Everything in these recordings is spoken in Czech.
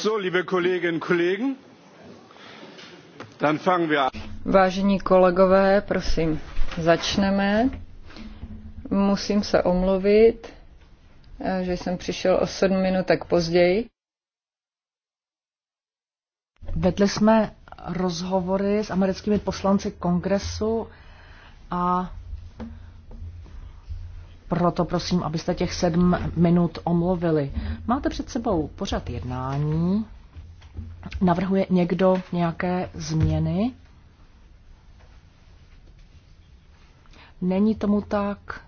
So, liebe Kolleginnen und Kollegen, dann fangen wir an. Vážení kolegové, prosím, začneme. Musím se omluvit, eh, že jsem přišel o sedm minutek později. Vedli jsme rozhovory s americkými poslanci kongresu a proto prosím, abyste těch sedm minut omluvili. Máte před sebou pořad jednání. Navrhuje někdo nějaké změny? Není tomu tak.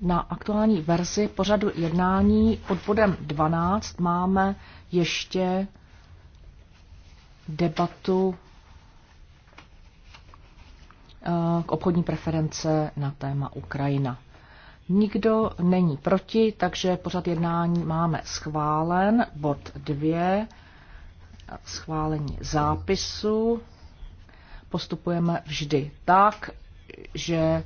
Na aktuální verzi pořadu jednání pod bodem 12 máme ještě debatu eh, k obchodní preference na téma Ukrajina. Nikdo není proti, takže pořad jednání máme schválen. Bod 2. Schválení zápisu. Postupujeme vždy tak, že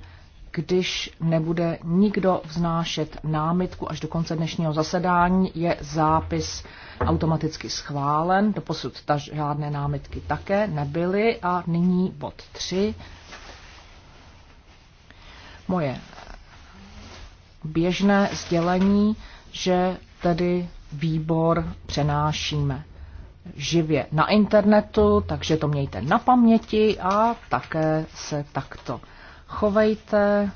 když nebude nikdo vznášet námitku až do konce dnešního zasedání, je zápis automaticky schválen. Doposud ta žádné námitky také nebyly a nyní bod 3. Moje běžné sdělení, že tedy výbor přenášíme živě na internetu, takže to mějte na paměti a také se takto chovejte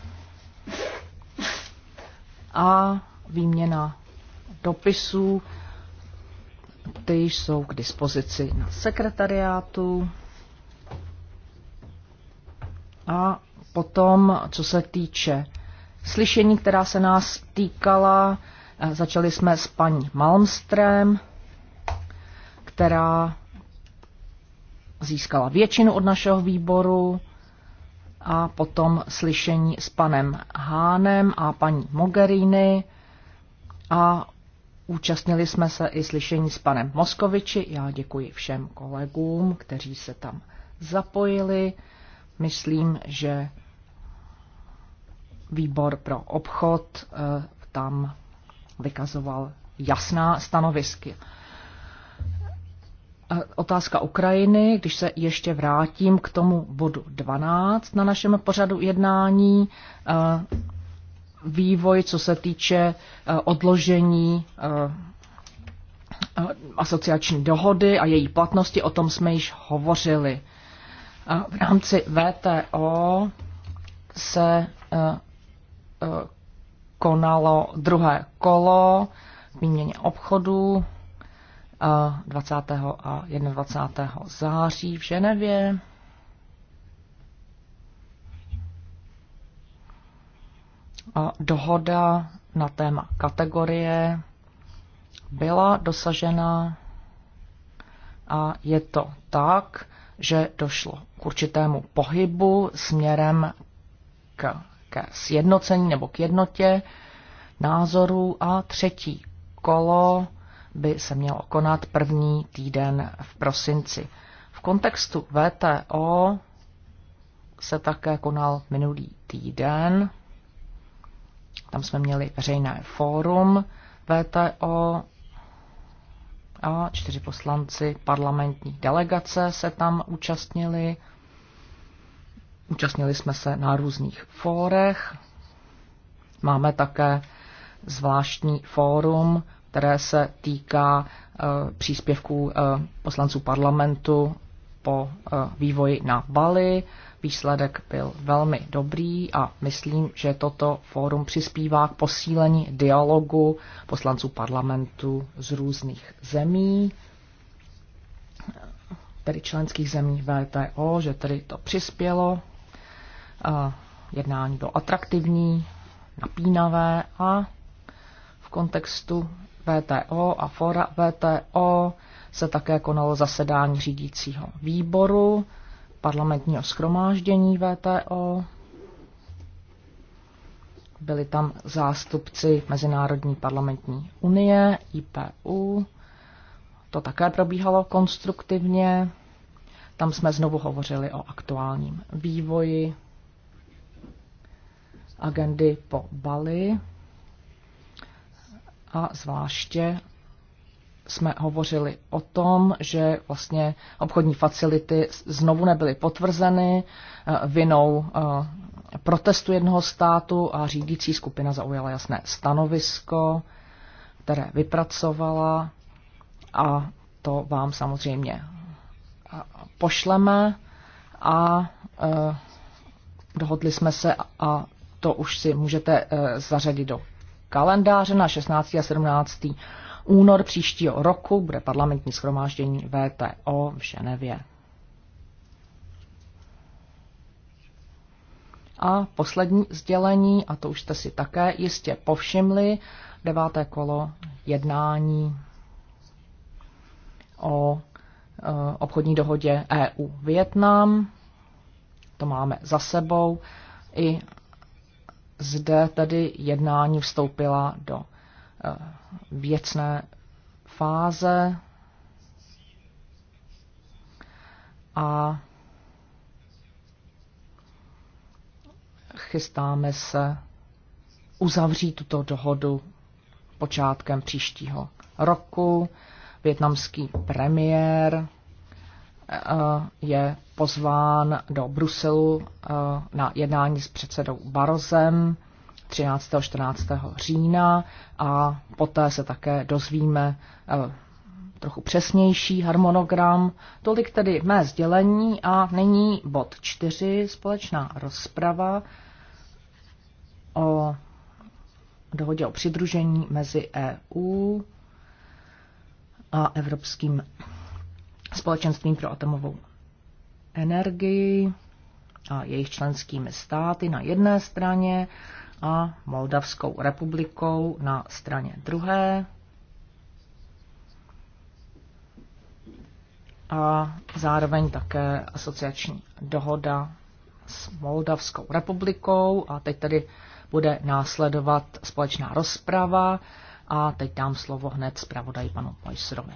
a výměna dopisů, ty jsou k dispozici na sekretariátu. A potom, co se týče slyšení, která se nás týkala, eh, začali jsme s paní Malmström, která získala většinu od našeho výboru a potom slyšení s panem Hánem a paní Mogherini a účastnili jsme se i slyšení s panem Moskoviči. Já děkuji všem kolegům, kteří se tam zapojili. Myslím, že výbor pro obchod eh, tam vykazoval jasná stanovisky otázka Ukrajiny, když se ještě vrátím k tomu bodu 12 na našem pořadu jednání, eh, vývoj, co se týče eh, odložení eh, asociační dohody a její platnosti, o tom jsme již hovořili. V rámci VTO se konalo druhé kolo výměně obchodu 20. a 21. září v Ženevě. A dohoda na téma kategorie byla dosažena a je to tak, že došlo k určitému pohybu směrem k, ke sjednocení nebo k jednotě názorů a třetí kolo by se měl konat první týden v prosinci. V kontextu VTO se také konal minulý týden. Tam jsme měli veřejné fórum VTO a čtyři poslanci parlamentní delegace se tam účastnili. Účastnili jsme se na různých fórech. Máme také zvláštní fórum které se týká eh, příspěvků eh, poslanců parlamentu po eh, vývoji na Bali. Výsledek byl velmi dobrý a myslím, že toto fórum přispívá k posílení dialogu poslanců parlamentu z různých zemí, tedy členských zemí VTO, že tedy to přispělo. Jednání bylo atraktivní, napínavé a v kontextu VTO a fora VTO se také konalo zasedání řídícího výboru, parlamentního schromáždění VTO. Byli tam zástupci Mezinárodní parlamentní unie, IPU. To také probíhalo konstruktivně. Tam jsme znovu hovořili o aktuálním vývoji agendy po Bali a zvláště jsme hovořili o tom, že vlastně obchodní facility znovu nebyly potvrzeny eh, vinou eh, protestu jednoho státu a řídící skupina zaujala jasné stanovisko, které vypracovala a to vám samozřejmě eh, pošleme a dohodli jsme se a to už si můžete zařadit do kalendáře na 16. a 17. únor příštího roku bude parlamentní schromáždění VTO v Ženevě. A poslední sdělení, a to už jste si také jistě povšimli, deváté kolo jednání o e, obchodní dohodě EU-Vietnam. To máme za sebou. I zde tedy jednání vstoupila do eh, věcné fáze a chystáme se uzavřít tuto dohodu počátkem příštího roku. Větnamský premiér Eh, je pozván do Bruselu eh, na jednání s předsedou Barozem 13. a 14. října a poté se také dozvíme eh, trochu přesnější harmonogram. Tolik tedy mé sdělení a nyní bod 4, společná rozprava o dohodě o přidružení mezi EU a Evropským společenstvím pro atomovou energii a jejich členskými státy na jedné straně a Moldavskou republikou na straně druhé. A zároveň také asociační dohoda s Moldavskou republikou. A teď tady bude následovat společná rozprava. A teď dám slovo hned zpravodaji panu Mojsrovi.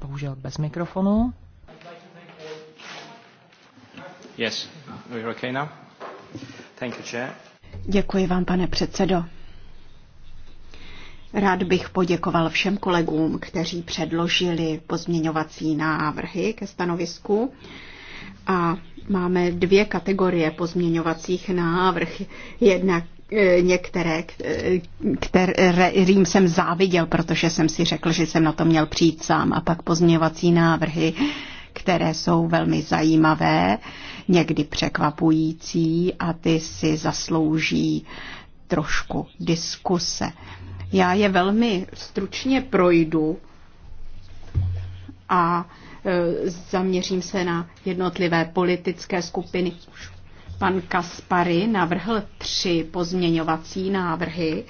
bohužel bez mikrofonu. Yes, we're okay now. Thank you, chair. Děkuji vám, pane předsedo. Rád bych poděkoval všem kolegům, kteří předložili pozměňovací návrhy ke stanovisku. A máme dvě kategorie pozměňovacích návrh. Jednak E, některé, e, Rým jsem záviděl, protože jsem si řekl, že jsem na to měl přijít sám. A pak pozměňovací návrhy, které jsou velmi zajímavé, někdy překvapující a ty si zaslouží trošku diskuse. Já je velmi stručně projdu a e, zaměřím se na jednotlivé politické skupiny. Už Pan Kaspary navrhl tři pozměňovací návrhy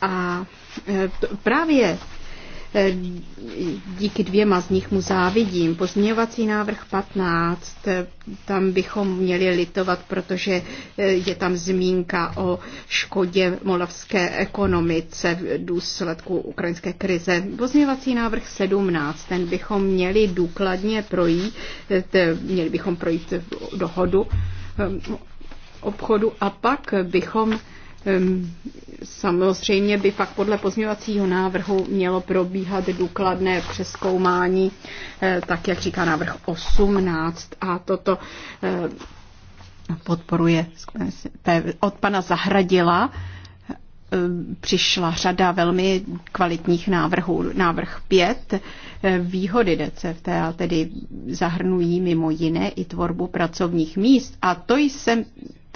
a e, právě E, díky dvěma z nich mu závidím. Pozměňovací návrh 15, e, tam bychom měli litovat, protože e, je tam zmínka o škodě molavské ekonomice v důsledku ukrajinské krize. Pozměňovací návrh 17, ten bychom měli důkladně projít, měli bychom projít dohodu obchodu a pak bychom Ehm, samozřejmě by pak podle pozměňovacího návrhu mělo probíhat důkladné přeskoumání, eh, tak jak říká návrh 18 a toto eh, podporuje od pana Zahradila eh, přišla řada velmi kvalitních návrhů. Návrh 5. Výhody DCFT tedy zahrnují mimo jiné i tvorbu pracovních míst. A to jsem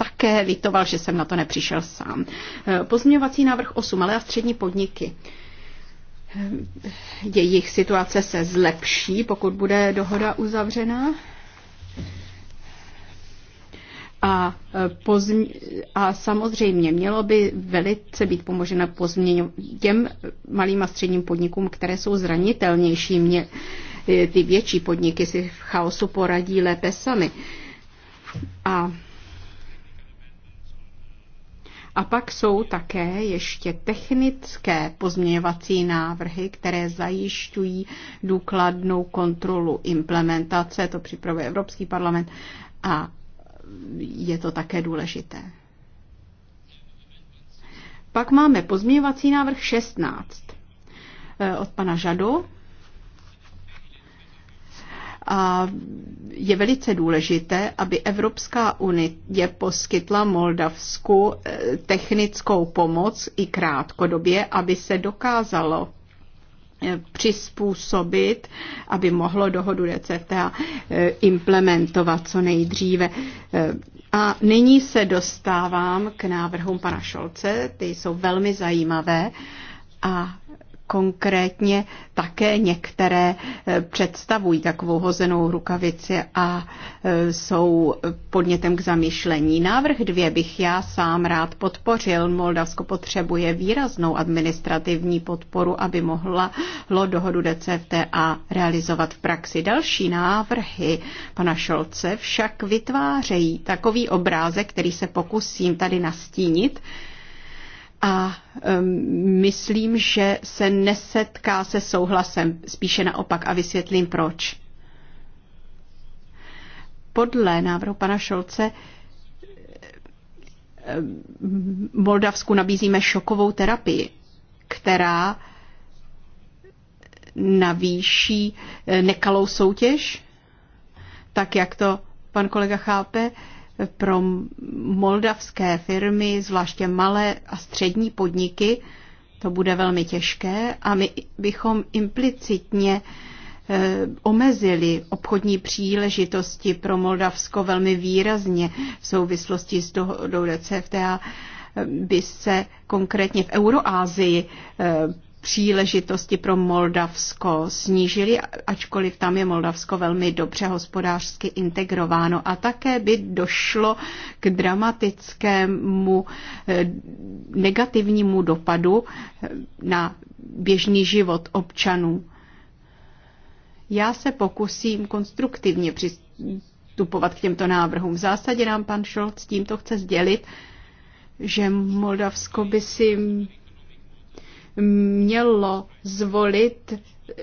také litoval, že jsem na to nepřišel sám. Eh, pozměňovací návrh 8. Malé a střední podniky eh, jejich situace se zlepší, pokud bude dohoda uzavřena. A, eh, pozmi- a samozřejmě mělo by velice být pomoženo pozměně těm malým a středním podnikům, které jsou zranitelnější. Mě, ty větší podniky si v chaosu poradí lépe sami. A a pak jsou také ještě technické pozměňovací návrhy, které zajišťují důkladnou kontrolu implementace, to připravuje Evropský parlament a je to také důležité. Pak máme pozměňovací návrh 16 eh, od pana Žado, a je velice důležité, aby Evropská unie poskytla Moldavsku eh, technickou pomoc i krátkodobě, aby se dokázalo eh, přizpůsobit, aby mohlo dohodu DCFTA eh, implementovat co nejdříve. A nyní se dostávám k návrhům pana Šolce, ty jsou velmi zajímavé a konkrétně také některé eh, představují takovou hozenou rukavici a eh, jsou podnětem k zamýšlení. Návrh dvě bych já sám rád podpořil. Moldavsko potřebuje výraznou administrativní podporu, aby mohla dohodu DCFTA realizovat v praxi. Další návrhy pana Šolce však vytvářejí takový obrázek, který se pokusím tady nastínit, a myslím, že se nesetká se souhlasem, spíše naopak a vysvětlím proč. Podle návrhu pana Šolce Moldavsku nabízíme šokovou terapii, která navýší e, nekalou soutěž, tak jak to pan kolega chápe, pro moldavské firmy, zvláště malé a střední podniky, to bude velmi těžké a my bychom implicitně eh, omezili obchodní příležitosti pro Moldavsko velmi výrazně v souvislosti s dohodou DCFTA by se konkrétně v Euroázii eh, příležitosti pro Moldavsko snížily, ačkoliv tam je Moldavsko velmi dobře hospodářsky integrováno. A také by došlo k dramatickému eh, negativnímu dopadu eh, na běžný život občanů. Já se pokusím konstruktivně přistupovat k těmto návrhům. V zásadě nám pan Scholz tímto chce sdělit, že Moldavsko by si mělo zvolit,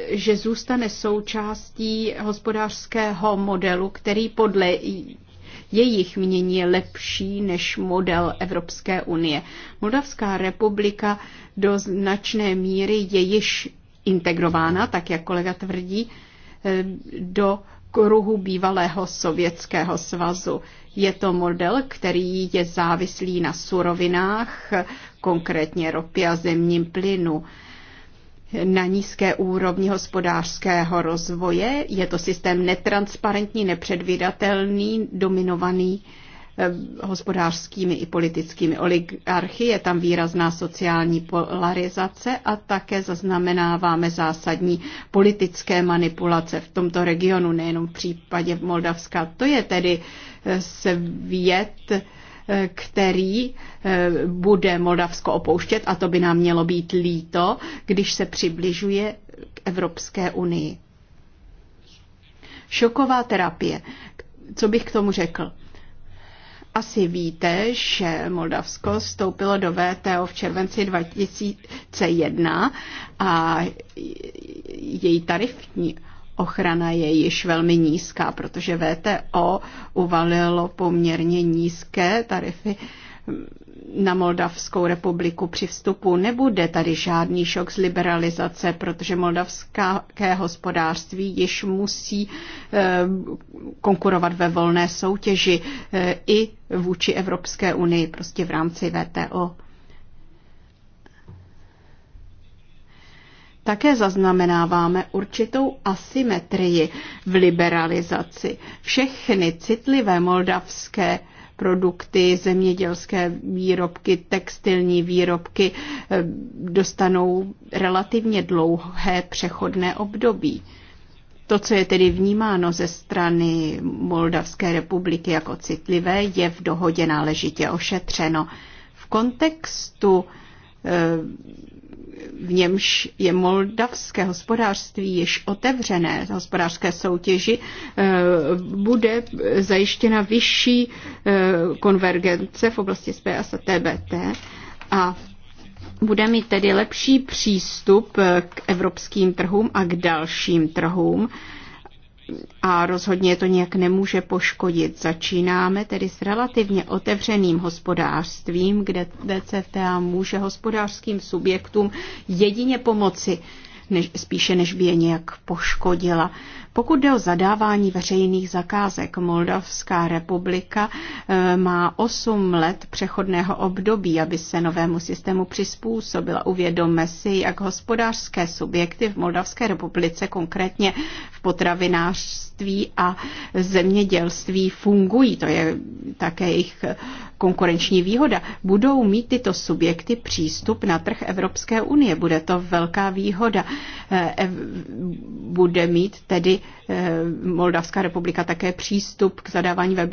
že zůstane součástí hospodářského modelu, který podle jejich mění je lepší než model Evropské unie. Moldavská republika do značné míry je již integrována, tak jak kolega tvrdí, do kruhu bývalého Sovětského svazu. Je to model, který je závislý na surovinách, konkrétně ropě a zemním plynu. Na nízké úrovni hospodářského rozvoje je to systém netransparentní, nepředvídatelný, dominovaný Eh, hospodářskými i politickými oligarchy. Je tam výrazná sociální polarizace a také zaznamenáváme zásadní politické manipulace v tomto regionu, nejenom v případě Moldavska. To je tedy eh, svět, eh, který bude Moldavsko opouštět, a to by nám mělo být líto, když se přibližuje k Evropské unii. Šoková terapie. Co bych k tomu řekl? Asi víte, že Moldavsko vstoupilo do VTO v červenci 2001 a její tarifní ochrana je již velmi nízká, protože VTO uvalilo poměrně nízké tarify na Moldavskou republiku při vstupu. Nebude tady žádný šok z liberalizace, protože moldavské hospodářství již musí eh, konkurovat ve volné soutěži eh, i vůči Evropské unii, prostě v rámci VTO. také zaznamenáváme určitou asymetrii v liberalizaci. Všechny citlivé moldavské produkty, zemědělské výrobky, textilní výrobky eh, dostanou relativně dlouhé přechodné období. To, co je tedy vnímáno ze strany Moldavské republiky jako citlivé, je v dohodě náležitě ošetřeno. V kontextu eh, v němž je moldavské hospodářství již otevřené hospodářské soutěži, eh, bude zajištěna vyšší eh, konvergence v oblasti SPS a TBT a bude mít tedy lepší přístup eh, k evropským trhům a k dalším trhům a rozhodně to nějak nemůže poškodit. Začínáme tedy s relativně otevřeným hospodářstvím, kde DCFTA může hospodářským subjektům jedině pomoci, než, spíše než by je nějak poškodila. Pokud jde o zadávání veřejných zakázek, Moldavská republika eh, má 8 let přechodného období, aby se novému systému přizpůsobila. Uvědomme si, jak hospodářské subjekty v Moldavské republice, konkrétně v potravinářství a zemědělství, fungují. To je také jejich konkurenční výhoda. Budou mít tyto subjekty přístup na trh Evropské unie. Bude to velká výhoda. Eh, bude mít tedy Eh, Moldavská republika také přístup k zadávání eh,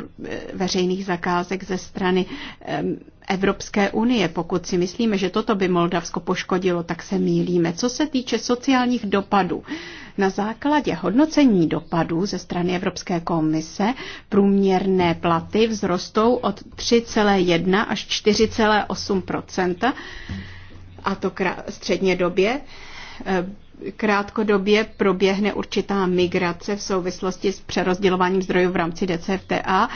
veřejných zakázek ze strany eh, Evropské unie. Pokud si myslíme, že toto by Moldavsko poškodilo, tak se mýlíme. Co se týče sociálních dopadů, na základě hodnocení dopadů ze strany Evropské komise průměrné platy vzrostou od 3,1 až 4,8 a to středně době krátkodobě proběhne určitá migrace v souvislosti s přerozdělováním zdrojů v rámci DCFTA.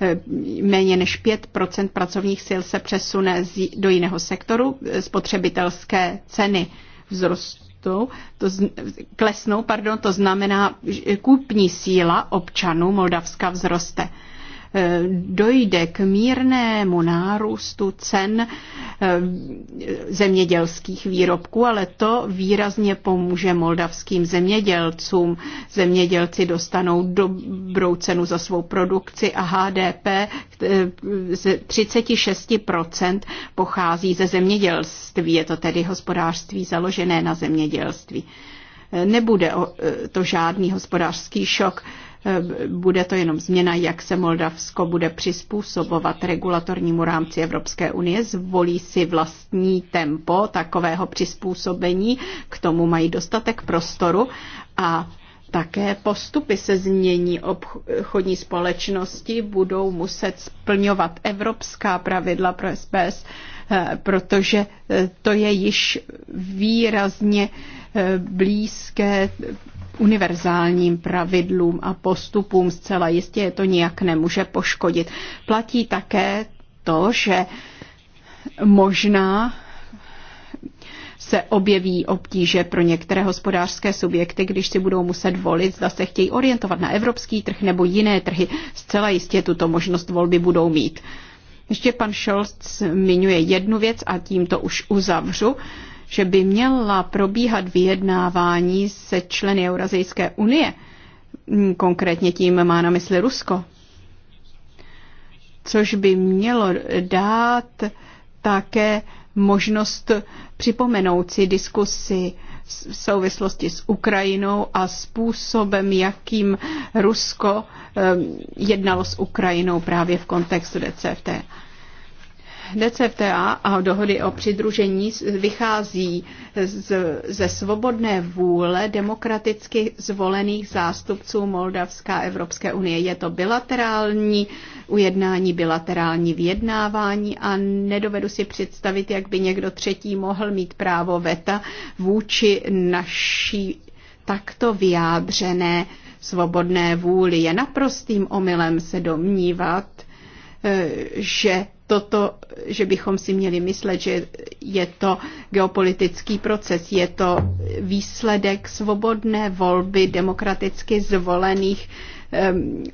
E, méně než 5 pracovních sil se přesune do jiného sektoru. E, spotřebitelské ceny vzrostou, to z, klesnou, pardon, to znamená, že kupní síla občanů Moldavska vzroste. Eh, dojde k mírnému nárůstu cen eh, zemědělských výrobků, ale to výrazně pomůže moldavským zemědělcům. Zemědělci dostanou dobrou cenu za svou produkci a HDP eh, z 36% pochází ze zemědělství. Je to tedy hospodářství založené na zemědělství nebude to žádný hospodářský šok. Eh, bude to jenom změna, jak se Moldavsko bude přizpůsobovat regulatornímu rámci Evropské unie. Zvolí si vlastní tempo takového přizpůsobení, k tomu mají dostatek prostoru a také postupy se změní obchodní společnosti, budou muset splňovat evropská pravidla pro SPS, eh, protože eh, to je již výrazně blízké univerzálním pravidlům a postupům zcela jistě je to nijak nemůže poškodit. Platí také to, že možná se objeví obtíže pro některé hospodářské subjekty, když si budou muset volit, zda se chtějí orientovat na evropský trh nebo jiné trhy. Zcela jistě tuto možnost volby budou mít. Ještě pan Scholz zmiňuje jednu věc a tím to už uzavřu že by měla probíhat vyjednávání se členy Eurazijské unie, mm, konkrétně tím má na mysli Rusko, což by mělo dát také možnost připomenout si diskusi v souvislosti s Ukrajinou a způsobem, jakým Rusko eh, jednalo s Ukrajinou právě v kontextu DCFT. DCFTA a dohody o přidružení vychází z, ze svobodné vůle demokraticky zvolených zástupců Moldavská Evropské unie. Je to bilaterální ujednání, bilaterální vyjednávání a nedovedu si představit, jak by někdo třetí mohl mít právo veta vůči naší takto vyjádřené svobodné vůli. Je naprostým omylem se domnívat, eh, že toto, že bychom si měli myslet, že je to geopolitický proces, je to výsledek svobodné volby demokraticky zvolených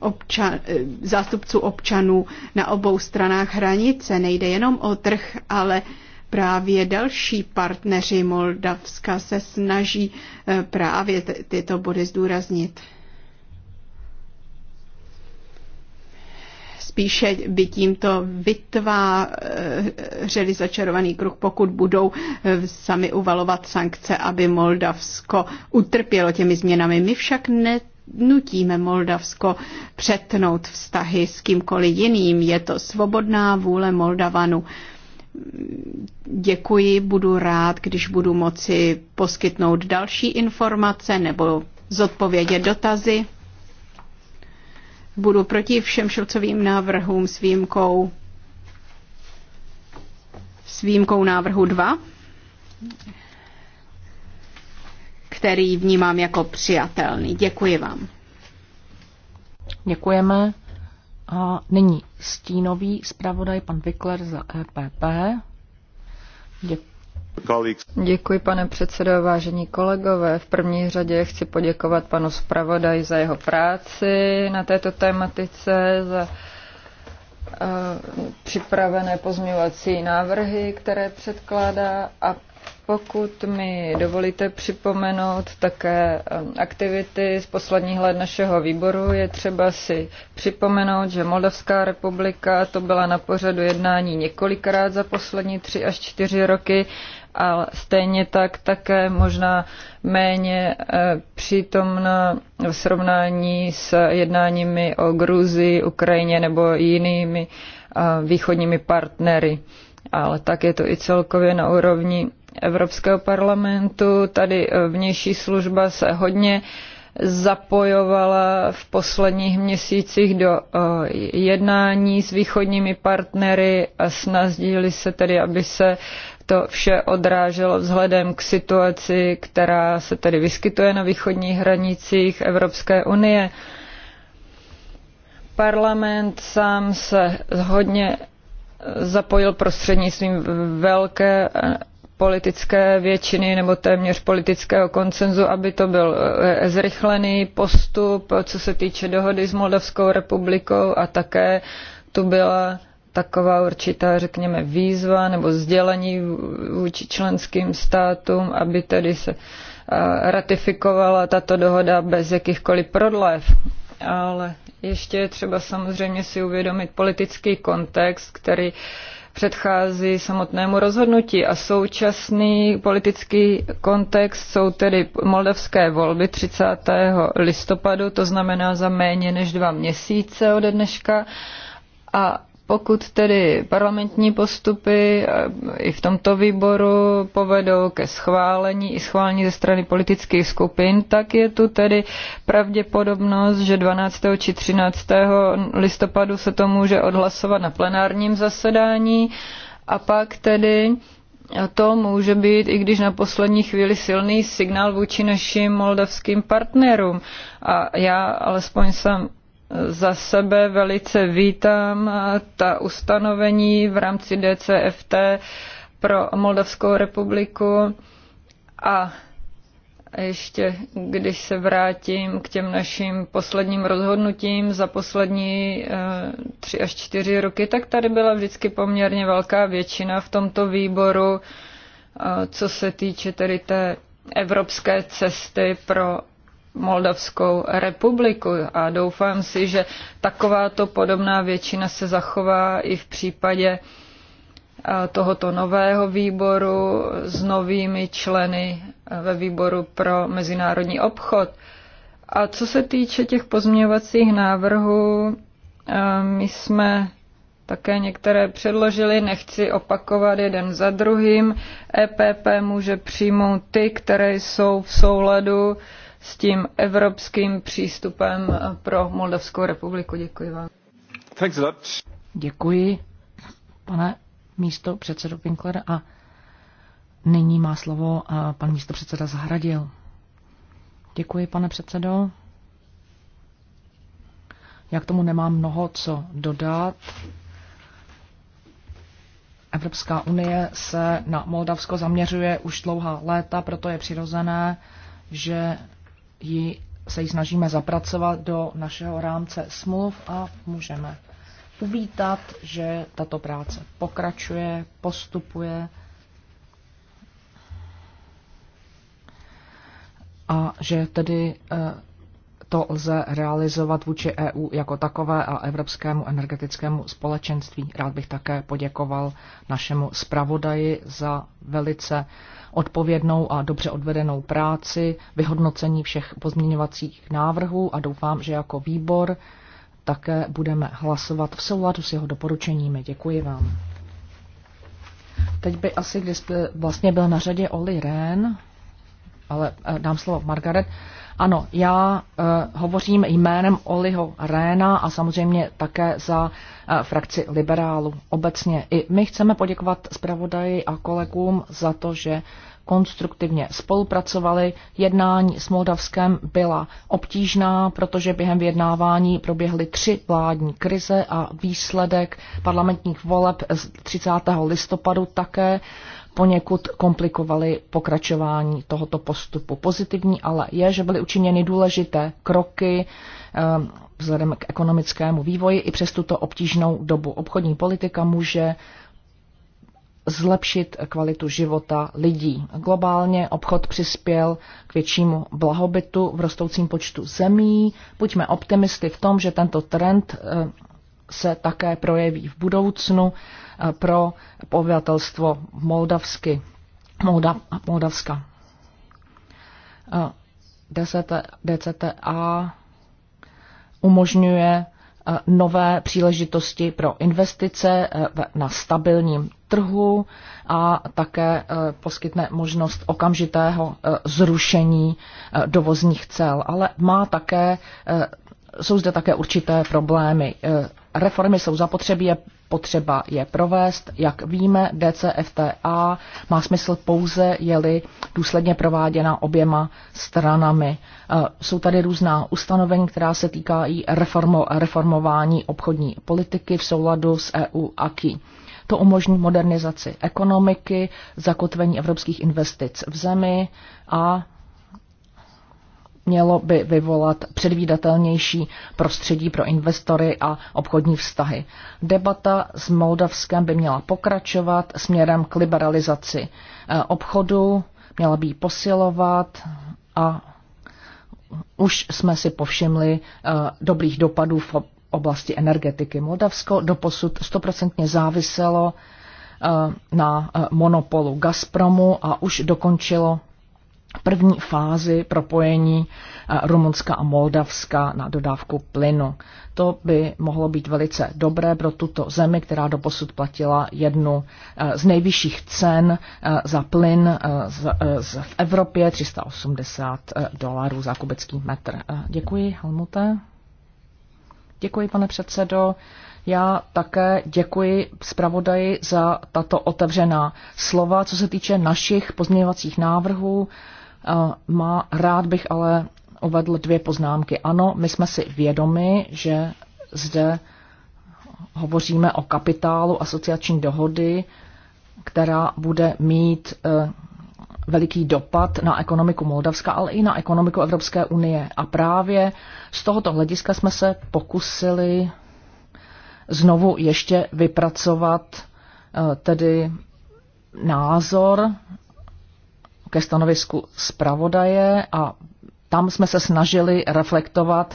občan, zástupců občanů na obou stranách hranice. Nejde jenom o trh, ale právě další partneři Moldavska se snaží eh, právě tyto body zdůraznit. Spíše by tímto vytvářeli začarovaný kruh, pokud budou eh, sami uvalovat sankce, aby Moldavsko utrpělo těmi změnami. My však ne nutíme Moldavsko přetnout vztahy s kýmkoliv jiným. Je to svobodná vůle Moldavanu. Děkuji, budu rád, když budu moci poskytnout další informace nebo zodpovědět dotazy budu proti všem šocovým návrhům s výjimkou s výjimkou návrhu 2, který vnímám jako přijatelný. Děkuji vám. Děkujeme. A nyní stínový zpravodaj pan Vikler za EPP. Děkuji. Děkuji, pane předsedo, vážení kolegové. V první řadě chci poděkovat panu zpravodaji za jeho práci na této tématice, za eh, připravené pozměňovací návrhy, které předkládá a pokud mi dovolíte připomenout také eh, aktivity z posledních let našeho výboru, je třeba si připomenout, že Moldavská republika to byla na pořadu jednání několikrát za poslední tři až čtyři roky ale stejně tak také možná méně eh, přítomna v srovnání s jednáními o Gruzii, Ukrajině nebo jinými eh, východními partnery. Ale tak je to i celkově na úrovni Evropského parlamentu. Tady eh, vnější služba se hodně zapojovala v posledních měsících do jednání s východními partnery a snazdili se tedy, aby se to vše odráželo vzhledem k situaci, která se tedy vyskytuje na východních hranicích Evropské unie. Parlament sám se hodně zapojil prostřednictvím velké politické většiny nebo téměř politického koncenzu, aby to byl eh, zrychlený postup, co se týče dohody s Moldavskou republikou a také tu byla taková určitá, řekněme, výzva nebo sdělení vůči členským státům, aby tedy se eh, ratifikovala tato dohoda bez jakýchkoliv prodlev. Ale ještě je třeba samozřejmě si uvědomit politický kontext, který předchází samotnému rozhodnutí a současný politický kontext jsou tedy moldavské volby 30. listopadu, to znamená za méně než dva měsíce ode dneška a pokud tedy parlamentní postupy eh, i v tomto výboru povedou ke schválení i schválení ze strany politických skupin, tak je tu tedy pravděpodobnost, že 12. či 13. listopadu se to může odhlasovat na plenárním zasedání a pak tedy a eh, to může být, i když na poslední chvíli, silný signál vůči našim moldavským partnerům. A já alespoň jsem za sebe velice vítám eh, ta ustanovení v rámci DCFT pro Moldavskou republiku a ještě, když se vrátím k těm našim posledním rozhodnutím za poslední eh, tři až čtyři roky, tak tady byla vždycky poměrně velká většina v tomto výboru, eh, co se týče tedy té evropské cesty pro Moldavskou republiku a doufám si, že takováto podobná většina se zachová i v případě eh, tohoto nového výboru s novými členy eh, ve výboru pro mezinárodní obchod. A co se týče těch pozměňovacích návrhů, eh, my jsme také některé předložili, nechci opakovat jeden za druhým. EPP může přijmout ty, které jsou v souladu uh, s tím evropským přístupem pro Moldavskou republiku. Děkuji vám. Thanks a lot. Děkuji, pane místo předsedo Pinkler a nyní má slovo pan místo předseda Zahradil. Děkuji, pane předsedo. Já k tomu nemám mnoho co dodat. Evropská unie se na Moldavsko zaměřuje už dlouhá léta, proto je přirozené, že ji, se ji snažíme zapracovat do našeho rámce smluv a můžeme uvítat, že tato práce pokračuje, postupuje a že tedy eh, to lze realizovat vůči EU jako takové a Evropskému energetickému společenství. Rád bych také poděkoval našemu zpravodaji za velice odpovědnou a dobře odvedenou práci, vyhodnocení všech pozměňovacích návrhů a doufám, že jako výbor také budeme hlasovat v souladu s jeho doporučeními. Děkuji vám. Teď by asi vlastně byl na řadě Oli Rehn, ale eh, dám slovo Margaret. Ano, já uh, hovořím jménem Oliho Réna a samozřejmě také za uh, frakci liberálu obecně. I my chceme poděkovat zpravodaji a kolegům za to, že konstruktivně spolupracovali. Jednání s Moldavskem byla obtížná, protože během vyjednávání proběhly tři vládní krize a výsledek parlamentních voleb z 30. listopadu také poněkud komplikovaly pokračování tohoto postupu. Pozitivní ale je, že byly učiněny důležité kroky ehm, vzhledem k ekonomickému vývoji i přes tuto obtížnou dobu. Obchodní politika může zlepšit kvalitu života lidí. Globálně obchod přispěl k většímu blahobytu v rostoucím počtu zemí. Buďme optimisty v tom, že tento trend ehm, se také projeví v budoucnu Eh, pro obyvatelstvo Moldavsky, Moldav, Moldavska. Eh, DCT, DCTA umožňuje eh, nové příležitosti pro investice na stabilním trhu a také poskytne možnost okamžitého zrušení dovozních cel, ale má také, jsou zde také určité problémy. Reformy jsou zapotřebí, je potřeba je provést. Jak víme, DCFTA má smysl pouze, je-li důsledně prováděna oběma stranami. Eh, jsou tady různá ustanovení, která se týkají reformo, reformování obchodní politiky v souladu s EU KI. To umožní modernizaci ekonomiky, zakotvení evropských investic v zemi a mělo by vyvolat předvídatelnější prostředí pro investory a obchodní vztahy. Debata s Moldavskem by měla pokračovat směrem k liberalizaci eh, obchodu, měla by ji posilovat a už jsme si povšimli eh, dobrých dopadů v oblasti energetiky. Moldavsko doposud stoprocentně záviselo eh, na monopolu Gazpromu a už dokončilo první fázi propojení eh, Rumunska a Moldavska na dodávku plynu. To by mohlo být velice dobré pro tuto zemi, která doposud platila jednu eh, z nejvyšších cen eh, za plyn v Evropě, 380 dolarů za kubický metr. Děkuji, Helmute. Děkuji, pane předsedo. Já také děkuji zpravodaji za tato otevřená slova, co se týče našich pozměňovacích návrhů. Má, rád bych ale uvedl dvě poznámky. Ano, my jsme si vědomi, že zde hovoříme o kapitálu asociační dohody, která bude mít e, veliký dopad na ekonomiku Moldavska, ale i na ekonomiku Evropské unie. A právě z tohoto hlediska jsme se pokusili znovu ještě vypracovat e, tedy názor ke stanovisku zpravodaje a tam jsme se snažili reflektovat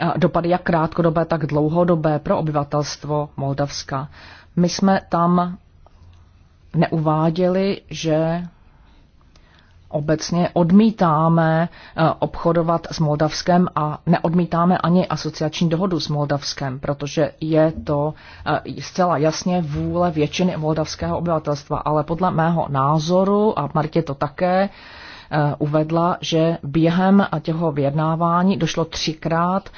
eh, dopady jak krátkodobé, tak dlouhodobé pro obyvatelstvo Moldavska. My jsme tam neuváděli, že obecně odmítáme eh, obchodovat s Moldavskem a neodmítáme ani asociační dohodu s Moldavskem, protože je to eh, zcela jasně vůle většiny moldavského obyvatelstva. Ale podle mého názoru, a Martě to také eh, uvedla, že během těho vyjednávání došlo třikrát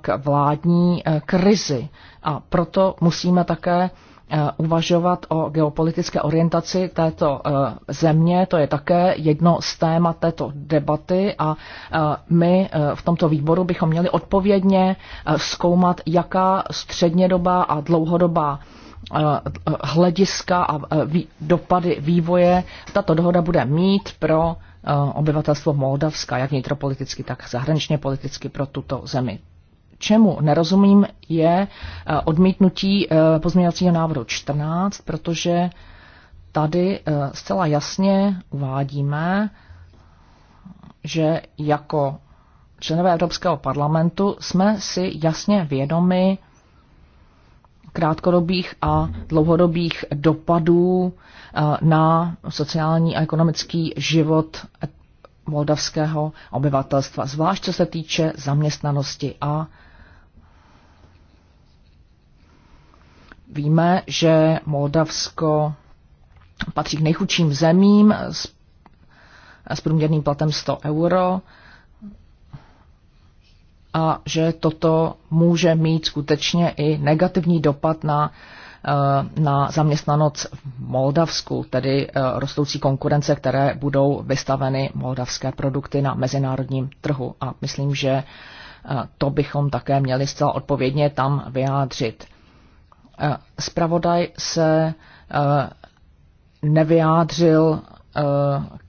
k vládní krizi. A proto musíme také Eh, uvažovat o geopolitické orientaci této eh, země. To je také jedno z témat této debaty a eh, my v tomto výboru bychom měli odpovědně zkoumat, jaká střednědobá a dlouhodobá hlediska a dopady vývoje tato dohoda bude mít pro obyvatelstvo Moldavska, jak vnitropoliticky, tak zahraničně politicky pro tuto zemi čemu nerozumím, je eh, odmítnutí eh, pozměňovacího návrhu 14, protože tady eh, zcela jasně uvádíme, že jako členové Evropského parlamentu jsme si jasně vědomi krátkodobých a dlouhodobých dopadů na sociální a ekonomický život moldavského obyvatelstva, zvlášť co se týče zaměstnanosti a Víme, že Moldavsko patří k nejchudším zemím s, s průměrným platem 100 euro a že toto může mít skutečně i negativní dopad na, eh, na zaměstnanost v Moldavsku, tedy eh, rostoucí konkurence, které budou vystaveny moldavské produkty na mezinárodním trhu. A myslím, že eh, to bychom také měli zcela odpovědně tam vyjádřit. Spravodaj eh, se eh, nevyjádřil eh,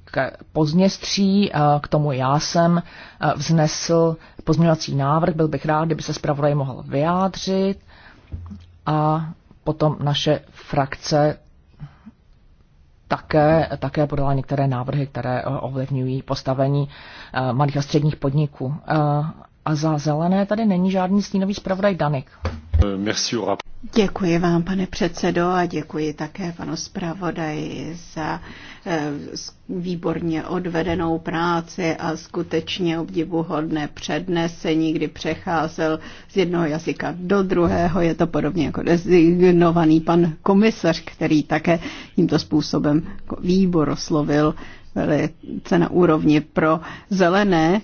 k pozněstří, k tomu já jsem vznesl pozměňovací návrh, byl bych rád, kdyby se zpravodaj mohl vyjádřit a potom naše frakce také, také podala některé návrhy, které ovlivňují postavení malých a středních podniků. A za zelené tady není žádný stínový zpravodaj Danik. Euh, děkuji vám, pane předsedo, a děkuji také panu zpravodaji za eh, výborně odvedenou práci a skutečně obdivuhodné přednesení, kdy přecházel z jednoho jazyka do druhého. Je to podobně jako designovaný pan komisař, který také tímto způsobem výbor oslovil velice na úrovni pro zelené.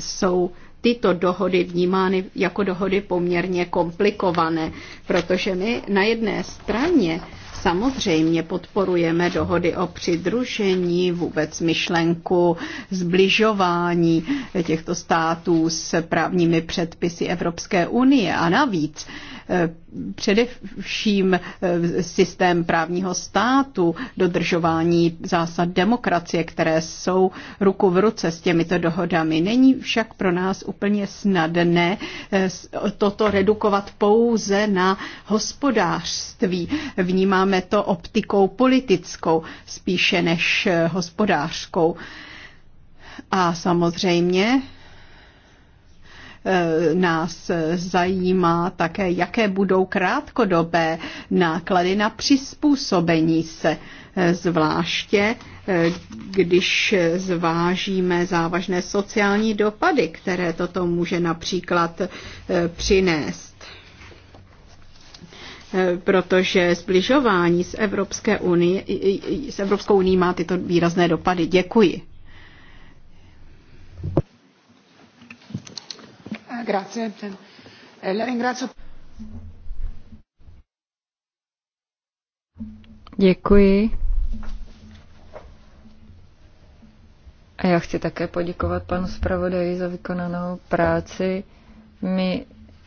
Jsou tyto dohody vnímány jako dohody poměrně komplikované, protože my na jedné straně samozřejmě podporujeme dohody o přidružení, vůbec myšlenku zbližování těchto států s právními předpisy Evropské unie a navíc Eh, především eh, systém právního státu, dodržování zásad demokracie, které jsou ruku v ruce s těmito dohodami. Není však pro nás úplně snadné eh, toto redukovat pouze na hospodářství. Vnímáme to optikou politickou spíše než hospodářskou. A samozřejmě Eh, nás eh, zajímá také, jaké budou krátkodobé náklady na přizpůsobení se, eh, zvláště když zvážíme závažné sociální dopady, které toto může například přinést protože zbližování s, Evropské unii, s Evropskou unii má tyto výrazné dopady. Děkuji. Eh, Děkuji. A já chci také poděkovat panu zpravodaji za vykonanou práci. My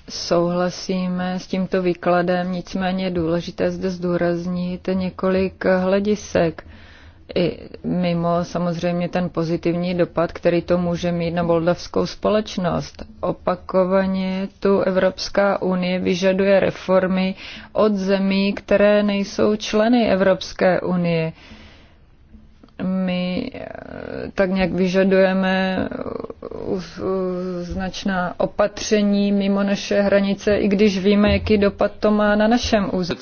souhlasíme s tímto výkladem, nicméně je důležité zde zdůraznit několik hledisek i mimo samozřejmě ten pozitivní dopad, který to může mít na moldavskou společnost. Opakovaně tu Evropská unie vyžaduje reformy od zemí, které nejsou členy Evropské unie. My eh, tak nějak vyžadujeme značná opatření mimo naše hranice, i když víme, jaký dopad to má na našem území.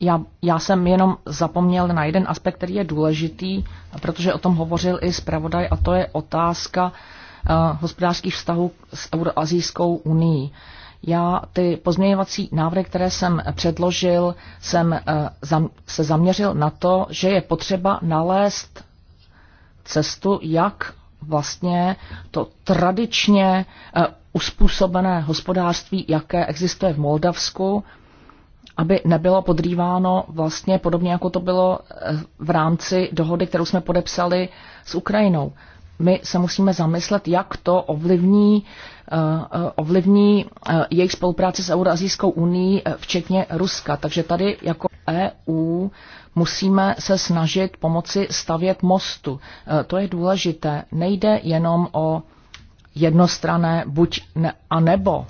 Já, já jsem jenom zapomněl na jeden aspekt, který je důležitý, protože o tom hovořil i zpravodaj, a to je otázka uh, hospodářských vztahů s Euroazijskou unii. Já ty pozměňovací návrhy, které jsem předložil, jsem uh, zam, se zaměřil na to, že je potřeba nalézt cestu, jak vlastně to tradičně uh, uspůsobené hospodářství, jaké existuje v Moldavsku, aby nebylo podrýváno vlastně podobně, jako to bylo eh, v rámci dohody, kterou jsme podepsali s Ukrajinou. My se musíme zamyslet, jak to ovlivní, eh, eh, ovlivní jejich spolupráci s Eurazijskou unii, včetně Ruska. Takže tady jako EU musíme se snažit pomoci stavět mostu. To je důležité. Nejde jenom o jednostrané buď ne, a nebo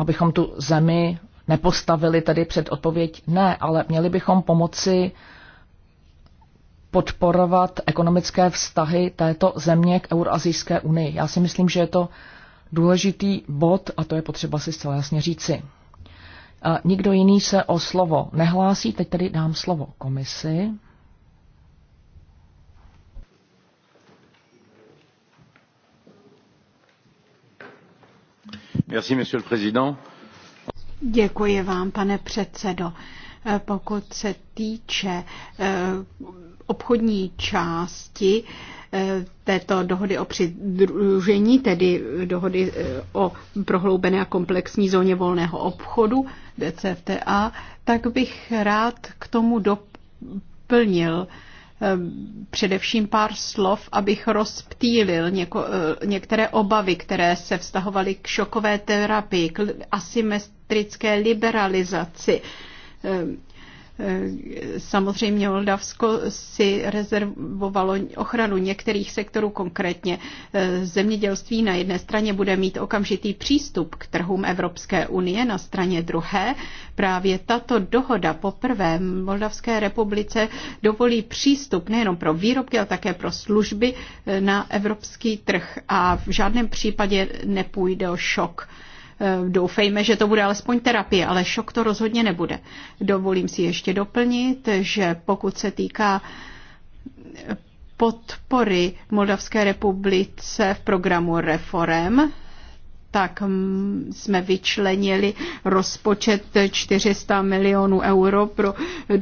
abychom tu zemi nepostavili tedy před odpověď ne, ale měli bychom pomoci podporovat ekonomické vztahy této země k Eurazijské unii. Já si myslím, že je to důležitý bod a to je potřeba si zcela jasně říci. Nikdo jiný se o slovo nehlásí, teď tedy dám slovo komisi. vám, pane předsedo. Eh, pokud se týče eh, obchodní části eh, této dohody o přidružení, tedy dohody o prohloubené a komplexní zóně volného obchodu, DCFTA, tak bych rád k tomu doplnil Ehm, především pár slov, abych rozptýlil něko, eh, některé obavy, které se vztahovaly k šokové terapii, k asymetrické liberalizaci ehm, Samozřejmě Moldavsko si rezervovalo ochranu některých sektorů, konkrétně eh, zemědělství. Na jedné straně bude mít okamžitý přístup k trhům Evropské unie, na straně druhé právě tato dohoda poprvé Moldavské republice dovolí přístup nejenom pro výrobky, ale také pro služby eh, na evropský trh a v žádném případě nepůjde o šok. Eh, doufejme, že to bude alespoň terapie, ale šok to rozhodně nebude. Dovolím si ještě doplnit, že pokud se týká eh, podpory Moldavské republice v programu reform, tak mm, jsme vyčlenili rozpočet 400 milionů euro pro eh,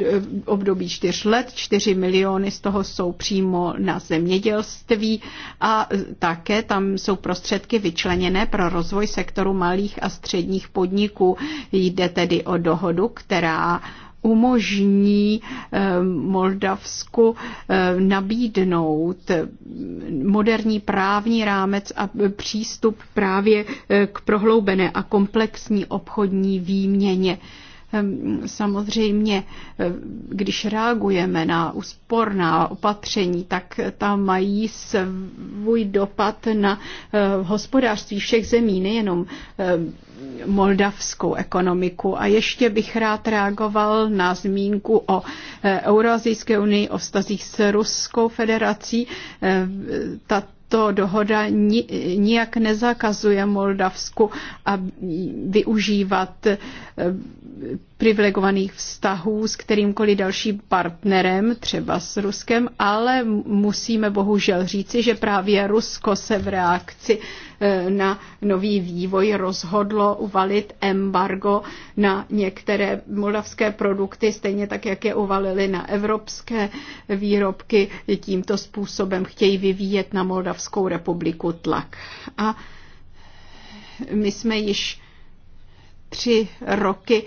období 4 let. 4 miliony z toho jsou přímo na zemědělství a také tam jsou prostředky vyčleněné pro rozvoj sektoru malých a středních podniků. Jde tedy o dohodu, která umožní eh, Moldavsku eh, nabídnout moderní právní rámec a přístup právě eh, k prohloubené a komplexní obchodní výměně. Ehm, samozřejmě, eh, když reagujeme na úsporná opatření, tak tam mají svůj dopad na eh, hospodářství všech zemí, nejenom ehm, moldavskou ekonomiku. A ještě bych rád reagoval na zmínku o eh, Euroazijské unii, o vztazích s Ruskou federací. Ehm, Tato tato dohoda nijak nezakazuje Moldavsku a využívat eh, privilegovaných vztahů s kterýmkoliv dalším partnerem, třeba s Ruskem, ale musíme bohužel říci, že právě Rusko se v reakci Eh, na nový vývoj rozhodlo uvalit embargo na některé moldavské produkty, stejně tak, jak je uvalili na evropské výrobky. Tímto způsobem chtějí vyvíjet na Moldavskou republiku tlak. A my jsme již tři roky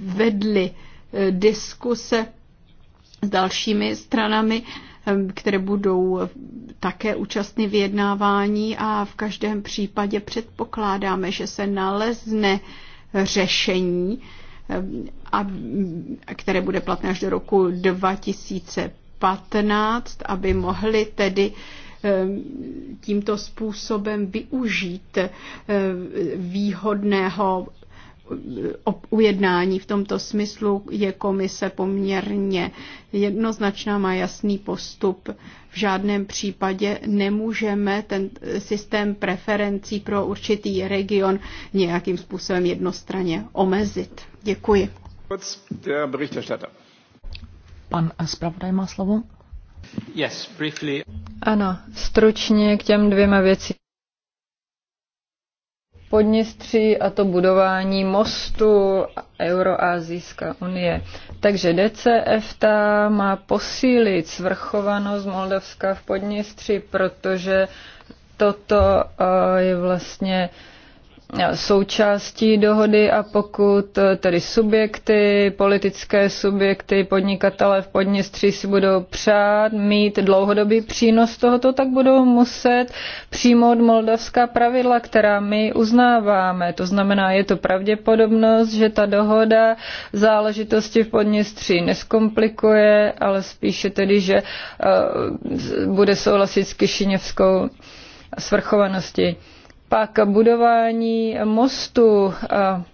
vedli eh, diskuse s dalšími stranami které budou také účastny vyjednávání a v každém případě předpokládáme, že se nalezne řešení, a, které bude platné až do roku 2015, aby mohli tedy tímto způsobem využít výhodného ujednání v tomto smyslu je komise poměrně jednoznačná, má jasný postup. V žádném případě nemůžeme ten systém preferencí pro určitý region nějakým způsobem jednostranně omezit. Děkuji. Pan zpravodaj má slovo. Yes, briefly. Ano, stručně k těm dvěma věcím. Podněstří a to budování mostu Euroazijská unie. Takže DCFT má posílit svrchovanost Moldavska v Podněstří, protože toto eh, je vlastně uh, Eh, součástí dohody a pokud eh, tedy subjekty, politické subjekty, podnikatele v Podněstří si budou přát mít dlouhodobý přínos tohoto, tak budou muset přijmout moldavská pravidla, která my uznáváme. To znamená, je to pravděpodobnost, že ta dohoda záležitosti v Podněstří neskomplikuje, ale spíše tedy, že uh, bude souhlasit s Kišiněvskou svrchovaností. Pak budování mostu eh,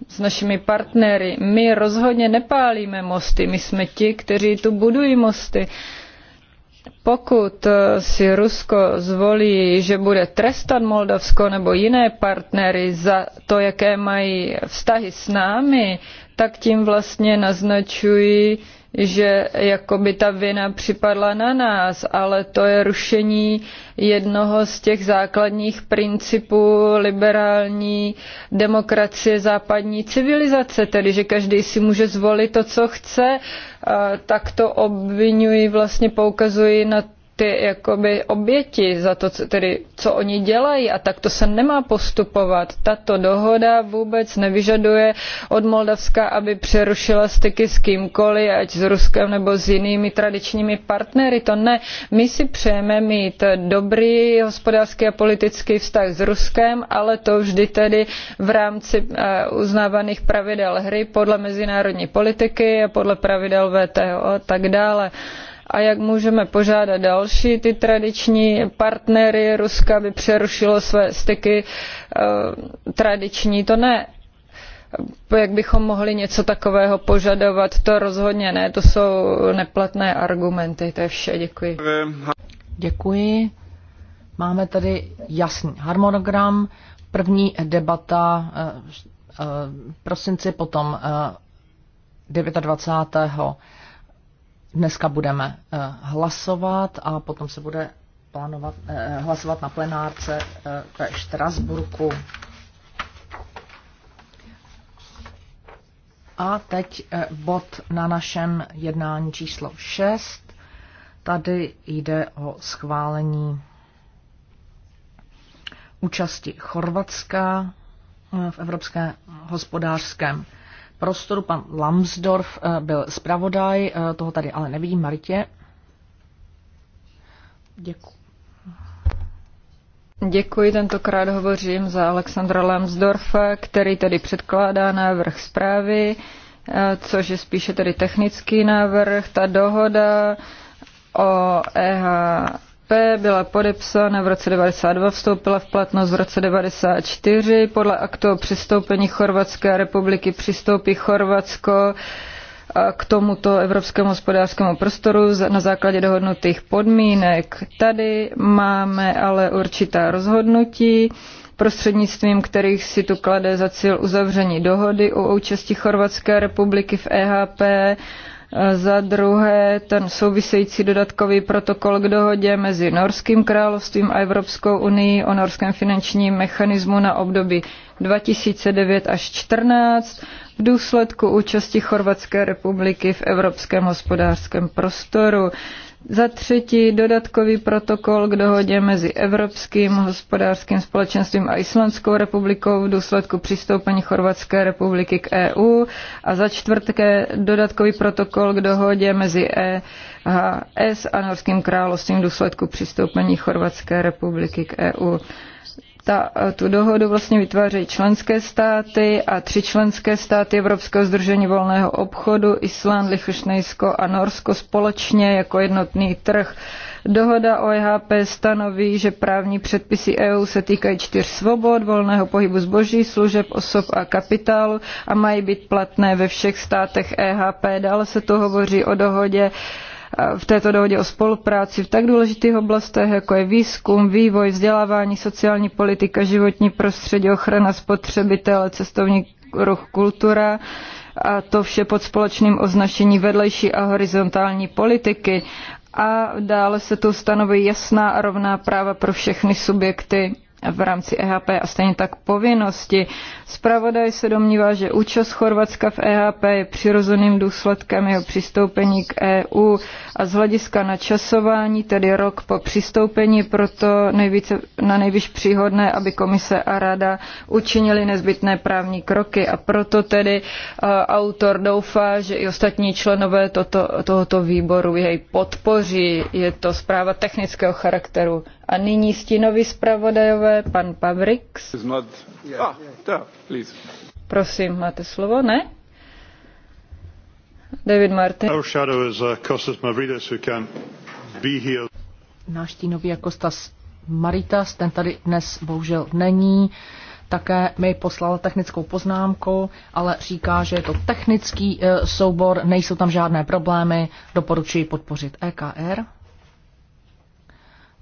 s našimi partnery. My rozhodně nepálíme mosty, my jsme ti, kteří tu budují mosty. Pokud eh, si Rusko zvolí, že bude trestat Moldavsko nebo jiné partnery za to, jaké mají vztahy s námi, tak tím vlastně naznačují, že jako by ta vina připadla na nás, ale to je rušení jednoho z těch základních principů liberální demokracie západní civilizace, tedy že každý si může zvolit to, co chce, tak to obvinuji, vlastně poukazuji na ty jakoby oběti za to, co, tedy, co oni dělají a tak to se nemá postupovat. Tato dohoda vůbec nevyžaduje od Moldavska, aby přerušila styky s kýmkoliv, ať s Ruskem nebo s jinými tradičními partnery. To ne. My si přejeme mít dobrý hospodářský a politický vztah s Ruskem, ale to vždy tedy v rámci eh, uznávaných pravidel hry podle mezinárodní politiky a podle pravidel VTO a tak dále. Uh, a jak můžeme požádat další ty tradiční partnery Ruska, aby přerušilo své styky eh, tradiční, to ne. Jak bychom mohli něco takového požadovat, to rozhodně ne, to jsou neplatné argumenty, to je vše, děkuji. Děkuji. Máme tady jasný harmonogram. První debata eh, eh, v prosinci, potom 29. Dneska budeme eh, hlasovat a potom se bude plánovat, eh, hlasovat na plenárce eh, ve Štrasburku. A teď bod na našem jednání číslo 6. Tady jde o schválení účasti Chorvatska v Evropském hospodářském prostoru. Pan Lambsdorff eh, byl zpravodaj, eh, toho tady ale nevidím, Maritě. Děkuji. Děkuji, tentokrát hovořím za Alexandra Lamsdorfa, který tady předkládá návrh zprávy, eh, což je spíše tedy technický návrh. Ta dohoda o EH P byla podepsána v roce 92, vstoupila v platnost v roce 94. Podle aktu o přistoupení Chorvatské republiky přistoupí Chorvatsko k tomuto evropskému hospodářskému prostoru na základě dohodnutých podmínek. Tady máme ale určitá rozhodnutí, prostřednictvím kterých si tu klade za cíl uzavření dohody o účasti Chorvatské republiky v EHP za druhé ten související dodatkový protokol k dohodě mezi Norským královstvím a Evropskou unii o norském finančním mechanismu na období 2009 až 2014 v důsledku účasti Chorvatské republiky v Evropském hospodářském prostoru. Za třetí dodatkový protokol k dohodě mezi Evropským hospodářským společenstvím a Islandskou republikou v důsledku přistoupení Chorvatské republiky k EU. A za čtvrté dodatkový protokol k dohodě mezi EHS a Norským královstvím v důsledku přistoupení Chorvatské republiky k EU ta, tu dohodu vlastně vytvářejí členské státy a tři členské státy Evropského združení volného obchodu, Island, Lichtenštejnsko a Norsko společně jako jednotný trh. Dohoda o EHP stanoví, že právní předpisy EU se týkají čtyř svobod, volného pohybu zboží, služeb, osob a kapitálu a mají být platné ve všech státech EHP. Dále se tu hovoří o dohodě uh, v této dohodě o spolupráci v tak důležitých oblastech, jako je výzkum, vývoj, vzdělávání, sociální politika, životní prostředí, ochrana spotřebitele, cestovní ruch, kultura, a to vše pod společným označením vedlejší a horizontální politiky. A dále se tu stanoví jasná a rovná práva pro všechny subjekty v rámci EHP a stejně tak povinnosti. Spravodaj se domnívá, že účast Chorvatska v EHP je přirozeným důsledkem jeho přistoupení k EU a z hlediska načasování, tedy rok po přistoupení, proto nejvíce, na nejvyšší příhodné, aby komise a rada učinili nezbytné právní kroky a proto tedy uh, autor doufá, že i ostatní členové toto, tohoto výboru jej podpoří. Je to zpráva technického charakteru. A nyní stínovi zpravodajové, pan Pavrix. Ah, Prosím, máte slovo, ne? David Martin. Our shadow is uh, Kostas Mavridis, who can't be here. Náš stínový je Kostas Maritas, ten tady dnes bohužel není. Také mi poslal technickou poznámku, ale říká, že je to technický e, soubor, nejsou tam žádné problémy, doporučuji podpořit EKR.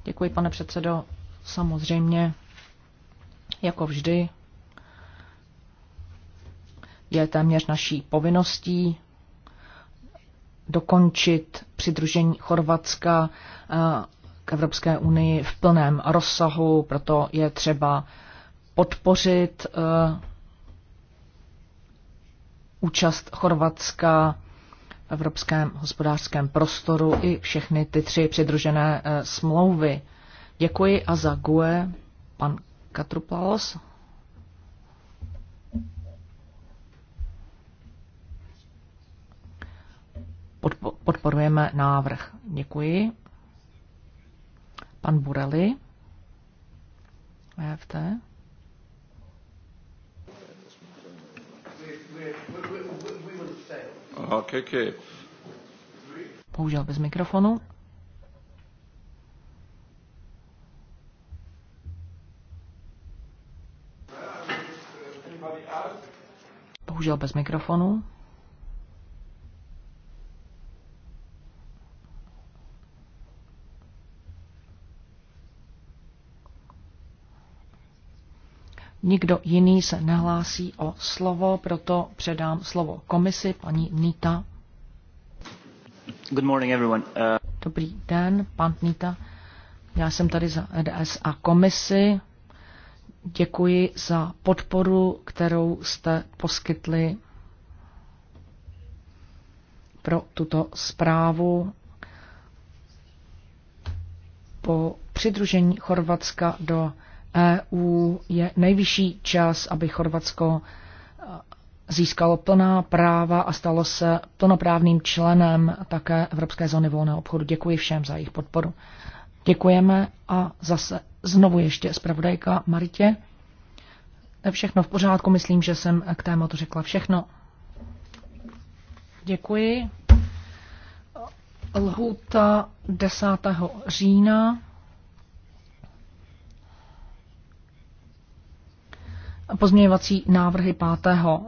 Děkuji, pane předsedo. Samozřejmě, jako vždy, je téměř naší povinností dokončit přidružení Chorvatska eh, k Evropské unii v plném rozsahu, proto je třeba podpořit eh, účast Chorvatska evropském hospodářském prostoru i všechny ty tři přidružené eh, smlouvy. Děkuji a za GUE pan Katrupalos. Podporujeme návrh. Děkuji. Pan Bureli. EFT. Okay, Bohužel bez mikrofonu. Bohužel bez mikrofonu. Nikdo jiný se nehlásí o slovo, proto předám slovo komisi paní Nita. Good morning, everyone. Uh... Dobrý den, pan Nita. Já jsem tady za EDS a komisi. Děkuji za podporu, kterou jste poskytli pro tuto zprávu po přidružení Chorvatska do EU je nejvyšší čas, aby Chorvatsko e, získalo plná práva a stalo se plnoprávným členem také Evropské zóny volného obchodu. Děkuji všem za jejich podporu. Děkujeme a zase znovu ještě zpravodajka Maritě. Všechno v pořádku, myslím, že jsem k tématu řekla všechno. Děkuji. Lhuta 10. října. Pozměňovací návrhy 5.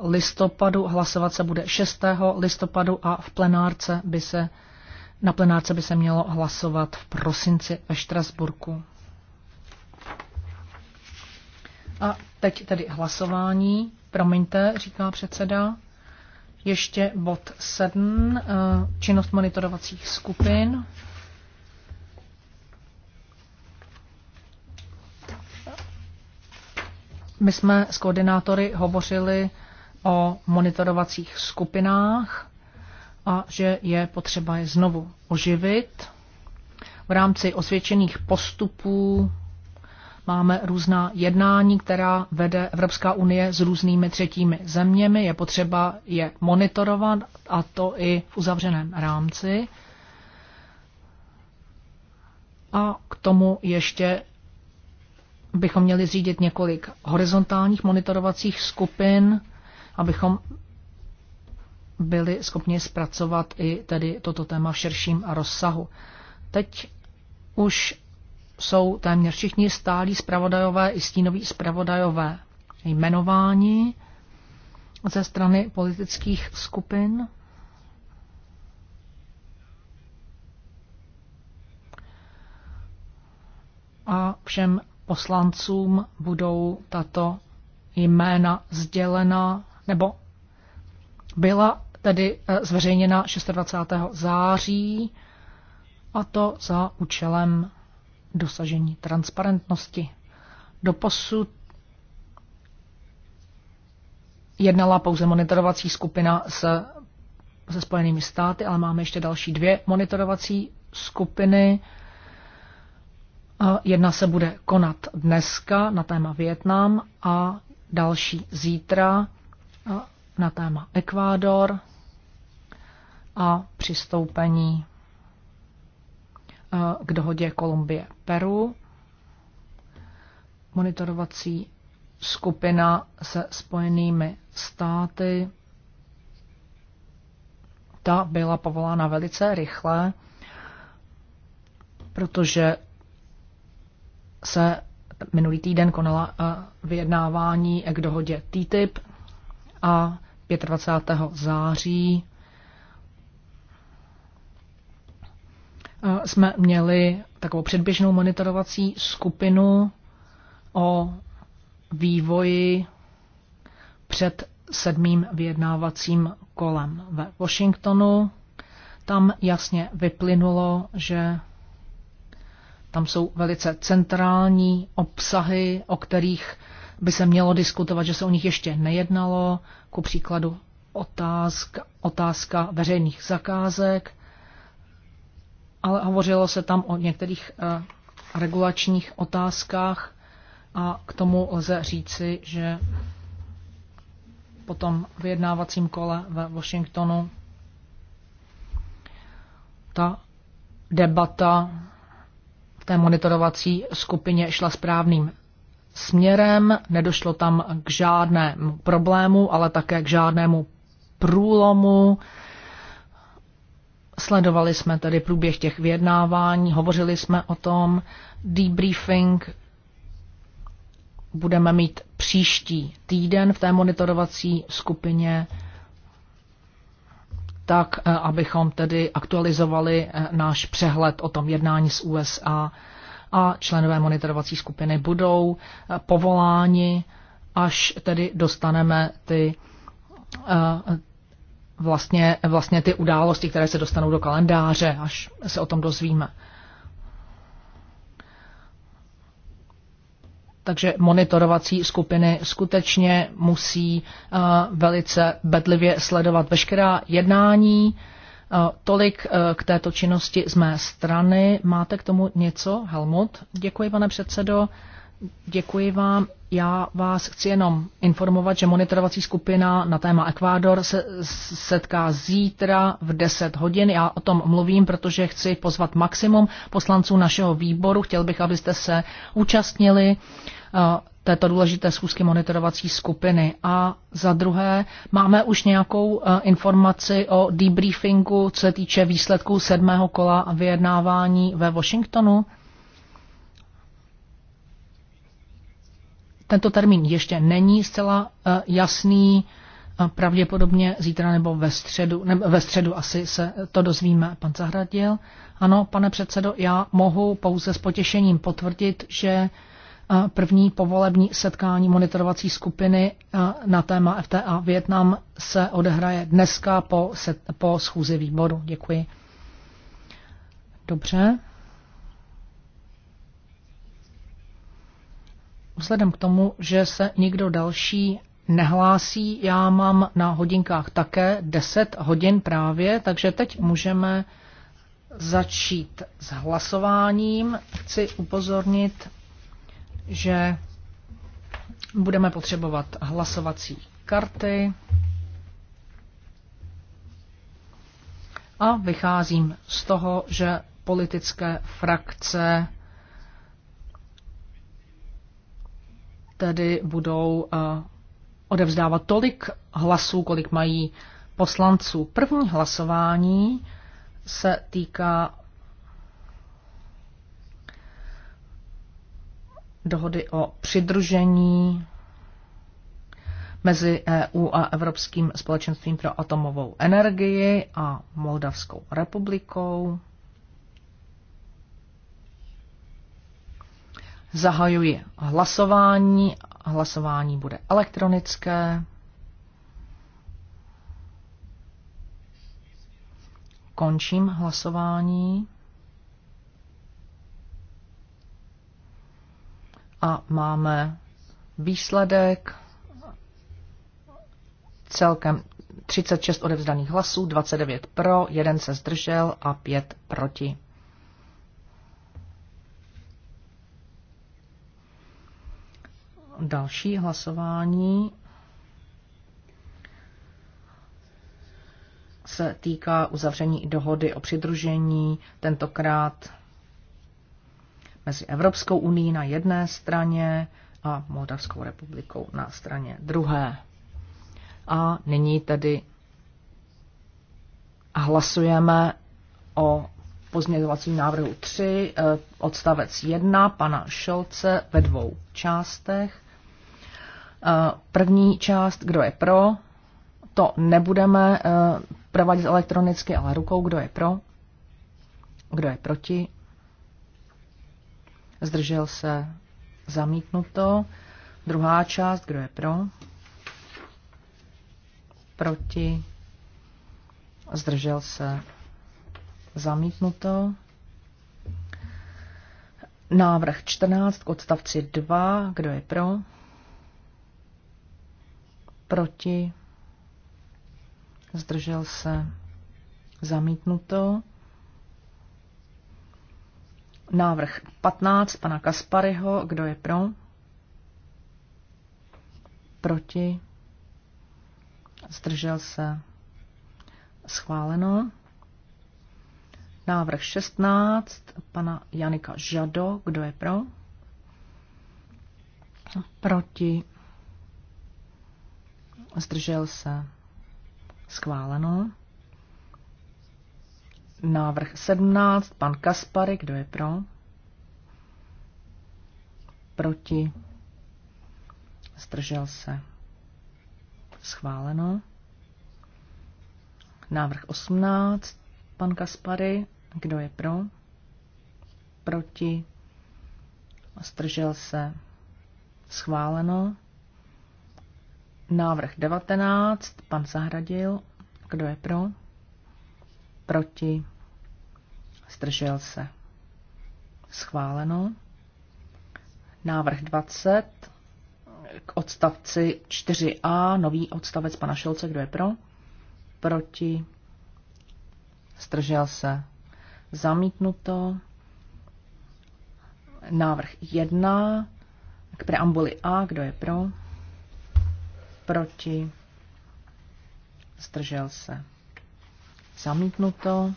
listopadu, hlasovat se bude 6. listopadu a v plenárce by se, na plenárce by se mělo hlasovat v prosinci ve Štrasburku. A teď tedy hlasování. Promiňte, říká předseda. Ještě bod 7, eh, činnost monitorovacích skupin. My jsme s koordinátory hovořili o monitorovacích skupinách a že je potřeba je znovu oživit. V rámci osvědčených postupů máme různá jednání, která vede Evropská unie s různými třetími zeměmi. Je potřeba je monitorovat a to i v uzavřeném rámci. A k tomu ještě bychom měli zřídit několik horizontálních monitorovacích skupin, abychom byli schopni zpracovat i tedy toto téma v širším rozsahu. Teď už jsou téměř všichni stálí zpravodajové i stínoví zpravodajové jmenováni ze strany politických skupin. A všem poslancům budou tato jména sdělena nebo byla tedy eh, zveřejněna 26. září a to za účelem dosažení transparentnosti. Doposud jednala pouze monitorovací skupina se se Spojenými státy, ale máme ještě další dvě monitorovací skupiny Jedna se bude konat dneska na téma Vietnam a další zítra na téma Ekvádor a přistoupení k dohodě Kolumbie-Peru. Monitorovací skupina se spojenými státy ta byla povolána velice rychle, protože se minulý týden konala eh, vyjednávání k dohodě TTIP a 25. září eh, jsme měli takovou předběžnou monitorovací skupinu o vývoji před sedmým vyjednávacím kolem ve Washingtonu. Tam jasně vyplynulo, že tam jsou velice centrální obsahy, o kterých by se mělo diskutovat, že se o nich ještě nejednalo, ku příkladu otázka, otázka veřejných zakázek, ale hovořilo se tam o některých eh, regulačních otázkách a k tomu lze říci, že po tom vyjednávacím kole ve Washingtonu ta debata té monitorovací skupině šla správným směrem, nedošlo tam k žádnému problému, ale také k žádnému průlomu. Sledovali jsme tedy průběh těch vyjednávání, hovořili jsme o tom, debriefing budeme mít příští týden v té monitorovací skupině tak eh, abychom tedy aktualizovali eh, náš přehled o tom jednání s USA a členové monitorovací skupiny budou eh, povoláni, až tedy dostaneme ty vlastně, vlastně ty události, které se dostanou do kalendáře, až se o tom dozvíme. Takže monitorovací skupiny skutečně musí eh, velice bedlivě sledovat veškerá jednání. Eh, tolik eh, k této činnosti z mé strany. Máte k tomu něco, Helmut? Děkuji, pane předsedo. Děkuji vám. Já vás chci jenom informovat, že monitorovací skupina na téma Ekvádor se setká zítra v 10 hodin. Já o tom mluvím, protože chci pozvat maximum poslanců našeho výboru. Chtěl bych, abyste se účastnili. Uh, Eh, této důležité schůzky monitorovací skupiny? A za druhé, máme už nějakou eh, informaci o debriefingu, co se týče výsledků sedmého kola vyjednávání ve Washingtonu? Tento termín ještě není zcela eh, jasný. Pravděpodobně zítra nebo ve středu, nebo ve středu asi se to dozvíme, pan Zahradil. Ano, pane předsedo, já mohu pouze s potěšením potvrdit, že První povolební setkání monitorovací skupiny na téma FTA Větnam se odehraje dneska po, set, po schůzi výboru. Děkuji. Dobře. Vzhledem k tomu, že se nikdo další nehlásí, já mám na hodinkách také 10 hodin právě, takže teď můžeme začít s hlasováním. Chci upozornit že budeme potřebovat hlasovací karty a vycházím z toho, že politické frakce tedy budou eh, odevzdávat tolik hlasů, kolik mají poslanců. První hlasování se týká dohody o přidružení mezi EU a Evropským společenstvím pro atomovou energii a Moldavskou republikou. Zahajuji hlasování. Hlasování bude elektronické. Končím hlasování. a máme výsledek celkem 36 odevzdaných hlasů, 29 pro, 1 se zdržel a 5 proti. Další hlasování se týká uzavření dohody o přidružení, tentokrát mezi Evropskou uní na jedné straně a Moldavskou republikou na straně druhé. A nyní tedy hlasujeme o pozměňovacím návrhu 3, eh, odstavec 1 pana Šolce ve dvou částech. Eh, první část, kdo je pro, to nebudeme eh, provadit elektronicky, ale rukou, kdo je pro, kdo je proti, zdržel se, zamítnuto. Druhá část, kdo je pro, proti, zdržel se, zamítnuto. Návrh 14 k odstavci 2, kdo je pro, proti, zdržel se, zamítnuto. Návrh 15 pana Kasparyho, kdo je pro? Proti? Zdržel se? Schváleno. Návrh 16 pana Janika Žado, kdo je pro? Proti? Zdržel se? Schváleno. Návrh 17, pan Kaspary, kdo je pro? Proti? Zdržel se. Schváleno. Návrh 18, pan Kaspary, kdo je pro? Proti? Zdržel se. Schváleno. Návrh 19, pan Zahradil, kdo je pro? Proti? zdržel se. Schváleno. Návrh 20 k odstavci 4a, nový odstavec pana Šelce, kdo je pro? Proti. Zdržel se. Zamítnuto. Návrh 1 k preambuli A, kdo je pro? Proti. Zdržel se. Zamítnuto.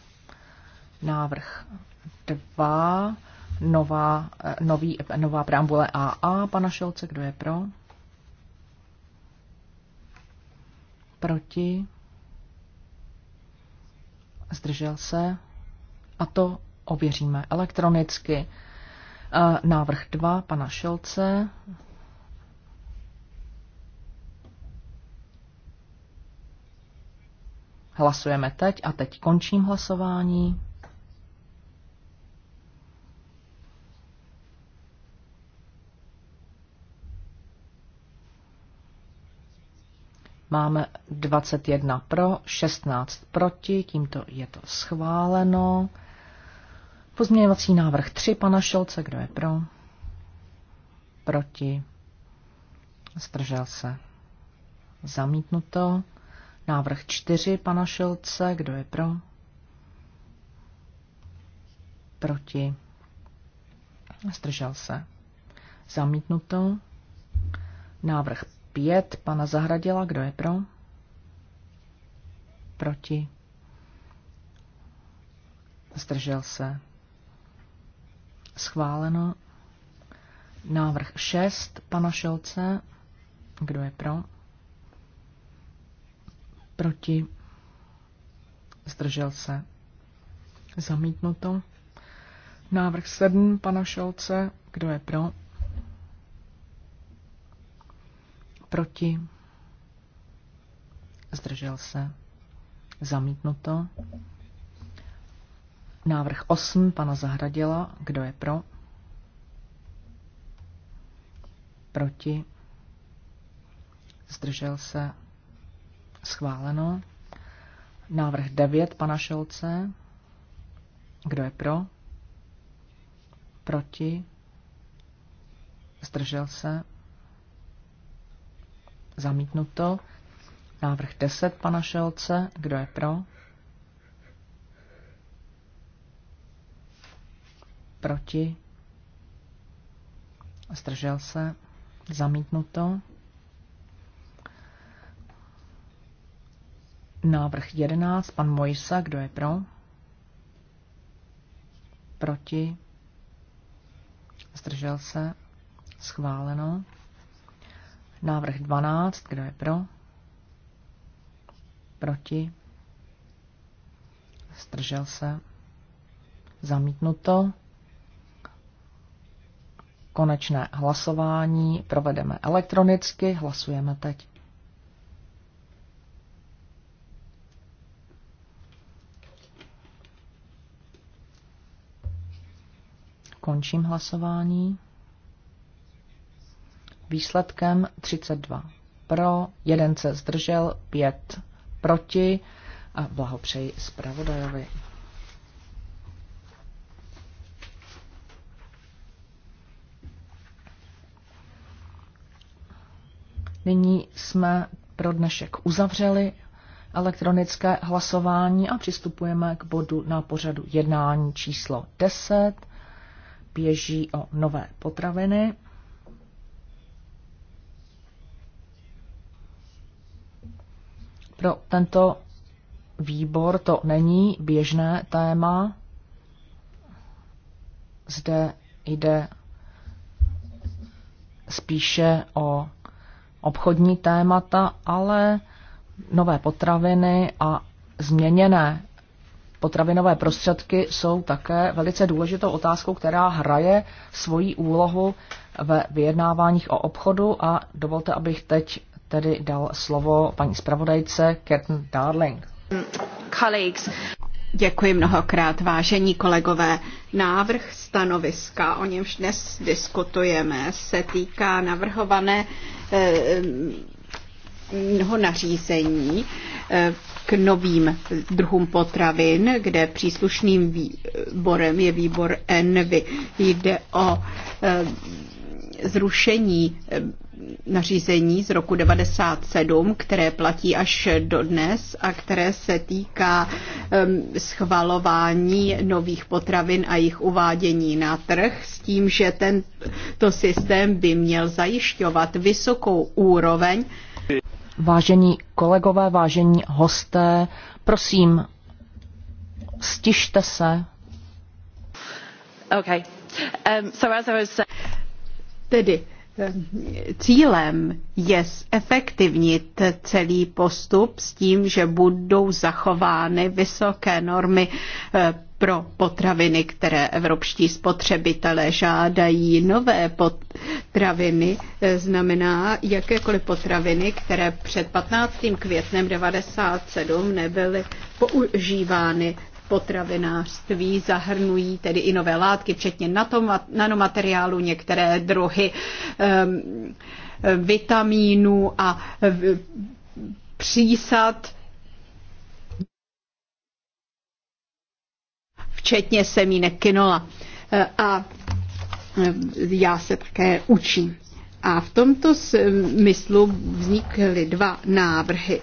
Návrh 2, nová, eh, nový, nová preambule AA. Pana Šelce, kdo je pro? Proti? Zdržel se? A to ověříme elektronicky. Eh, návrh 2 pana Šelce. Hlasujeme teď a teď končím hlasování. Máme 21 pro, 16 proti, tímto je to schváleno. Pozměňovací návrh 3 pana Šolce, kdo je pro? Proti. Zdržel se. Zamítnuto. Návrh 4 pana Šolce, kdo je pro? Proti. Zdržel se. Zamítnuto. Návrh 5 pana Zahradila. Kdo je pro? Proti? Zdržel se. Schváleno. Návrh 6 pana Šelce. Kdo je pro? Proti? Zdržel se. Zamítnuto. Návrh 7 pana Šelce. Kdo je pro? Proti? Zdržel se. Zamítnuto. Návrh 8 pana Zahradila. Kdo je pro? Proti? Zdržel se. Schváleno. Návrh 9 pana Šelce. Kdo je pro? Proti? Zdržel se. Zamítnuto. Návrh 10 pana Šelce. Kdo je pro? Proti? Zdržel se? Zamítnuto. Návrh 11. Pan Mojsa. Kdo je pro? Proti? Zdržel se? Schváleno. Návrh 12, kdo je pro? Proti? Zdržel se? Zamítnuto. Konečné hlasování provedeme elektronicky, hlasujeme teď. Končím hlasování výsledkem 32 pro, jeden se zdržel, pět proti a blahopřeji zpravodajovi. Nyní jsme pro dnešek uzavřeli elektronické hlasování a přistupujeme k bodu na pořadu jednání číslo 10. Běží o nové potraviny. to, no, tento výbor to není běžné téma. Zde jde spíše o obchodní témata, ale nové potraviny a změněné potravinové prostředky jsou také velice důležitou otázkou, která hraje svoji úlohu ve vyjednáváních o obchodu a dovolte, abych teď tedy dal slovo paní zpravodajce Kirton Darling. Colleagues. Děkuji mnohokrát, vážení kolegové. Návrh stanoviska, o němž dnes diskutujeme, se týká navrhované eh, nařízení eh, k novým druhům potravin, kde příslušným výborem je výbor ENVY. Jde o eh, zrušení eh, nařízení z roku 97, které platí až do dnes a které se týká schvalování nových potravin a jejich uvádění na trh s tím, že tento systém by měl zajišťovat vysokou úroveň. Vážení kolegové, vážení hosté, prosím, stište se. Okay. Um, so as I was... Tedy, Cílem je zefektivnit celý postup s tím, že budou zachovány vysoké normy eh, pro potraviny, které evropští spotřebitelé žádají. Nové potraviny eh, znamená jakékoliv potraviny, které před 15. květnem 1997 nebyly používány potravinářství zahrnují tedy i nové látky, včetně nanomateriálu, některé druhy um, vitamínů a přísad. včetně semínek kinola. E, a e, já se také učím. A v tomto smyslu vznikly dva návrhy.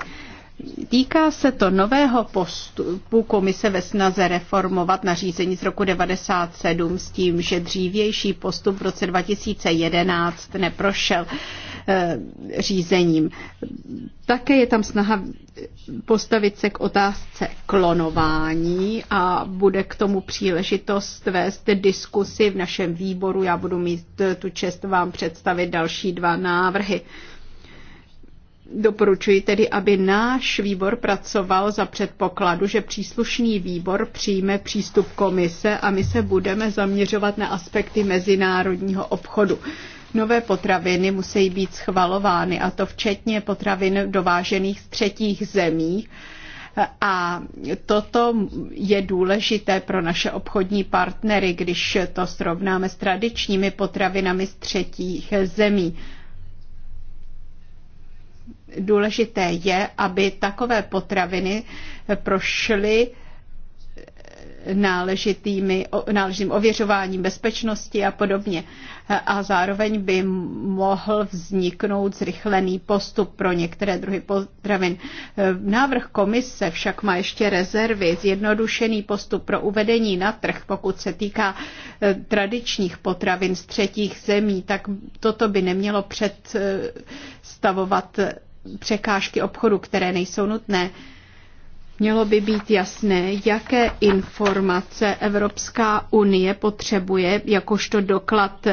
Týká se to nového postupu komise ve snaze reformovat nařízení z roku 1997 s tím, že dřívější postup v roce 2011 neprošel eh, řízením. Také je tam snaha postavit se k otázce klonování a bude k tomu příležitost vést diskusy v našem výboru. Já budu mít tu čest vám představit další dva návrhy. Doporučuji tedy, aby náš výbor pracoval za předpokladu, že příslušný výbor přijme přístup komise a my se budeme zaměřovat na aspekty mezinárodního obchodu. Nové potraviny musí být schvalovány, a to včetně potravin dovážených z třetích zemí. A toto je důležité pro naše obchodní partnery, když to srovnáme s tradičními potravinami z třetích zemí důležité je, aby takové potraviny prošly náležitými, náležitým ověřováním bezpečnosti a podobně. A zároveň by mohl vzniknout zrychlený postup pro některé druhy potravin. Návrh komise však má ještě rezervy. Zjednodušený postup pro uvedení na trh, pokud se týká eh, tradičních potravin z třetích zemí, tak toto by nemělo představovat eh, překážky obchodu, které nejsou nutné. Mělo by být jasné, jaké informace Evropská unie potřebuje jakožto doklad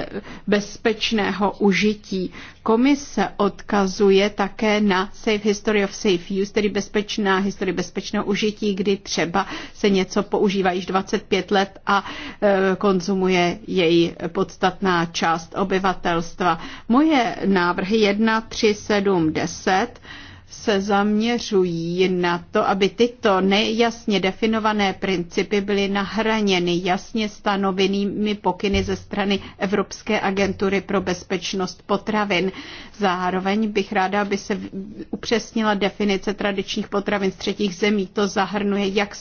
bezpečného užití. Komise odkazuje také na Safe History of Safe Use, tedy bezpečná historie bezpečného užití, kdy třeba se něco používá již 25 let a e, konzumuje její podstatná část obyvatelstva. Moje návrhy 1, 3, 7, 10 se zaměřují na to, aby tyto nejasně definované principy byly nahraněny jasně stanovenými pokyny ze strany Evropské agentury pro bezpečnost potravin. Zároveň bych ráda, aby se upřesnila definice tradičních potravin z třetích zemí. To zahrnuje jak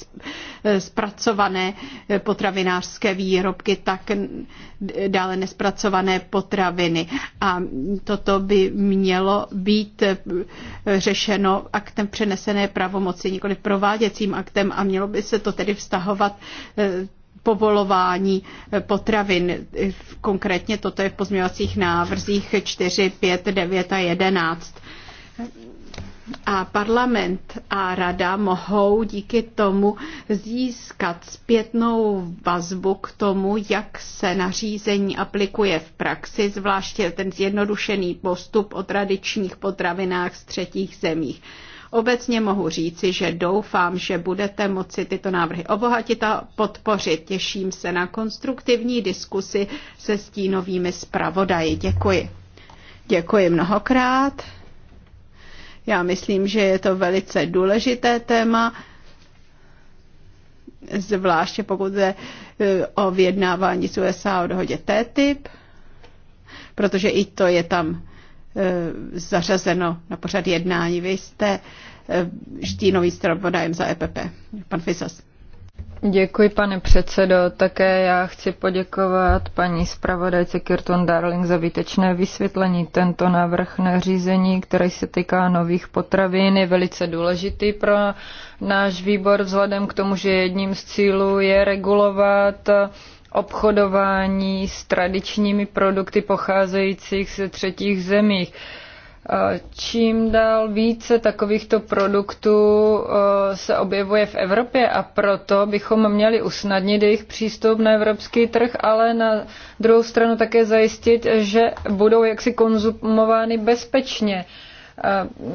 e, zpracované e, potravinářské výrobky, tak dále nespracované potraviny. A toto by mělo být eh, řešeno aktem přenesené pravomoci, nikoli prováděcím aktem a mělo by se to tedy vztahovat eh, povolování eh, potravin. Konkrétně toto je v pozměňovacích návrzích 4, 5, 9 a 11 a parlament a rada mohou díky tomu získat zpětnou vazbu k tomu, jak se nařízení aplikuje v praxi, zvláště ten zjednodušený postup o tradičních potravinách z třetích zemích. Obecně mohu říci, že doufám, že budete moci tyto návrhy obohatit a podpořit. Těším se na konstruktivní diskusi se stínovými zpravodaji. Děkuji. Děkuji mnohokrát. Já myslím, že je to velice důležité téma, zvláště pokud je e, o vyjednávání z USA o dohodě TTIP, protože i to je tam e, zařazeno na pořad jednání. Vy jste e, štínový stropodajem za EPP, pan Fisas. Děkuji, pane předsedo. Také já chci poděkovat paní zpravodajce Kirton Darling za výtečné vysvětlení. Tento návrh nařízení, který se týká nových potravin, je velice důležitý pro náš výbor vzhledem k tomu, že jedním z cílů je regulovat obchodování s tradičními produkty pocházejících ze třetích zemích. Čím dál více takovýchto produktů e, se objevuje v Evropě a proto bychom měli usnadnit jejich přístup na evropský trh, ale na druhou stranu také zajistit, že budou jaksi konzumovány bezpečně.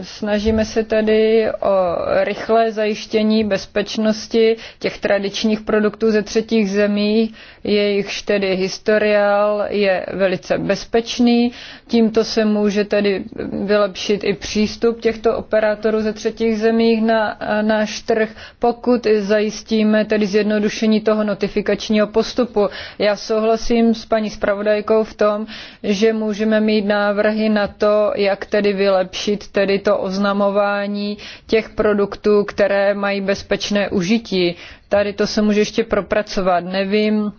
Snažíme se tedy o rychlé zajištění bezpečnosti těch tradičních produktů ze třetích zemí. Jejichž tedy historiál je velice bezpečný. Tímto se může tedy vylepšit i přístup těchto operátorů ze třetích zemí na náš trh, pokud zajistíme tedy zjednodušení toho notifikačního postupu. Já souhlasím s paní spravodajkou v tom, že můžeme mít návrhy na to, jak tedy vylepšit začít tedy to oznamování těch produktů, které mají bezpečné užití. Tady to se může ještě propracovat. Nevím,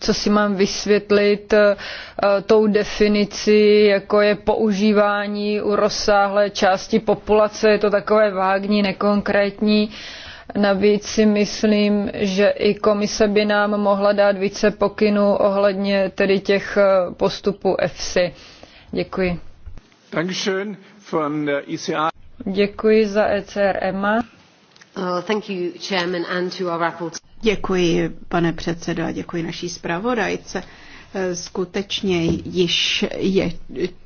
co si mám vysvětlit eh, tou definici, jako je používání u rozsáhlé části populace, je to takové vágní, nekonkrétní. Navíc si myslím, že i komise by nám mohla dát více pokynů ohledně tedy těch eh, postupů EFSI. Děkuji. Dankeschön. Děkuji za ECR Emma. Oh, thank you, Chairman, and to our rapporteur. Děkuji, pane předsedo, a děkuji naší zpravodajce. Eh, skutečně již je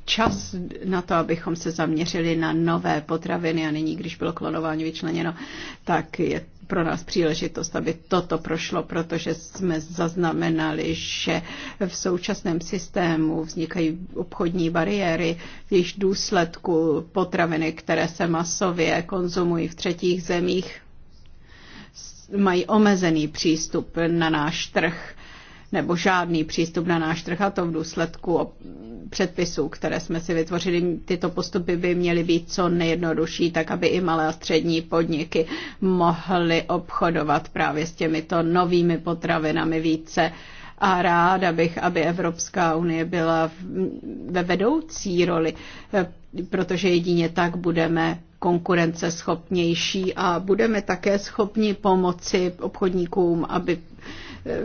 čas na to, abychom se zaměřili na nové potraviny a nyní, když bylo klonování vyčleněno, tak je pro nás příležitost, aby toto prošlo, protože jsme zaznamenali, že v současném systému vznikají obchodní bariéry, v jejich důsledku potraviny, které se masově konzumují v třetích zemích, mají omezený přístup na náš trh nebo žádný přístup na náš trh a to v důsledku předpisů, které jsme si vytvořili. Tyto postupy by měly být co nejjednodušší, tak aby i malé a střední podniky mohly obchodovat právě s těmito novými potravinami více a ráda bych, aby Evropská unie byla ve vedoucí roli, protože jedině tak budeme konkurenceschopnější a budeme také schopni pomoci obchodníkům, aby Eh,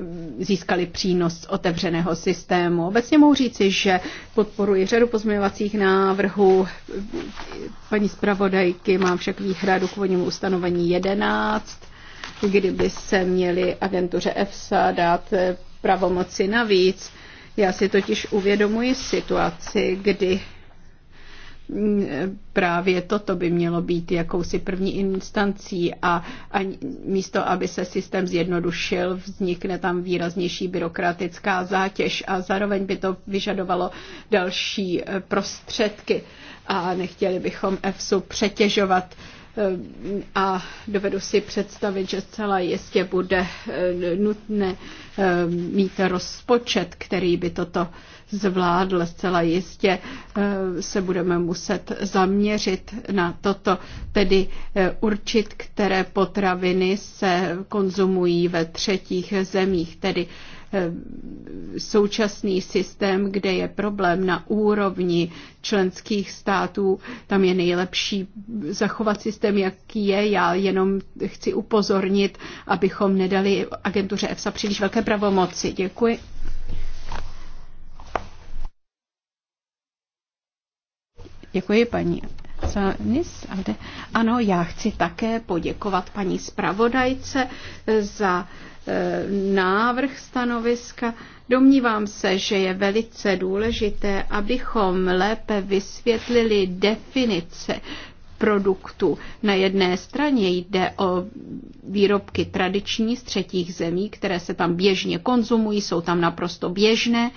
získali přínos z otevřeného systému. Obecně mohu říci, že podporuji řadu pozměňovacích návrhů. Paní zpravodajky mám však výhradu k vodnímu ustanovení 11, kdyby se měli agentuře EFSA dát eh, pravomoci navíc. Já si totiž uvědomuji situaci, kdy právě toto by mělo být jakousi první instancí a, a místo, aby se systém zjednodušil, vznikne tam výraznější byrokratická zátěž a zároveň by to vyžadovalo další eh, prostředky a nechtěli bychom EFSU přetěžovat eh, a dovedu si představit, že celá jistě bude eh, nutné mít rozpočet, který by toto zvládl. Zcela jistě eh, se budeme muset zaměřit na toto, tedy eh, určit, které potraviny se konzumují ve třetích zemích, tedy eh, současný systém, kde je problém na úrovni členských států, tam je nejlepší zachovat systém, jaký je. Já jenom chci upozornit, abychom nedali agentuře EFSA příliš velké pravomoci. Děkuji. Děkuji paní ano, já chci také poděkovat paní zpravodajce za e, návrh stanoviska. Domnívám se, že je velice důležité, abychom lépe vysvětlili definice produktu. Na jedné straně jde o výrobky tradiční z třetích zemí, které se tam běžně konzumují, jsou tam naprosto běžné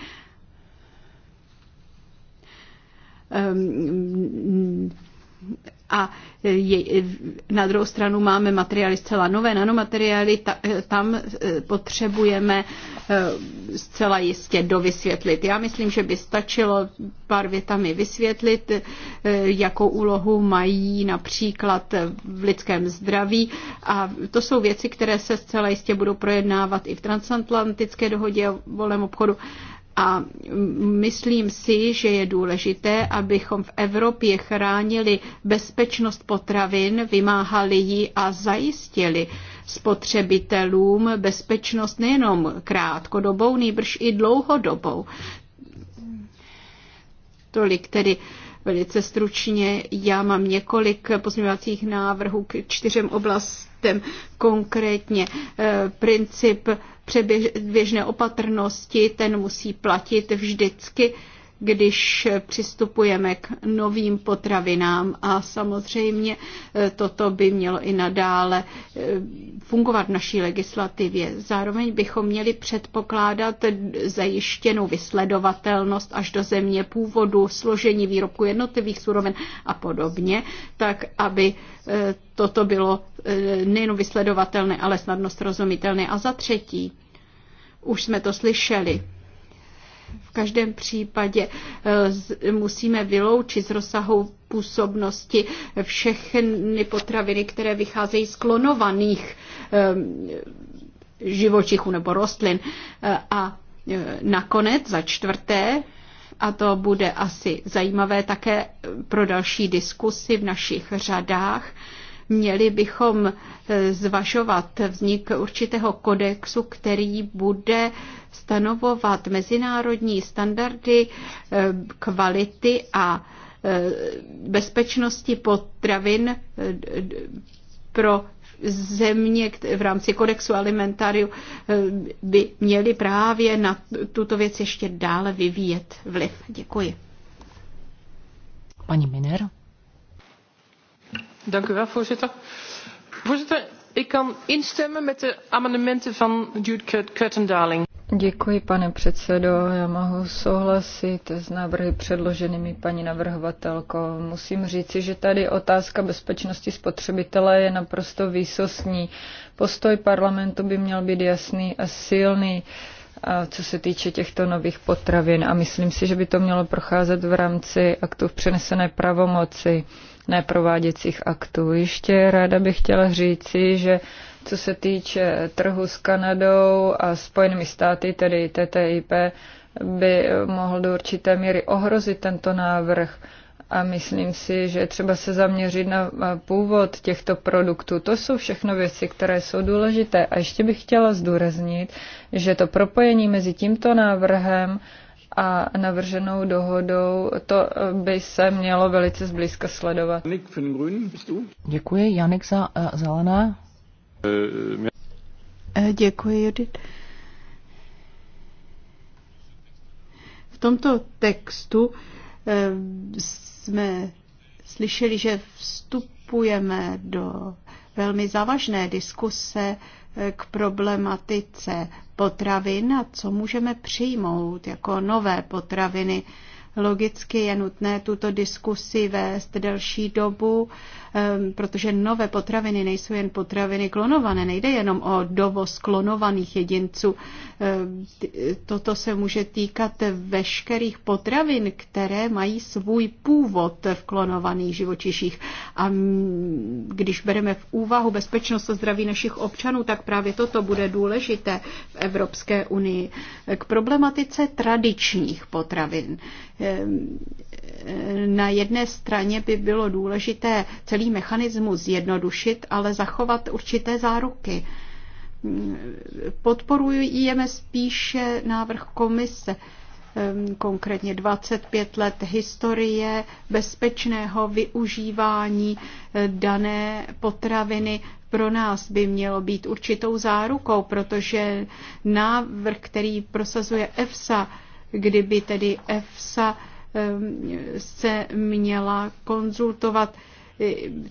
a je, na druhou stranu máme materiály zcela nové, nanomateriály, ta, tam e, potřebujeme e, zcela jistě dovysvětlit. Já myslím, že by stačilo pár větami vysvětlit, e, jakou úlohu mají například v lidském zdraví. A to jsou věci, které se zcela jistě budou projednávat i v transatlantické dohodě o volném obchodu. A myslím si, že je důležité, abychom v Evropě chránili bezpečnost potravin, vymáhali ji a zajistili spotřebitelům bezpečnost nejenom krátkodobou, nýbrž i dlouhodobou. Tolik tedy velice stručně. Já mám několik pozměňovacích návrhů k čtyřem oblastem, konkrétně eh, princip předběžné opatrnosti, ten musí platit vždycky, když přistupujeme k novým potravinám a samozřejmě eh, toto by mělo i nadále eh, fungovat v naší legislativě. Zároveň bychom měli předpokládat zajištěnou vysledovatelnost až do země původu, složení výrobku jednotlivých surovin a podobně, tak aby eh, toto bylo nejen vysledovatelné, ale snadno srozumitelné. A za třetí, už jsme to slyšeli. V každém případě eh, musíme vyloučit z rozsahu působnosti všechny potraviny, které vycházejí z klonovaných eh, živočichů nebo rostlin. Eh, a nakonec, za čtvrté, a to bude asi zajímavé také pro další diskusy v našich řadách, Měli bychom eh, zvažovat vznik určitého kodexu, který bude stanovovat mezinárodní standardy eh, kvality a eh, bezpečnosti potravin pro země v rámci kodexu alimentariu by měly právě na tuto věc ještě dále vyvíjet vliv. Děkuji. Paní Miner voorzitter. Voorzitter, ik kan instemmen met de amendementen van Jude kuitendaling. Děkuji, pane předsedo. Já mohu souhlasit s návrhy předloženými paní navrhovatelkou. Musím říci, že tady otázka bezpečnosti spotřebitele je naprosto výsostní. Postoj parlamentu by měl být jasný a silný co se týče těchto nových potravin a myslím si, že by to mělo procházet v rámci aktu v přenesené pravomoci neprováděcích aktů. Ještě ráda bych chtěla říci, že co se týče trhu s Kanadou a Spojenými státy, tedy TTIP, by mohl do určité míry ohrozit tento návrh. A myslím si, že třeba se zaměřit na původ těchto produktů. To jsou všechno věci, které jsou důležité. A ještě bych chtěla zdůraznit, že to propojení mezi tímto návrhem a navrženou dohodou to by se mělo velice zblízka sledovat. Děkuji, Janik za uh, zelené. Eh, děkuji, Judith. V tomto textu eh, jsme slyšeli, že vstupujeme do velmi závažné diskuse eh, k problematice potravin a co můžeme přijmout jako nové potraviny. Logicky je nutné tuto diskusi vést delší dobu Ehm, protože nové potraviny nejsou jen potraviny klonované, nejde jenom o dovoz klonovaných jedinců. Ehm, toto se může týkat veškerých potravin, které mají svůj původ v klonovaných živočiších. A když bereme v úvahu bezpečnost a zdraví našich občanů, tak právě toto bude důležité v Evropské unii. K problematice tradičních potravin ehm, na jedné straně by bylo důležité celý mechanismus zjednodušit, ale zachovat určité záruky. Podporujeme spíše návrh komise, konkrétně 25 let historie bezpečného využívání eh, dané potraviny pro nás by mělo být určitou zárukou, protože návrh, který prosazuje EFSA, kdyby tedy EFSA Ehm, se měla konzultovat,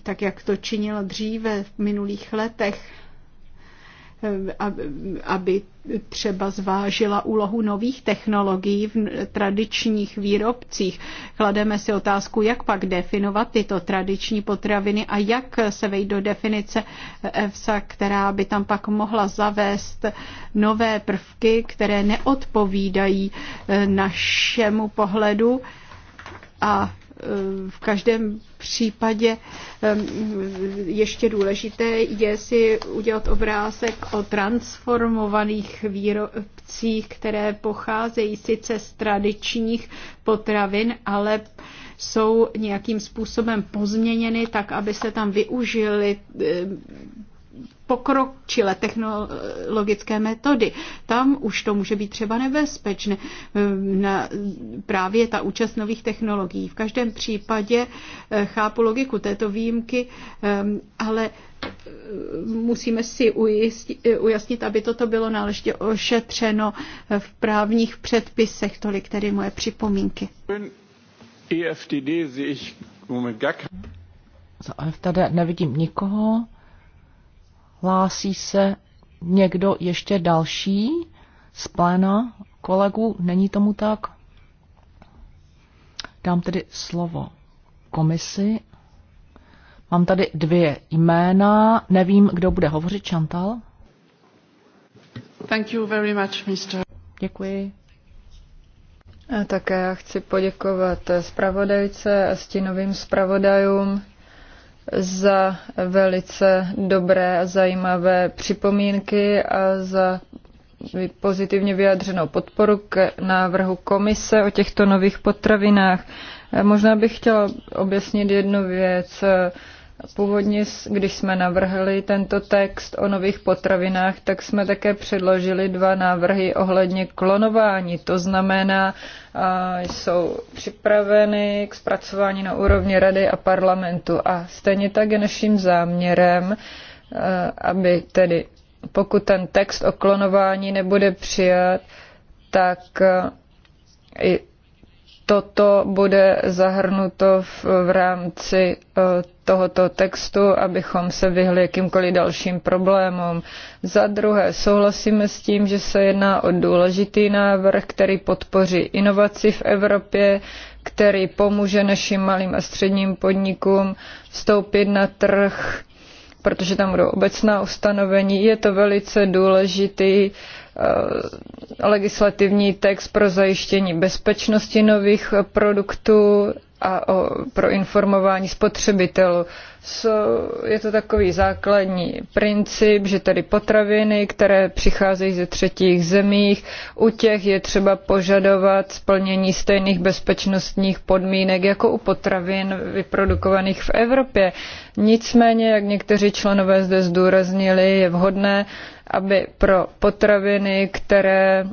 tak jak to činila dříve v minulých letech aby třeba zvážila úlohu nových technologií v tradičních výrobcích. Klademe si otázku, jak pak definovat tyto tradiční potraviny a jak se vejít do definice EFSA, která by tam pak mohla zavést nové prvky, které neodpovídají eh, našemu pohledu a v každém případě ještě důležité je si udělat obrázek o transformovaných výrobcích, které pocházejí sice z tradičních potravin, ale jsou nějakým způsobem pozměněny tak, aby se tam využili pokročilé technologické metody. Tam už to může být třeba nebezpečné. Na právě ta účast nových technologií. V každém případě eh, chápu logiku této výjimky, ehm, ale eh, musíme si ujistit, eh, ujasnit, aby toto bylo náležitě ošetřeno v právních předpisech. Tolik tedy moje připomínky. Za AFTD nevidím nikoho. Hlásí se někdo ještě další z pléna kolegů? Není tomu tak? Dám tedy slovo komisi. Mám tady dvě jména. Nevím, kdo bude hovořit. Chantal? Thank you very much, Mr. Děkuji. Také chci poděkovat zpravodajce a stínovým zpravodajům za velice dobré a zajímavé připomínky a za pozitivně vyjádřenou podporu k návrhu komise o těchto nových potravinách. Možná bych chtěla objasnit jednu věc. Původně, když jsme navrhli tento text o nových potravinách, tak jsme také předložili dva návrhy ohledně klonování. To znamená, jsou připraveny k zpracování na úrovni Rady a parlamentu. A stejně tak je naším záměrem, aby tedy pokud ten text o klonování nebude přijat, tak i toto bude zahrnuto v, v rámci eh, tohoto textu, abychom se vyhli jakýmkoliv dalším problémům. Za druhé, souhlasíme s tím, že se jedná o důležitý návrh, který podpoří inovaci v Evropě, který pomůže našim malým a středním podnikům vstoupit na trh, protože tam budou obecná ustanovení. Je to velice důležitý uh, Eh, legislativní text pro zajištění bezpečnosti nových produktů a o, pro informování spotřebitelů. So, je to takový základní princip, že tady potraviny, které přicházejí ze třetích zemích, u těch je třeba požadovat splnění stejných bezpečnostních podmínek jako u potravin vyprodukovaných v Evropě. Nicméně, jak někteří členové zde zdůraznili, je vhodné, aby pro potraviny, které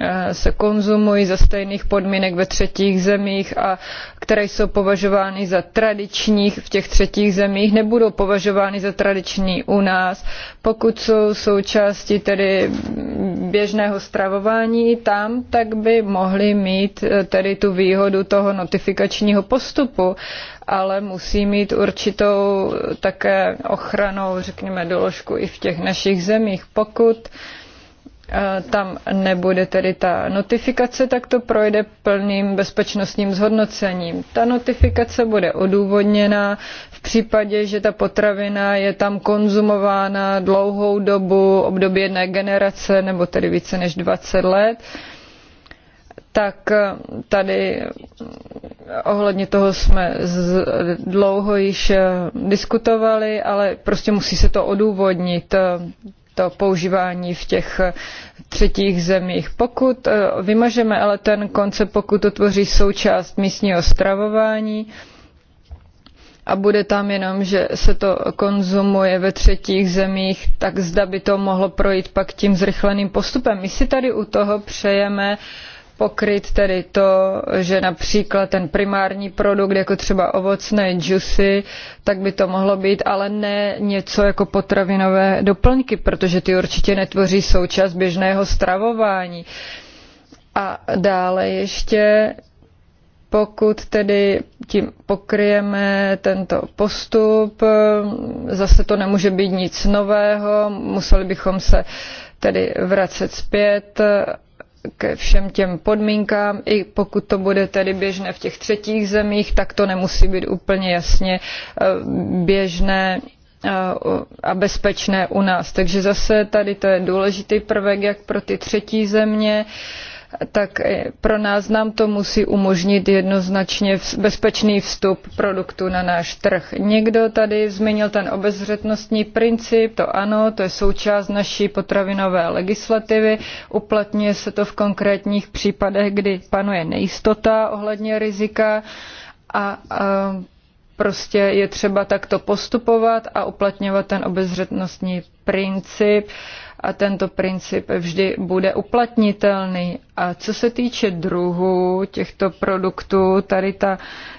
Eh, se konzumují za stejných podmínek ve třetích zemích a které jsou považovány za tradičních v těch třetích zemích, nebudou považovány za tradiční u nás. Pokud jsou součástí tedy běžného stravování tam, tak by mohli mít eh, tedy tu výhodu toho notifikačního postupu, ale musí mít určitou také ochranou, řekněme, doložku i v těch našich zemích. Pokud tam nebude tedy ta notifikace, tak to projde plným bezpečnostním zhodnocením. Ta notifikace bude odůvodněná v případě, že ta potravina je tam konzumována dlouhou dobu, období jedné generace nebo tedy více než 20 let tak eh, tady eh, ohledně toho jsme z, dlouho již eh, diskutovali, ale prostě musí se to odůvodnit to používání v těch eh, třetích zemích. Pokud eh, vymažeme ale ten koncept, pokud to tvoří součást místního stravování, a bude tam jenom, že se to konzumuje ve třetích zemích, tak zda by to mohlo projít pak tím zrychleným postupem. My si tady u toho přejeme uh, pokryt tedy to, že například ten primární produkt, jako třeba ovocné džusy, tak by to mohlo být, ale ne něco jako potravinové doplňky, protože ty určitě netvoří součást běžného stravování. A dále ještě pokud tedy tím pokryjeme tento postup, zase to nemůže být nic nového, museli bychom se tedy vracet zpět ke všem těm podmínkám, i pokud to bude tedy běžné v těch třetích zemích, tak to nemusí být úplně jasně eh, běžné eh, a bezpečné u nás. Takže zase tady to je důležitý prvek jak pro ty třetí země, tak pro nás nám to musí umožnit jednoznačně bezpečný vstup produktu na náš trh. Někdo tady zmínil ten obezřetnostní princip, to ano, to je součást naší potravinové legislativy, uplatňuje se to v konkrétních případech, kdy panuje nejistota ohledně rizika a, a prostě je třeba takto postupovat a uplatňovat ten obezřetnostní princip a tento princip vždy bude uplatnitelný. A co se týče druhu těchto produktů, tady ta,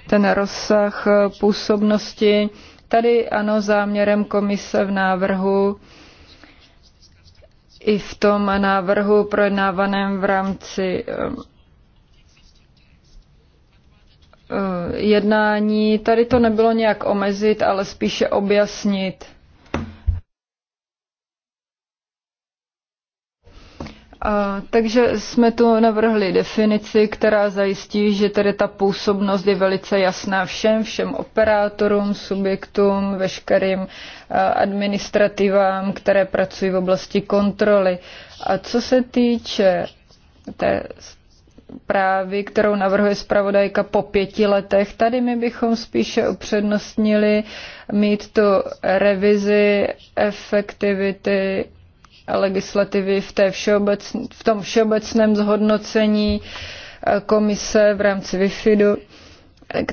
ten rozsah působnosti, tady ano, záměrem komise v návrhu i v tom návrhu projednávaném v rámci eh, eh, jednání. Tady to nebylo nějak omezit, ale spíše objasnit. takže jsme tu navrhli definici, která zajistí, že tedy ta působnost je velice jasná všem, všem operátorům, subjektům, veškerým administrativám, které pracují v oblasti kontroly. A co se týče té právy, kterou navrhuje zpravodajka po pěti letech. Tady my bychom spíše upřednostnili mít tu revizi efektivity legislativy v, té všeobecn- v tom všeobecném zhodnocení eh, komise v rámci WIFIDu.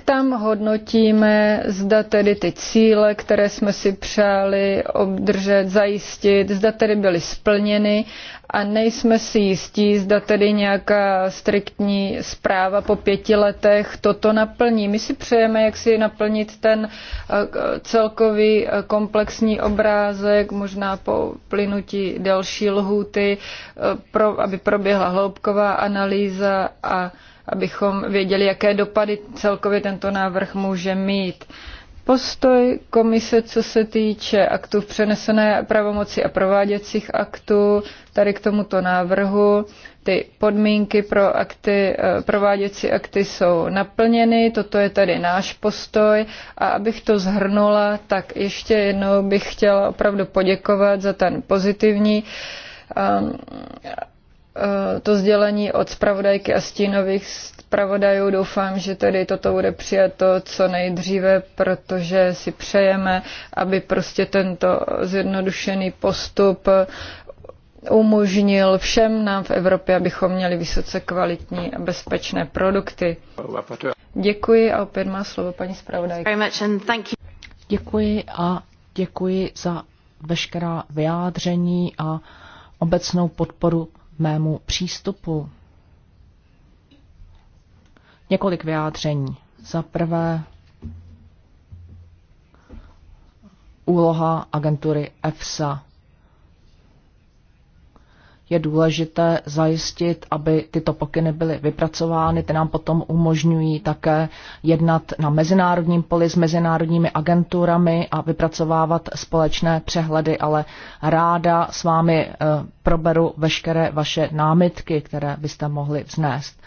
Tam hodnotíme, zda tedy ty cíle, které jsme si přáli obdržet, zajistit, zda tedy byly splněny a nejsme si jistí, zda tedy nějaká striktní zpráva po pěti letech toto naplní. My si přejeme, jak si naplnit ten eh, celkový eh, komplexní obrázek, možná po plynutí další lhůty, eh, aby proběhla hloubková analýza a abychom věděli, jaké dopady celkově tento návrh může mít. Postoj komise, co se týče aktů v přenesené pravomoci a prováděcích aktů, tady k tomuto návrhu, ty podmínky pro akty, eh, prováděcí akty jsou naplněny, toto je tady náš postoj a abych to zhrnula, tak ještě jednou bych chtěla opravdu poděkovat za ten pozitivní um, Eh, to sdělení od zpravodajky a stínových zpravodajů. Doufám, že tedy toto bude přijato co nejdříve, protože si přejeme, aby prostě tento zjednodušený postup umožnil všem nám v Evropě, abychom měli vysoce kvalitní a bezpečné produkty. Děkuji a opět má slovo paní zpravodajka. Děkuji a děkuji za veškerá vyjádření a obecnou podporu mému přístupu. Několik vyjádření. Za prvé úloha agentury EFSA je důležité zajistit, aby tyto pokyny byly vypracovány, ty nám potom umožňují také jednat na mezinárodním poli s mezinárodními agenturami a vypracovávat společné přehledy, ale ráda s vámi eh, proberu veškeré vaše námitky, které byste mohli vznést.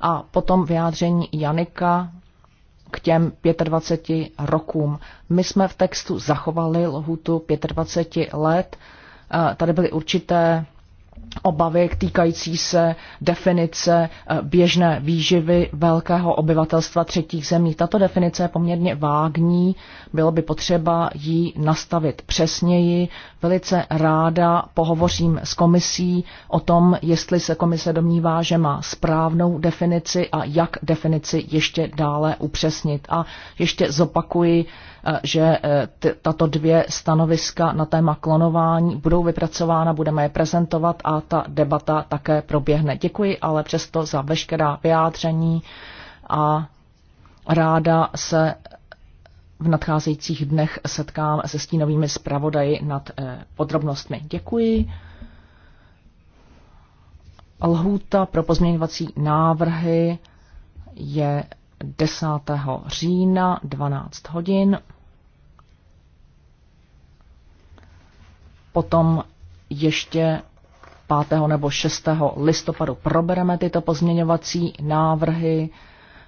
A potom vyjádření Janika k těm 25 rokům. My jsme v textu zachovali lhutu 25 let. Eh, tady byly určité obavy týkající se definice eh, běžné výživy velkého obyvatelstva třetích zemí. Tato definice je poměrně vágní, bylo by potřeba ji nastavit přesněji. Velice ráda pohovořím s komisí o tom, jestli se komise domnívá, že má správnou definici a jak definici ještě dále upřesnit. A ještě zopakuji Eh, že eh, tato dvě stanoviska na téma klonování budou vypracována, budeme je prezentovat a ta debata také proběhne. Děkuji ale přesto za veškerá vyjádření a ráda se v nadcházejících dnech setkám se stínovými zpravodaji nad eh, podrobnostmi. Děkuji. Lhůta pro pozměňovací návrhy je 10. října 12 hodin. potom ještě 5. nebo 6. listopadu probereme tyto pozměňovací návrhy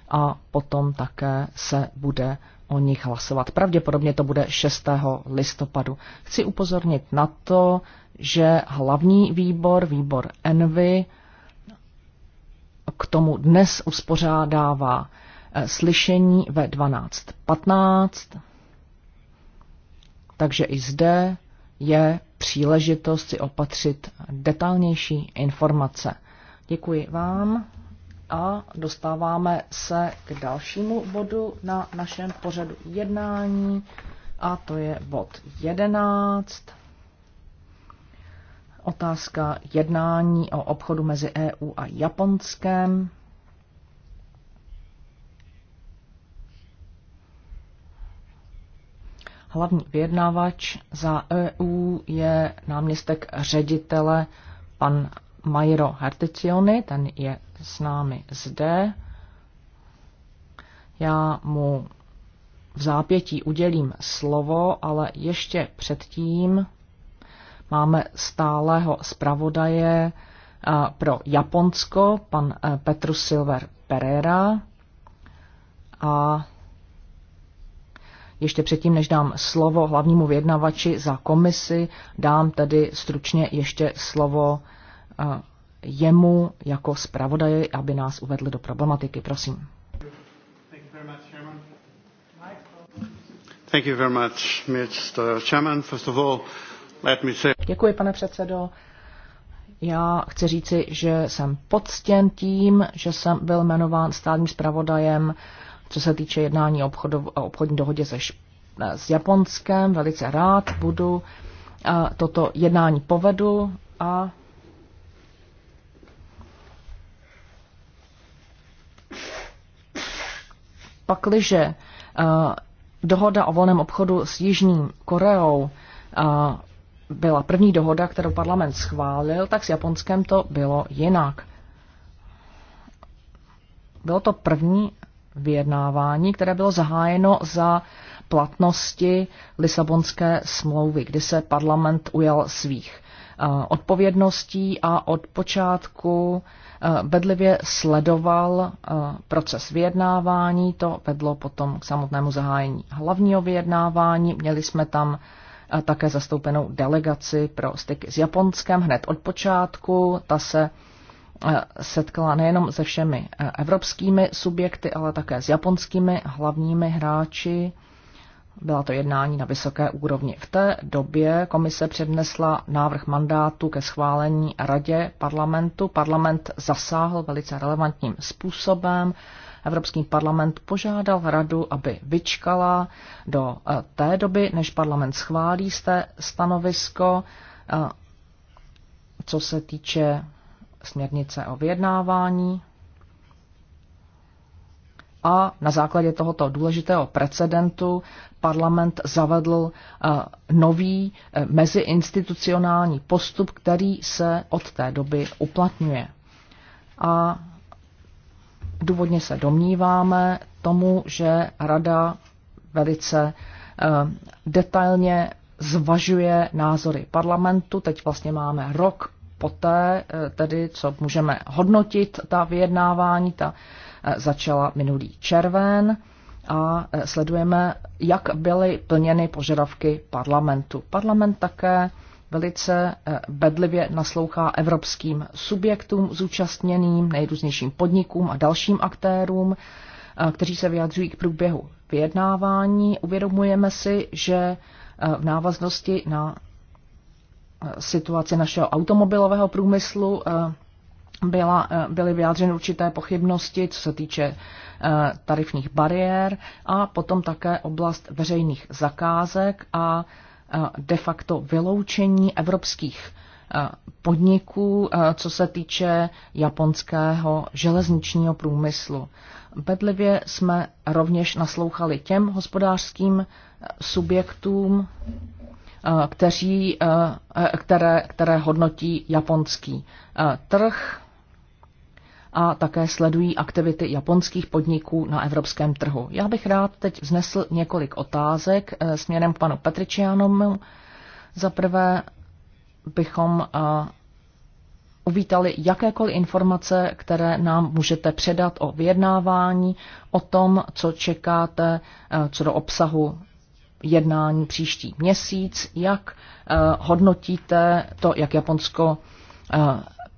a potom také se bude o nich hlasovat. Pravděpodobně to bude 6. listopadu. Chci upozornit na to, že hlavní výbor, výbor Envy, k tomu dnes uspořádává eh, slyšení ve 12.15, takže i zde je příležitost si opatřit detailnější informace. Děkuji vám a dostáváme se k dalšímu bodu na našem pořadu jednání a to je bod 11. Otázka jednání o obchodu mezi EU a Japonskem. Hlavní vyjednávač za EU je náměstek ředitele pan Majro Herticioni, ten je s námi zde. Já mu v zápětí udělím slovo, ale ještě předtím máme stálého zpravodaje eh, pro Japonsko, pan eh, Petru Silver Pereira. A ještě předtím, než dám slovo hlavnímu vyjednavači za komisi, dám tedy stručně ještě slovo eh, jemu jako zpravodaji, aby nás uvedl do problematiky. Prosím. Děkuji, pane předsedo. Já chci říci, že jsem poctěn tím, že jsem byl jmenován stálým zpravodajem uh, co se týče jednání o obchodní dohodě se, s Japonskem. Velice rád budu toto jednání povedu a pakliže dohoda o volném obchodu s Jižní Koreou byla první dohoda, kterou parlament schválil, tak s Japonskem to bylo jinak. Bylo to první vyjednávání, které bylo zahájeno za platnosti Lisabonské smlouvy, kdy se parlament ujal svých eh, odpovědností a od počátku eh, bedlivě sledoval eh, proces vyjednávání. To vedlo potom k samotnému zahájení hlavního vyjednávání. Měli jsme tam také zastoupenou delegaci pro styky s Japonskem hned od počátku. Ta se Eh, setkala nejenom se všemi eh, evropskými subjekty, ale také s japonskými hlavními hráči. Byla to jednání na vysoké úrovni. V té době komise přednesla návrh mandátu ke schválení radě parlamentu. Parlament zasáhl velice relevantním způsobem. Evropský parlament požádal radu, aby vyčkala do eh, té doby, než parlament schválí té stanovisko, co se týče směrnice o vyjednávání. A na základě tohoto důležitého precedentu parlament zavedl eh, nový eh, meziinstitucionální postup, který se od té doby uplatňuje. A důvodně se domníváme tomu, že rada velice eh, detailně zvažuje názory parlamentu. Teď vlastně máme rok poté, eh, tedy co můžeme hodnotit ta vyjednávání, ta eh, začala minulý červen a eh, sledujeme, jak byly plněny požadavky parlamentu. Parlament také velice bedlivě naslouchá evropským subjektům zúčastněným, nejrůznějším podnikům a dalším aktérům, kteří se vyjadřují k průběhu vyjednávání. Uvědomujeme si, že v návaznosti na situaci našeho automobilového průmyslu eh, byla, eh, byly vyjádřeny určité pochybnosti, co se týče eh, tarifních bariér a potom také oblast veřejných zakázek a de facto vyloučení evropských podniků, co se týče japonského železničního průmyslu. Bedlivě jsme rovněž naslouchali těm hospodářským subjektům, Eh, kteří, eh, které, které hodnotí japonský eh, trh a také sledují aktivity japonských podniků na evropském trhu. Já bych rád teď vznesl několik otázek směrem k panu Petričianomu. Za prvé bychom uvítali jakékoliv informace, které nám můžete předat o vyjednávání, o tom, co čekáte, co do obsahu jednání příští měsíc. Jak eh, hodnotíte to, jak Japonsko eh,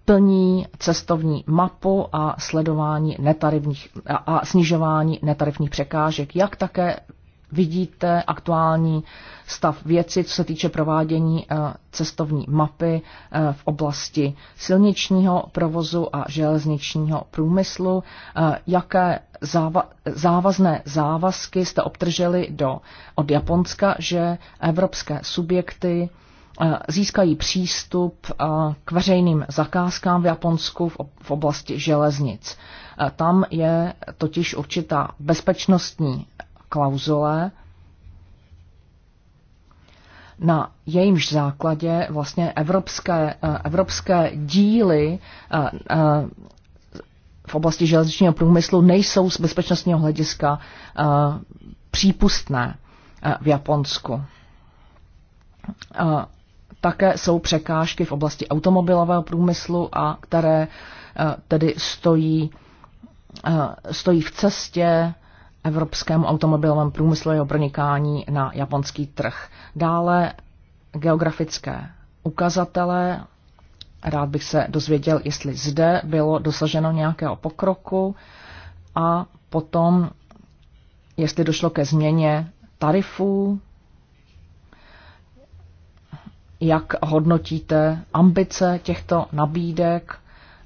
plní cestovní mapu a sledování netarifních a snižování netarifních překážek, jak také vidíte aktuální stav věci, co se týče provádění eh, cestovní mapy eh, v oblasti silničního provozu a železničního průmyslu, eh, jaké závazné závazky jste obdrželi do, od Japonska, že evropské subjekty získají přístup k veřejným zakázkám v Japonsku v oblasti železnic. Tam je totiž určitá bezpečnostní klauzule, na jejímž základě vlastně evropské, eh, evropské díly eh, eh, v oblasti železničního průmyslu nejsou z bezpečnostního hlediska přípustné v Japonsku. Také jsou překážky v oblasti automobilového průmyslu, a které tedy stojí, stojí v cestě evropskému automobilovému průmyslu jeho pronikání na japonský trh. Dále geografické ukazatele. Rád bych se dozvěděl, jestli zde bylo dosaženo nějakého pokroku a potom, jestli došlo ke změně tarifů, jak hodnotíte ambice těchto nabídek,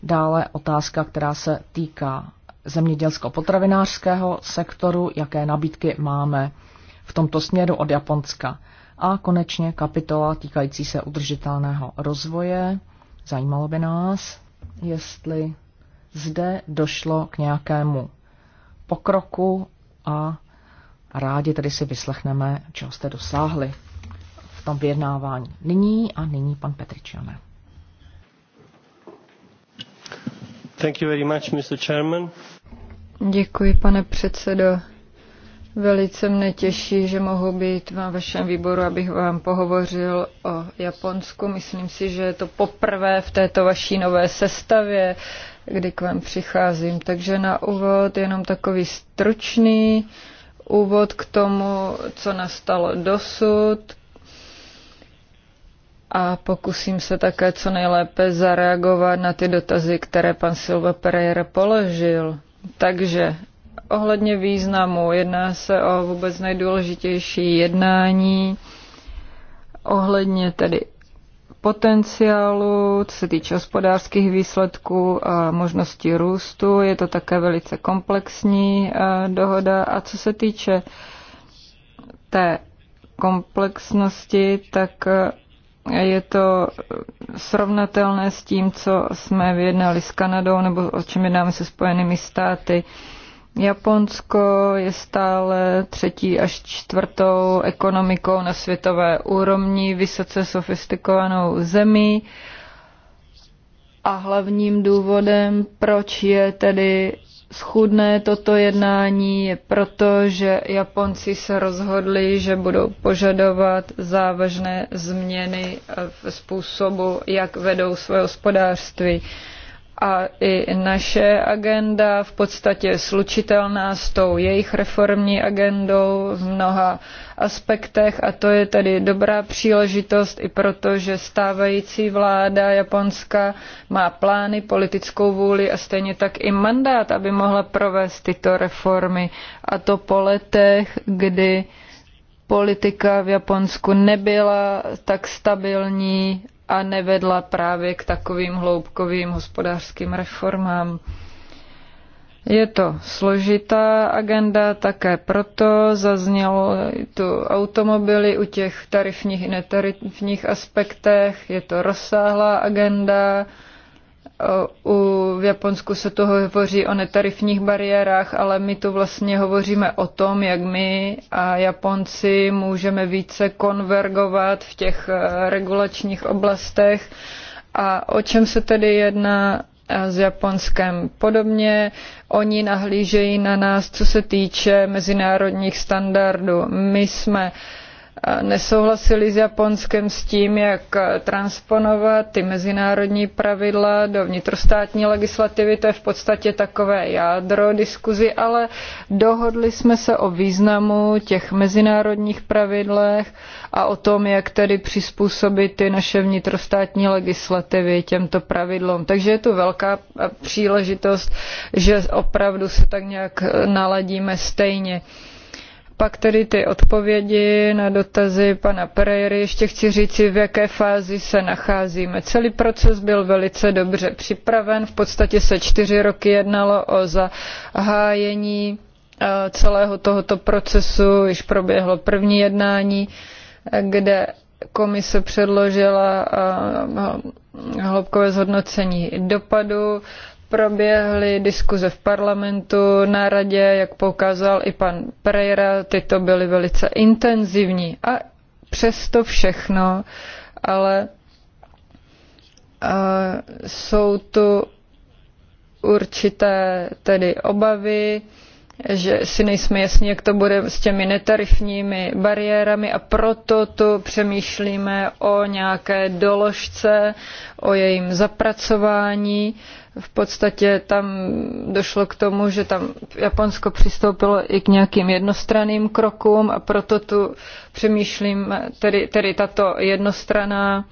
dále otázka, která se týká zemědělsko-potravinářského sektoru, jaké nabídky máme v tomto směru od Japonska. A konečně kapitola týkající se udržitelného rozvoje. Zajímalo by nás, jestli zde došlo k nějakému pokroku a rádi tedy si vyslechneme, čeho jste dosáhli v tom vyjednávání. Nyní a nyní pan Petričane. Děkuji, pane předsedo. Velice mne těší, že mohu být na vašem výboru, abych vám pohovořil o Japonsku. Myslím si, že je to poprvé v této vaší nové sestavě, kdy k vám přicházím. Takže na úvod jenom takový stručný úvod k tomu, co nastalo dosud, a pokusím se také co nejlépe zareagovat na ty dotazy, které pan Silva Pereira položil. Takže ohledně významu jedná se o vůbec nejdůležitější jednání ohledně tedy potenciálu, co se týče hospodářských výsledků a možností růstu. Je to také velice komplexní eh, dohoda. A co se týče té komplexnosti, tak eh, je to srovnatelné s tím, co jsme vyjednali s Kanadou nebo o čem jednáme se Spojenými státy. Japonsko je stále třetí až čtvrtou ekonomikou na světové úrovni, vysoce sofistikovanou zemí. A hlavním důvodem, proč je tedy schudné toto jednání je proto, že Japonci se rozhodli, že budou požadovat závažné změny v způsobu, jak vedou své hospodářství. A i naše agenda v podstatě je slučitelná s tou jejich reformní agendou v mnoha aspektech a to je tedy dobrá příležitost i proto, že stávající vláda Japonska má plány, politickou vůli a stejně tak i mandát, aby mohla provést tyto reformy a to po letech, kdy politika v Japonsku nebyla tak stabilní a nevedla právě k takovým hloubkovým hospodářským reformám. Je to složitá agenda, také proto zaznělo tu automobily u těch tarifních i netarifních aspektech. Je to rozsáhlá agenda. U, v Japonsku se to hovoří o netarifních bariérách, ale my tu vlastně hovoříme o tom, jak my a Japonci můžeme více konvergovat v těch eh, regulačních oblastech. A o čem se tedy jedná s Japonskem. Podobně oni nahlížejí na nás, co se týče mezinárodních standardů. My jsme uh, nesouhlasili s Japonskem s tím, jak transponovat ty mezinárodní pravidla do vnitrostátní legislativy. To je v podstatě takové jádro diskuzi, ale dohodli jsme se o významu těch mezinárodních pravidlech a o tom, jak tedy přizpůsobit ty naše vnitrostátní legislativy těmto pravidlům. Takže je tu velká příležitost, že opravdu se tak nějak naladíme stejně. Pak tedy ty odpovědi na dotazy pana Pereiry. Ještě chci říci, v jaké fázi se nacházíme. Celý proces byl velice dobře připraven. V podstatě se čtyři roky jednalo o zahájení eh, celého tohoto procesu. Již proběhlo první jednání, eh, kde komise předložila eh, hloubkové zhodnocení dopadu proběhly diskuze v parlamentu, na radě, jak poukázal i pan Pereira, tyto byly velice intenzivní. A přesto všechno, ale eh, jsou tu určité tedy obavy, že si nejsme jasní, jak to bude s těmi netarifními bariérami a proto tu přemýšlíme o nějaké doložce, o jejím zapracování. Uh, v podstatě tam došlo k tomu, že tam Japonsko přistoupilo i k nějakým jednostranným krokům a proto tu přemýšlím, tedy, tedy tato jednostraná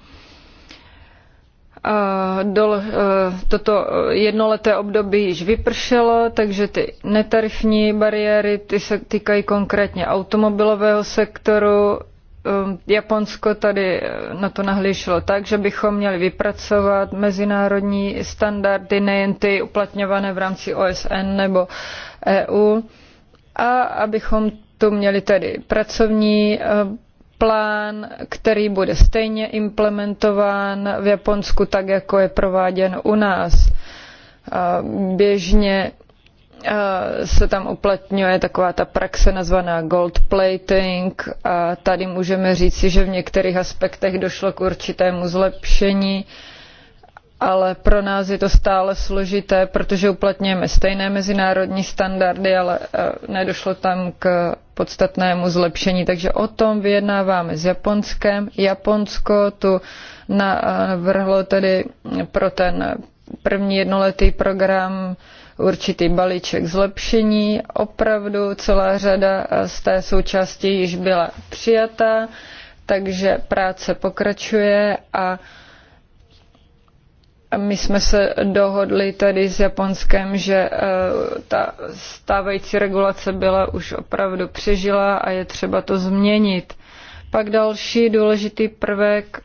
toto jednoleté období již vypršelo, takže ty netarifní bariéry ty se týkají konkrétně automobilového sektoru Um, Japonsko tady eh, na to nahlíželo tak, že bychom měli vypracovat mezinárodní standardy, nejen ty uplatňované v rámci OSN nebo EU, a abychom tu měli tedy pracovní eh, plán, který bude stejně implementován v Japonsku tak, jako je prováděn u nás. Běžně se tam uplatňuje taková ta praxe nazvaná gold plating a tady můžeme říci, že v některých aspektech došlo k určitému zlepšení, ale pro nás je to stále složité, protože uplatňujeme stejné mezinárodní standardy, ale e, nedošlo tam k podstatnému zlepšení. Takže o tom vyjednáváme s Japonskem. Japonsko tu navrhlo tedy pro ten první jednoletý program určitý balíček zlepšení. Opravdu celá řada eh, z té součásti již byla přijata, takže práce pokračuje a my jsme se dohodli tady s Japonskem, že eh, ta stávající regulace byla už opravdu přežila a je třeba to změnit. Pak další důležitý prvek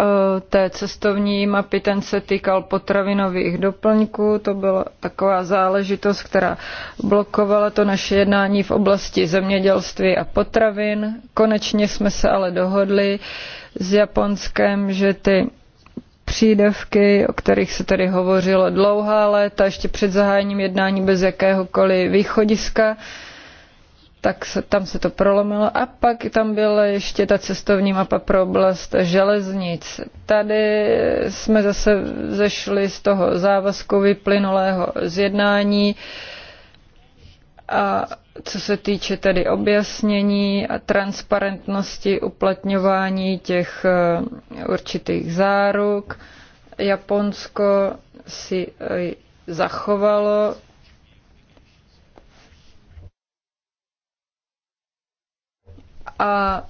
Eh, té cestovní mapy, ten se týkal potravinových doplňků, to byla taková záležitost, která blokovala to naše jednání v oblasti zemědělství a potravin. Konečně jsme se ale dohodli s Japonskem, že ty přídavky, o kterých se tady hovořilo dlouhá léta, ještě před zahájením jednání bez jakéhokoliv východiska, tak se, tam se to prolomilo a pak tam byla ještě ta cestovní mapa pro oblast železnic. Tady jsme zase zešli z toho závazku vyplynulého zjednání a co se týče tedy objasnění a transparentnosti uplatňování těch eh, určitých záruk, Japonsko si eh, zachovalo A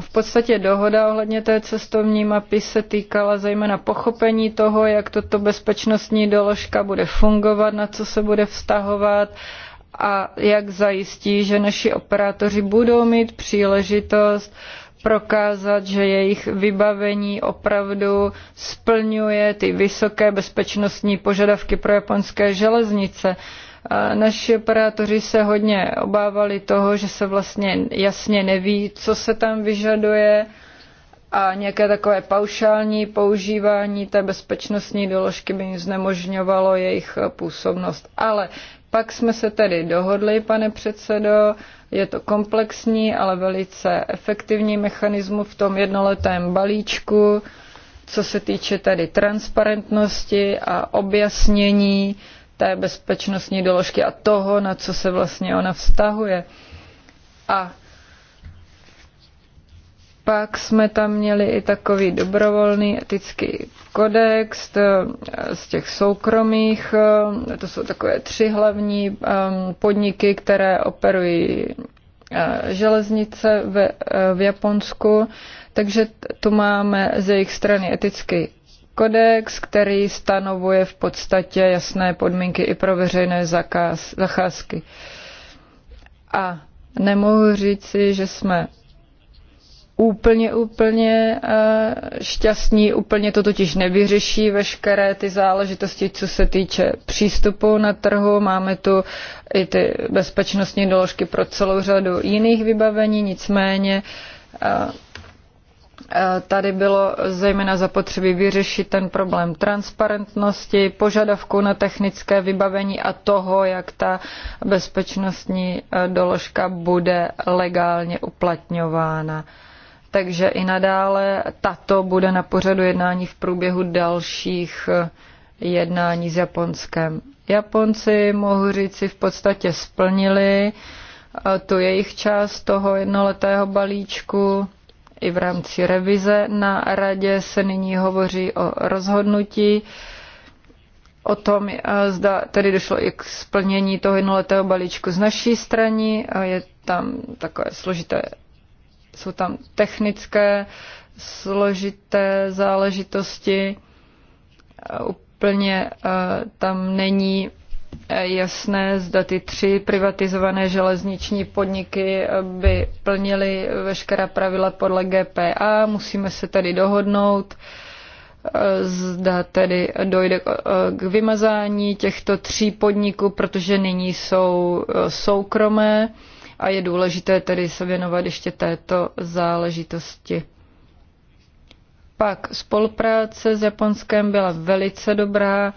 v podstatě dohoda ohledně té cestovní mapy se týkala zejména pochopení toho, jak toto bezpečnostní doložka bude fungovat, na co se bude vztahovat a jak zajistí, že naši operátoři budou mít příležitost prokázat, že jejich vybavení opravdu splňuje ty vysoké bezpečnostní požadavky pro japonské železnice. Uh, Naši operátoři se hodně obávali toho, že se vlastně jasně neví, co se tam vyžaduje a nějaké takové paušální používání té bezpečnostní doložky by jim znemožňovalo jejich působnost. Ale pak jsme se tedy dohodli, pane předsedo, je to komplexní, ale velice efektivní mechanismus v tom jednoletém balíčku, co se týče tedy transparentnosti a objasnění té bezpečnostní doložky a toho, na co se vlastně ona vztahuje. A pak jsme tam měli i takový dobrovolný etický kodex eh, z těch soukromých, eh, to jsou takové tři hlavní ehm, podniky, které operují eh, železnice v, Japonsku, takže tu máme z jejich strany etický kodex, který stanovuje v podstatě jasné podmínky i pro veřejné zakaz, zacházky. A nemohu říci, že jsme úplně, úplně eh, šťastní. Úplně to totiž nevyřeší veškeré ty záležitosti, co se týče přístupu na trhu. Máme tu i ty bezpečnostní doložky pro celou řadu jiných vybavení, nicméně eh, Eh, tady bylo zejména zapotřebí vyřešit ten problém transparentnosti, požadavku na technické vybavení a toho, jak ta bezpečnostní eh, doložka bude legálně uplatňována. Takže i nadále tato bude na pořadu jednání v průběhu dalších eh, jednání s Japonskem. Japonci, mohu říci, v podstatě splnili tu jejich část toho jednoletého balíčku i v rámci revize na radě se nyní hovoří o rozhodnutí o tom, eh, zda tedy došlo i k splnění toho jednoletého balíčku z naší strany. Je tam takové složité, jsou tam technické, složité záležitosti. Úplně eh, tam není jasné, zda ty tři privatizované železniční podniky eh, by plnily veškerá pravidla podle GPA. Musíme se tady dohodnout, eh, zda tedy dojde eh, k vymazání těchto tří podniků, protože nyní jsou soukromé a je důležité tedy se věnovat ještě této záležitosti. Pak spolupráce s Japonskem byla velice dobrá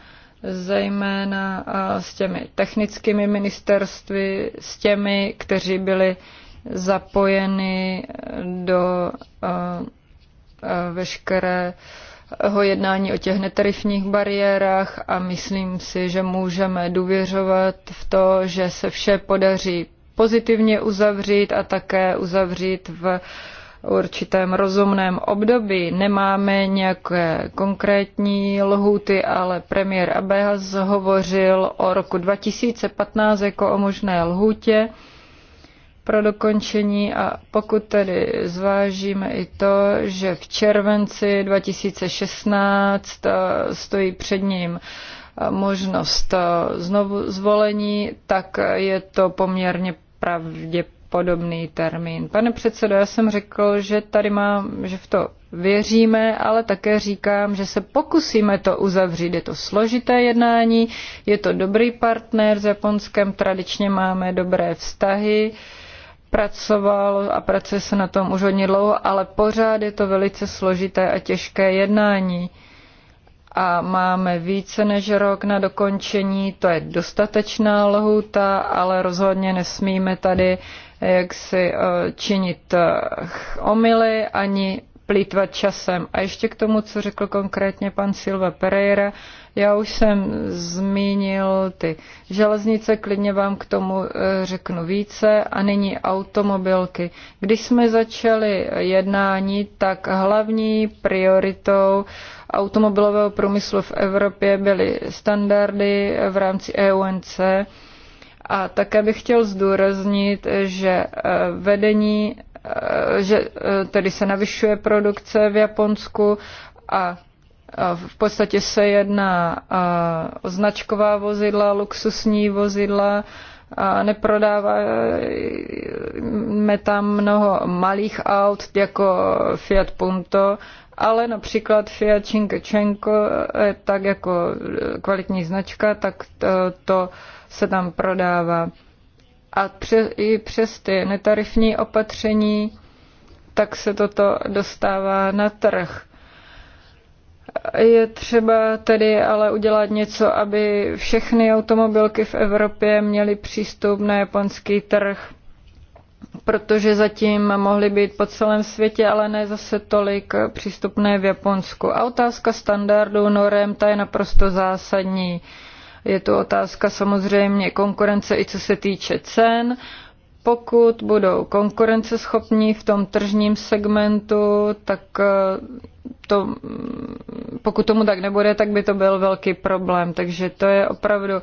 zejména s těmi technickými ministerstvy, s těmi, kteří byli zapojeni do veškerého jednání o těch netarifních bariérách a myslím si, že můžeme důvěřovat v to, že se vše podaří pozitivně uzavřít a také uzavřít v určitém rozumném období. Nemáme nějaké konkrétní lhuty, ale premiér Abehas hovořil o roku 2015 jako o možné lhutě pro dokončení a pokud tedy zvážíme i to, že v červenci 2016 eh, stojí před ním eh, možnost eh, znovu zvolení, tak je to poměrně pravděpodobné podobný termín. Pane předsedo, já jsem řekl, že tady mám, že v to věříme, ale také říkám, že se pokusíme to uzavřít. Je to složité jednání, je to dobrý partner s Japonskem, tradičně máme dobré vztahy, pracoval a pracuje se na tom už hodně dlouho, ale pořád je to velice složité a těžké jednání a máme více než rok na dokončení, to je dostatečná lhůta, ale rozhodně nesmíme tady jak si eh, činit eh, omily ani plýtvat časem. A ještě k tomu, co řekl konkrétně pan Silva Pereira, já už jsem zmínil ty železnice, klidně vám k tomu eh, řeknu více, a nyní automobilky. Když jsme začali jednání, tak hlavní prioritou automobilového průmyslu v Evropě byly standardy v rámci EUNC, a také bych chtěl zdůraznit, že eh, vedení, eh, že eh, tedy se navyšuje produkce v Japonsku a v podstatě se jedná o značková vozidla, luxusní vozidla, a neprodáváme tam mnoho malých aut jako Fiat Punto ale například Fiat Cinquecento, eh, tak jako eh, kvalitní značka, tak to, eh, to se tam prodává. A pře, i přes ty netarifní opatření, tak se toto dostává na trh. Je třeba tedy ale udělat něco, aby všechny automobilky v Evropě měly přístup na japonský trh protože zatím mohly být po celém světě, ale ne zase tolik přístupné v Japonsku. A otázka standardů norem, ta je naprosto zásadní. Je to otázka samozřejmě konkurence i co se týče cen, pokud budou konkurenceschopní v tom tržním segmentu, tak eh, to, pokud tomu tak nebude, tak by to byl velký problém. Takže to je opravdu eh,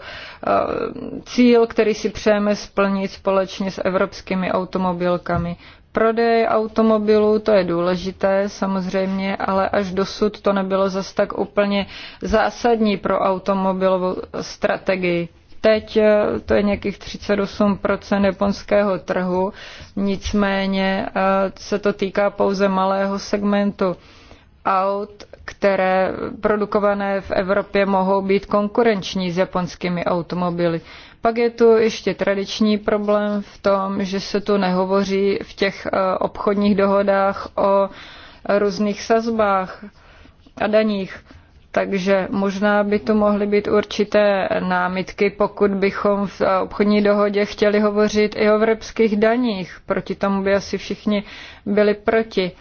cíl, který si přejeme splnit společně s evropskými automobilkami. Prodej automobilů, to je důležité samozřejmě, ale až dosud to nebylo zas tak úplně zásadní pro automobilovou strategii. Teď eh, to je nějakých 38% japonského trhu, nicméně eh, se to týká pouze malého segmentu aut, které produkované v Evropě mohou být konkurenční s japonskými automobily. Pak je tu ještě tradiční problém v tom, že se tu nehovoří v těch eh, obchodních dohodách o různých sazbách a daních. Takže možná by to mohly být určité námitky, pokud bychom v obchodní dohodě chtěli hovořit i o evropských daních. Proti tomu by asi všichni byli proti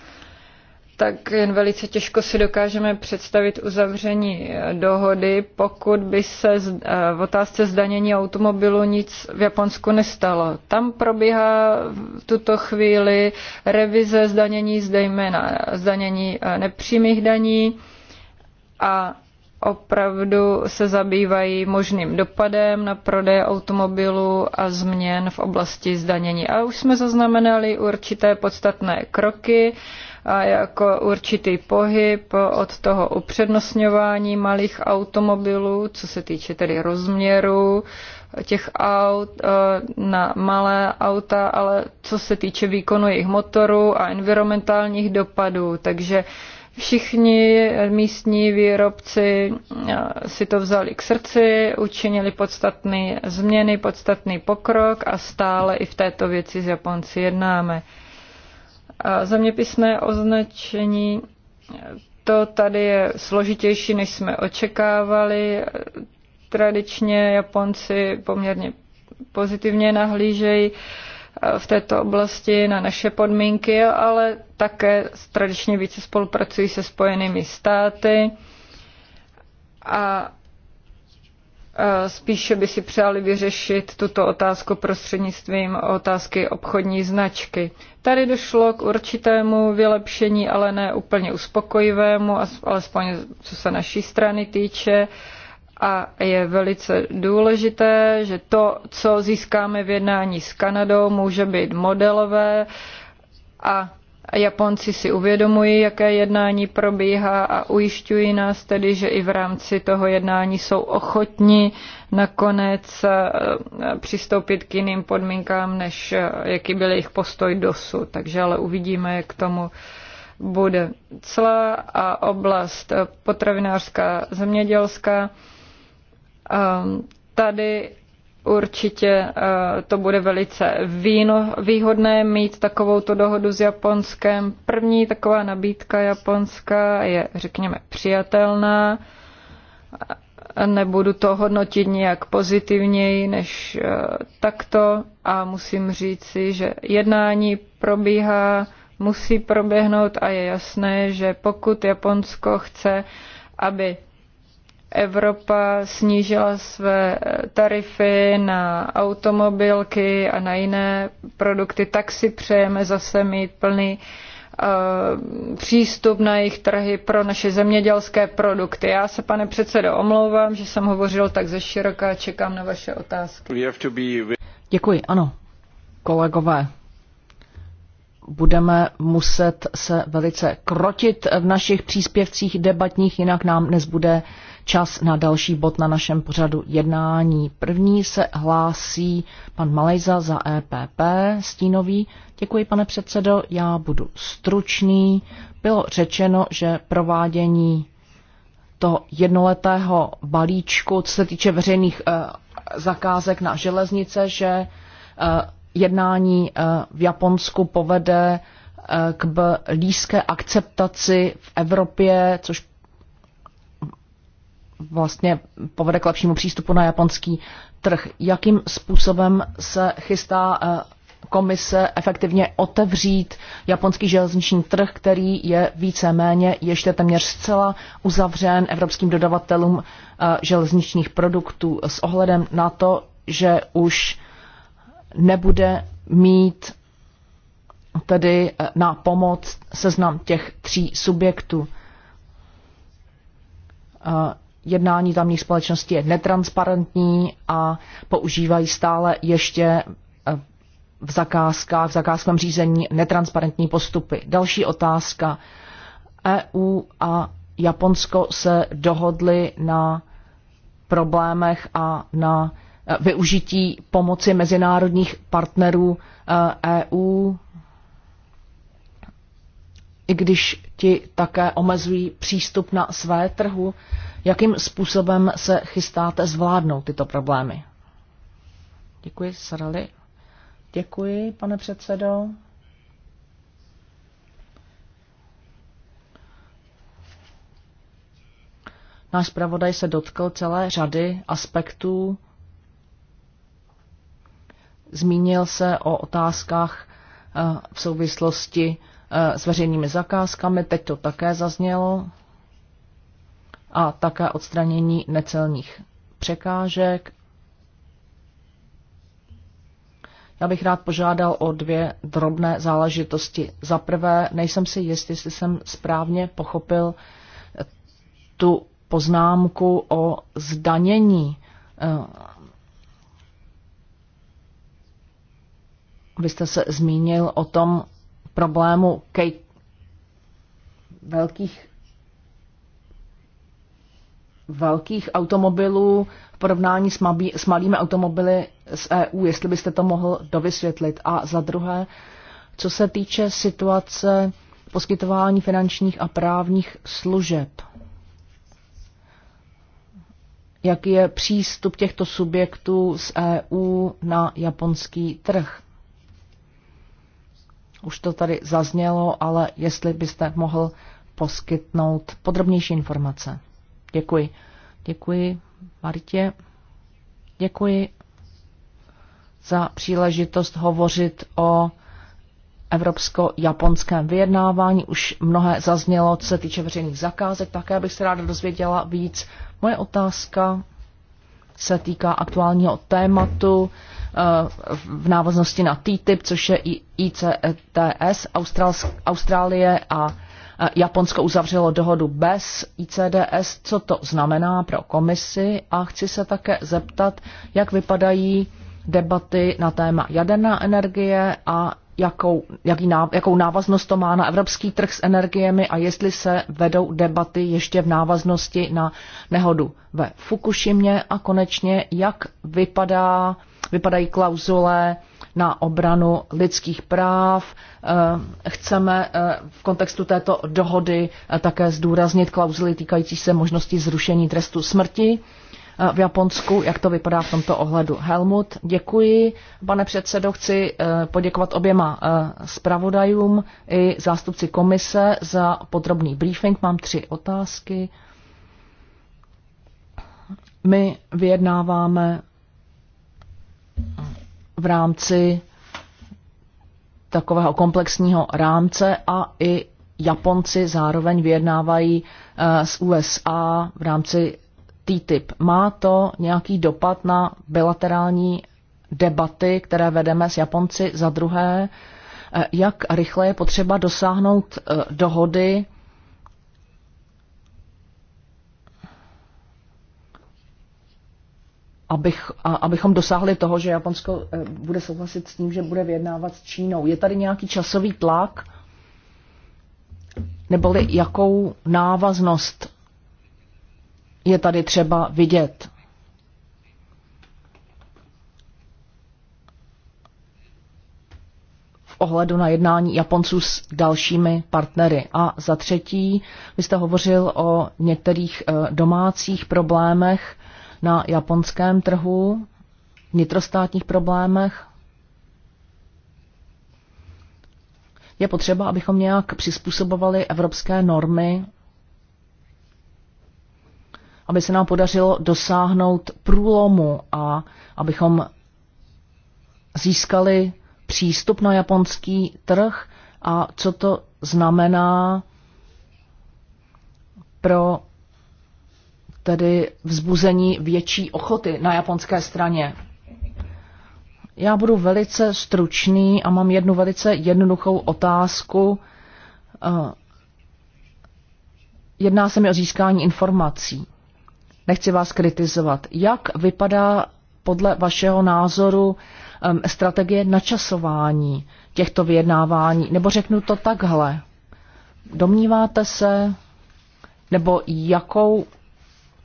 tak jen velice těžko si dokážeme představit uzavření eh, dohody, pokud by se eh, v otázce zdanění automobilu nic v Japonsku nestalo. Tam probíhá v tuto chvíli revize zdanění, zdejména zdanění eh, nepřímých daní a opravdu se zabývají možným dopadem na prodej automobilů a změn v oblasti zdanění. A už jsme zaznamenali určité podstatné kroky, a jako určitý pohyb od toho upřednostňování malých automobilů, co se týče tedy rozměru těch aut e, na malé auta, ale co se týče výkonu jejich motoru a environmentálních dopadů. Takže Všichni místní výrobci eh, si to vzali k srdci, učinili podstatné změny, podstatný pokrok a stále i v této věci s Japonci jednáme. A zeměpisné označení, to tady je složitější, než jsme očekávali. Tradičně Japonci poměrně pozitivně nahlížejí v této oblasti na naše podmínky, ale také tradičně více spolupracují se spojenými státy a spíše by si přáli vyřešit tuto otázku prostřednictvím otázky obchodní značky. Tady došlo k určitému vylepšení, ale ne úplně uspokojivému, alespoň co se naší strany týče. Uh, a je velice důležité, že to, co získáme v jednání s Kanadou, může být modelové a Japonci si uvědomují, jaké jednání probíhá a ujišťují nás tedy, že i v rámci toho jednání jsou ochotní nakonec eh, přistoupit k jiným podmínkám, než eh, jaký byl jejich postoj dosud. Takže ale uvidíme, jak k tomu bude Celá a oblast eh, potravinářská, zemědělská. Ehm, tady určitě eh, to bude velice víno, výhodné mít takovouto dohodu s Japonskem. První taková nabídka Japonska je, řekněme, přijatelná. Eh, nebudu to hodnotit nijak pozitivněji než eh, takto a musím říci, že jednání probíhá, musí proběhnout a je jasné, že pokud Japonsko chce, aby Evropa snížila své eh, tarify na automobilky a na jiné produkty, tak si přejeme zase mít plný eh, přístup na jejich trhy pro naše zemědělské produkty. Já se, pane předsedo, omlouvám, že jsem hovořil tak ze široka, čekám na vaše otázky. Děkuji, ano. Kolegové, budeme muset se velice krotit v našich příspěvcích debatních, jinak nám nezbude uh, čas na další bod na našem pořadu jednání. První se hlásí pan Malejza za EPP, stínový. Děkuji, pane předsedo, já budu stručný. Bylo řečeno, že provádění toho jednoletého balíčku, co se týče veřejných eh, zakázek na železnice, že eh, jednání eh, v Japonsku povede k blízké akceptaci v Evropě, což vlastně povede k lepšímu přístupu na japonský trh. Jakým způsobem se chystá eh, komise efektivně otevřít japonský železniční trh, který je víceméně ještě téměř zcela uzavřen evropským dodavatelům eh, železničních produktů s ohledem na to, že už nebude mít tedy eh, na pomoc seznam těch tří subjektů jednání tamní společnosti je netransparentní a používají stále ještě eh, v zakázkách, v zakázkovém řízení netransparentní postupy. Další otázka. EU a Japonsko se dohodly na problémech a na eh, využití pomoci mezinárodních partnerů EU, eh, e i když ti také omezují přístup na své trhu. Jakým způsobem se chystáte zvládnout tyto problémy? Děkuji, Sarali. Děkuji, pane předsedo. Náš zpravodaj se dotkl celé řady aspektů. Zmínil se o otázkách eh, v souvislosti eh, s veřejnými zakázkami, teď to také zaznělo a také odstranění necelních překážek. Já bych rád požádal o dvě drobné záležitosti. Za prvé, nejsem si jist, jestli jsem správně pochopil tu poznámku o zdanění. Eh, vy jste se zmínil o tom problému kej... velkých velkých automobilů v porovnání s, mabí, s malými automobily z EU, jestli byste to mohl dovysvětlit. A za druhé, co se týče situace poskytování finančních a právních služeb, jaký je přístup těchto subjektů z EU na japonský trh. Už to tady zaznělo, ale jestli byste mohl poskytnout podrobnější informace. Děkuji. Děkuji, Martě. Děkuji za příležitost hovořit o evropsko-japonském vyjednávání. Už mnohé zaznělo, co se týče veřejných zakázek, také bych se ráda dozvěděla víc. Moje otázka se týká aktuálního tématu eh, v návaznosti na TTIP, což je ICTS, e Austrálie a Eh, Japonsko uzavřelo dohodu bez ICDS, co to znamená pro komisi a chci se také zeptat, jak vypadají debaty na téma jaderná energie a jakou, jaký ná, jakou návaznost to má na evropský trh s energiemi a jestli se vedou debaty ještě v návaznosti na nehodu ve Fukušimě a konečně, jak vypadá, vypadají klauzule na obranu lidských práv. Eh, chceme eh, v kontextu této dohody eh, také zdůraznit klauzuly týkající se možnosti zrušení trestu smrti v Japonsku, jak to vypadá v tomto ohledu. Helmut, děkuji. Pane předsedo, chci eh, poděkovat oběma eh, zpravodajům i zástupci komise za podrobný briefing. Mám tři otázky. My vyjednáváme v rámci takového komplexního rámce a i Japonci zároveň vyjednávají eh, s USA v rámci TTIP. Má to nějaký dopad na bilaterální debaty, které vedeme s Japonci za druhé, eh, jak rychle je potřeba dosáhnout eh, dohody abych, a, abychom dosáhli toho, že Japonsko eh, bude souhlasit s tím, že bude vyjednávat s Čínou. Je tady nějaký časový tlak, neboli jakou návaznost je tady třeba vidět. V ohledu na jednání Japonců s dalšími partnery. A za třetí, vy jste hovořil o některých eh, domácích problémech na japonském trhu, vnitrostátních problémech. Je potřeba, abychom nějak přizpůsobovali evropské normy aby se nám podařilo dosáhnout průlomu a abychom získali přístup na japonský trh a co to znamená pro tedy vzbuzení větší ochoty na japonské straně. Já budu velice stručný a mám jednu velice jednoduchou otázku. Eh, jedná se mi o získání informací nechci vás kritizovat. Jak vypadá podle vašeho názoru strategie načasování těchto vyjednávání? Nebo řeknu to takhle. Domníváte se, nebo jakou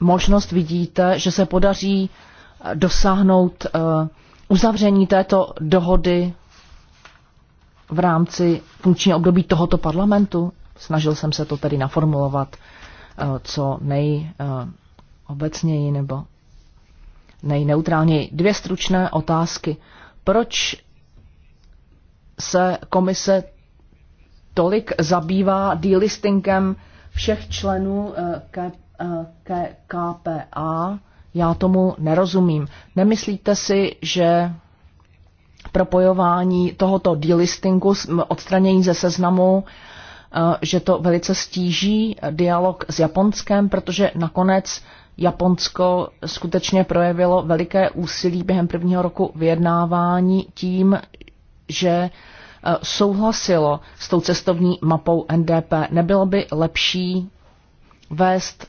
možnost vidíte, že se podaří eh, dosáhnout eh, uzavření této dohody v rámci funkčního období tohoto parlamentu? Snažil jsem se to tedy naformulovat eh, co nej obecněji nebo nejneutrálněji. Dvě stručné otázky. Proč se komise tolik zabývá delistingem všech členů eh, eh, K, K, KPA? Já tomu nerozumím. Nemyslíte si, že propojování tohoto delistingu, odstranění ze seznamu, eh, že to velice stíží dialog s Japonskem, protože nakonec Japonsko skutečně projevilo veliké úsilí během prvního roku vyjednávání tím, že e, souhlasilo s tou cestovní mapou NDP. Nebylo by lepší vést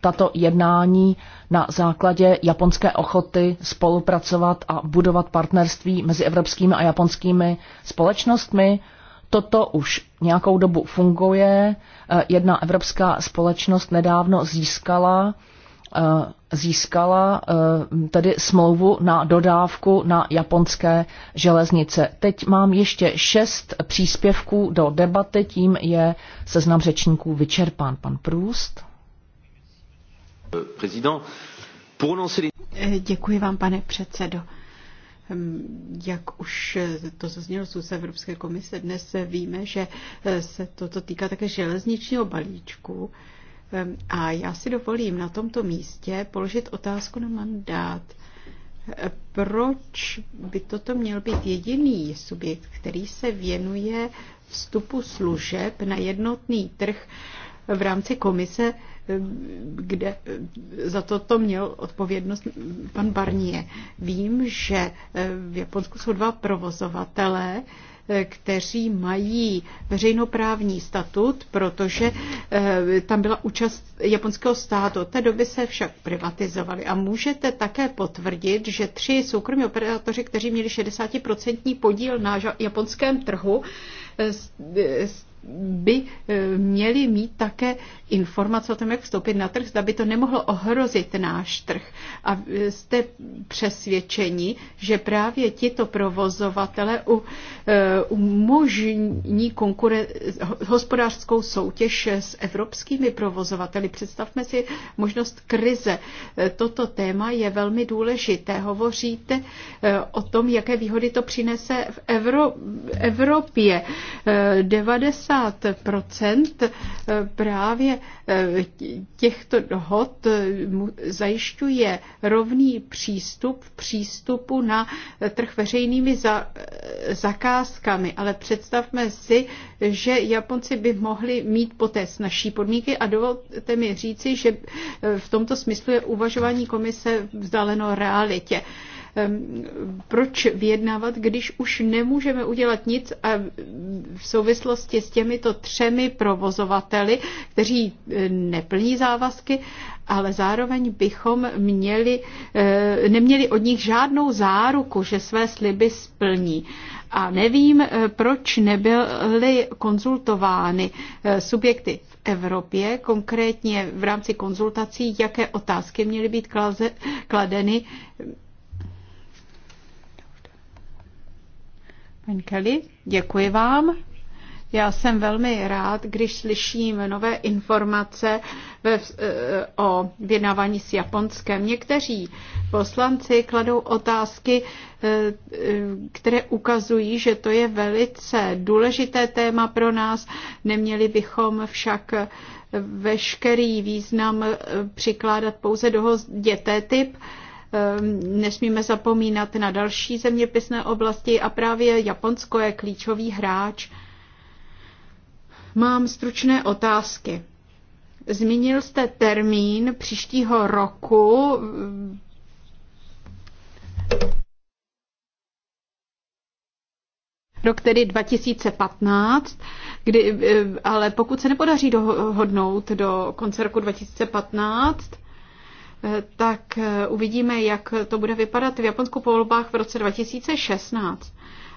tato jednání na základě japonské ochoty spolupracovat a budovat partnerství mezi evropskými a japonskými společnostmi? Toto už nějakou dobu funguje. Eh, jedna evropská společnost nedávno získala eh, získala eh, tedy smlouvu na dodávku na japonské železnice. Teď mám ještě šest příspěvků do debaty, tím je seznam řečníků vyčerpán. Pan Průst. Děkuji vám, pane předsedo. Jak už to zaznělo z Evropské komise, dnes víme, že eh, se toto týká také železničního balíčku. A já si dovolím na tomto místě položit otázku na mandát. Eh, proč by toto měl být jediný subjekt, který se věnuje vstupu služeb na jednotný trh v rámci komise kde eh, za toto měl odpovědnost pan Barnier. Vím, že eh, v Japonsku jsou dva provozovatelé, eh, kteří mají veřejnoprávní statut, protože tam byla účast japonského státu. Od té doby se však privatizovali. A můžete také potvrdit, že tři soukromí operátoři, kteří měli 60% podíl na japonském trhu, by eh, měli mít také informace o tom, jak vstoupit na trh, zda by to nemohlo ohrozit náš trh. A eh, jste přesvědčeni, že právě tito provozovatele eh, umožní konkure- hospodářskou soutěž s evropskými provozovateli. Představme si možnost krize. Toto téma je velmi důležité. Hovoříte o tom, jaké výhody to přinese v Evro- Evropě. 90 90% eh, právě eh, těchto dohod eh, zajišťuje rovný přístup v přístupu na trh veřejnými zakázkami. Ale představme si, že Japonci by mohli mít poté snažší podmínky a dovolte mi říci, že v tomto smyslu je uvažování komise vzdáleno realitě. Proč vyjednávat, když už nemůžeme udělat nic a v souvislosti s těmito třemi provozovateli, kteří e, neplní závazky, ale zároveň bychom měli, e, neměli od nich žádnou záruku, že své sliby splní. A nevím, e, proč nebyly konzultovány subjekty v Evropě, konkrétně v rámci konzultací, jaké otázky měly být kladeny Paní Kelly, děkuji vám. Já jsem velmi rád, když slyším nové informace ve, e, o vyjednávání s Japonskem. Někteří poslanci kladou otázky, e, e, které ukazují, že to je velice důležité téma pro nás. Neměli bychom však veškerý význam přikládat pouze dohodě TTIP. typ Ehm, nesmíme zapomínat na další zeměpisné oblasti a právě Japonsko je klíčový hráč. Mám stručné otázky. Zmínil jste termín příštího roku rok tedy 2015, kdy, eh, ale pokud se nepodaří dohodnout do konce roku 2015, tak eh, uvidíme, jak to bude vypadat v Japonsku po volbách v roce 2016.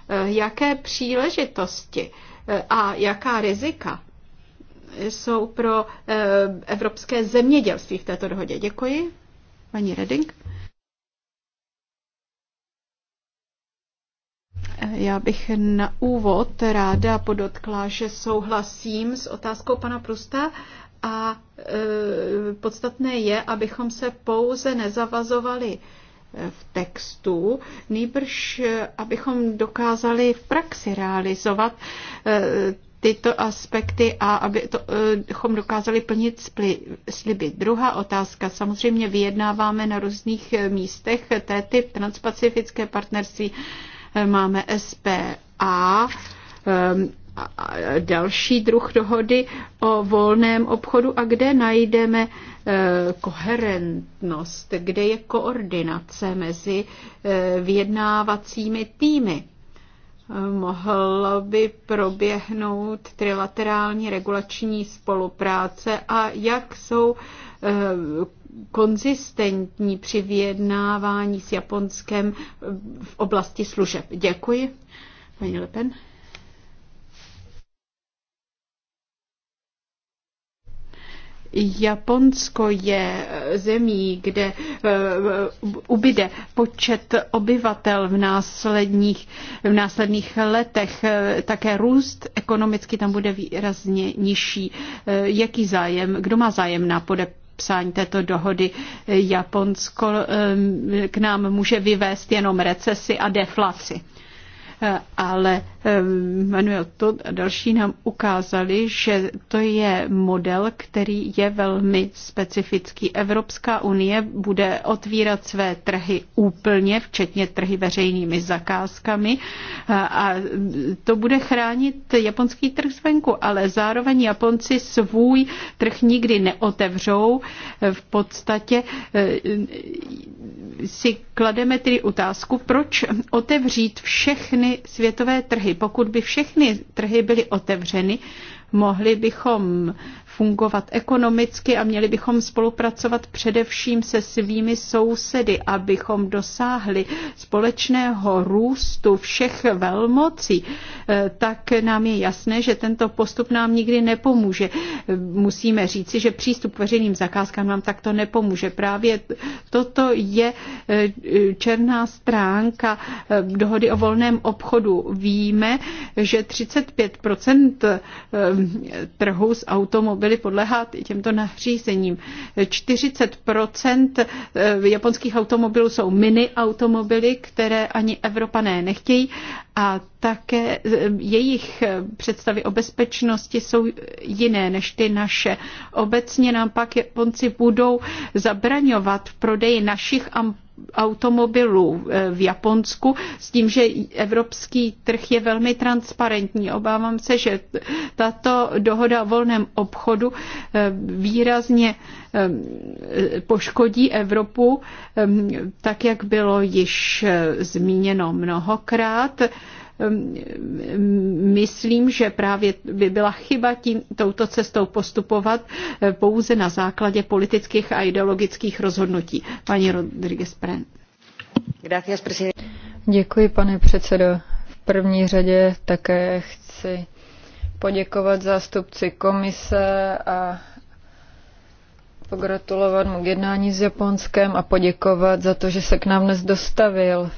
Eh, jaké příležitosti eh, a jaká rizika jsou pro evropské zemědělství v této dohodě? Děkuji. Paní Reding. Já bych na úvod ráda podotkla, že souhlasím s otázkou pana Prusta a e, podstatné je, abychom se pouze nezavazovali e, v textu, nejbrž e, abychom dokázali v praxi realizovat e, tyto aspekty a abychom e, dokázali plnit sliby. Druhá otázka. Samozřejmě vyjednáváme na různých místech té typ transpacifické partnerství. Máme SPA, další druh dohody o volném obchodu a kde najdeme eh, koherentnost, kde je koordinace mezi eh, vyjednávacími týmy. Mohlo by proběhnout trilaterální regulační spolupráce a jak jsou eh, konzistentní při vyjednávání s Japonskem v oblasti služeb. Děkuji. Paní Lepen. Japonsko je zemí, kde eh, ubyde počet obyvatel v následných v následných letech. Eh, také růst ekonomicky tam bude výrazně nižší. Eh, jaký zájem, kdo má zájem na podep psání této dohody Japonsko k nám může vyvést jenom recesi a deflaci ale eh, Manuel Todd a další nám ukázali, že to je model, který je velmi specifický. Evropská unie bude otvírat své trhy úplně, včetně trhy veřejnými zakázkami eh, a to bude chránit japonský trh zvenku, ale zároveň Japonci svůj trh nikdy neotevřou. V podstatě eh, si klademe tedy otázku, proč otevřít všechny otevřeny světové trhy. Pokud by všechny trhy byly otevřeny, mohli bychom fungovat ekonomicky a měli bychom spolupracovat především se svými sousedy, abychom dosáhli společného růstu všech velmocí, e, tak nám je jasné, že tento postup nám nikdy nepomůže. E, musíme říci, že přístup k veřejným zakázkám nám takto nepomůže. Právě toto je e, černá stránka dohody o volném obchodu. Víme, že 35 trhu s automobilem byly podléhat těmto nařízením. 40 e, japonských automobilů jsou mini automobily, které ani Evropané nechtějí a také e, jejich e, představy o bezpečnosti jsou jiné než ty naše. Obecně nám pak Japonci budou zabraňovat prodeji našich automobilů eh, v Japonsku s tím, že evropský trh je velmi transparentní. Obávám se, že tato dohoda o volném obchodu eh, výrazně eh, poškodí Evropu, tak jak bylo již zmíněno mnohokrát. Ehm, myslím, že právě by byla chyba tím, touto cestou postupovat eh, pouze na základě politických a ideologických rozhodnutí. Paní Rodriguez Pren. Děkuji, pane předsedo. V první řadě také chci poděkovat zástupci komise a pogratulovat mu k jednání s Japonskem a poděkovat za to, že se k nám dnes dostavil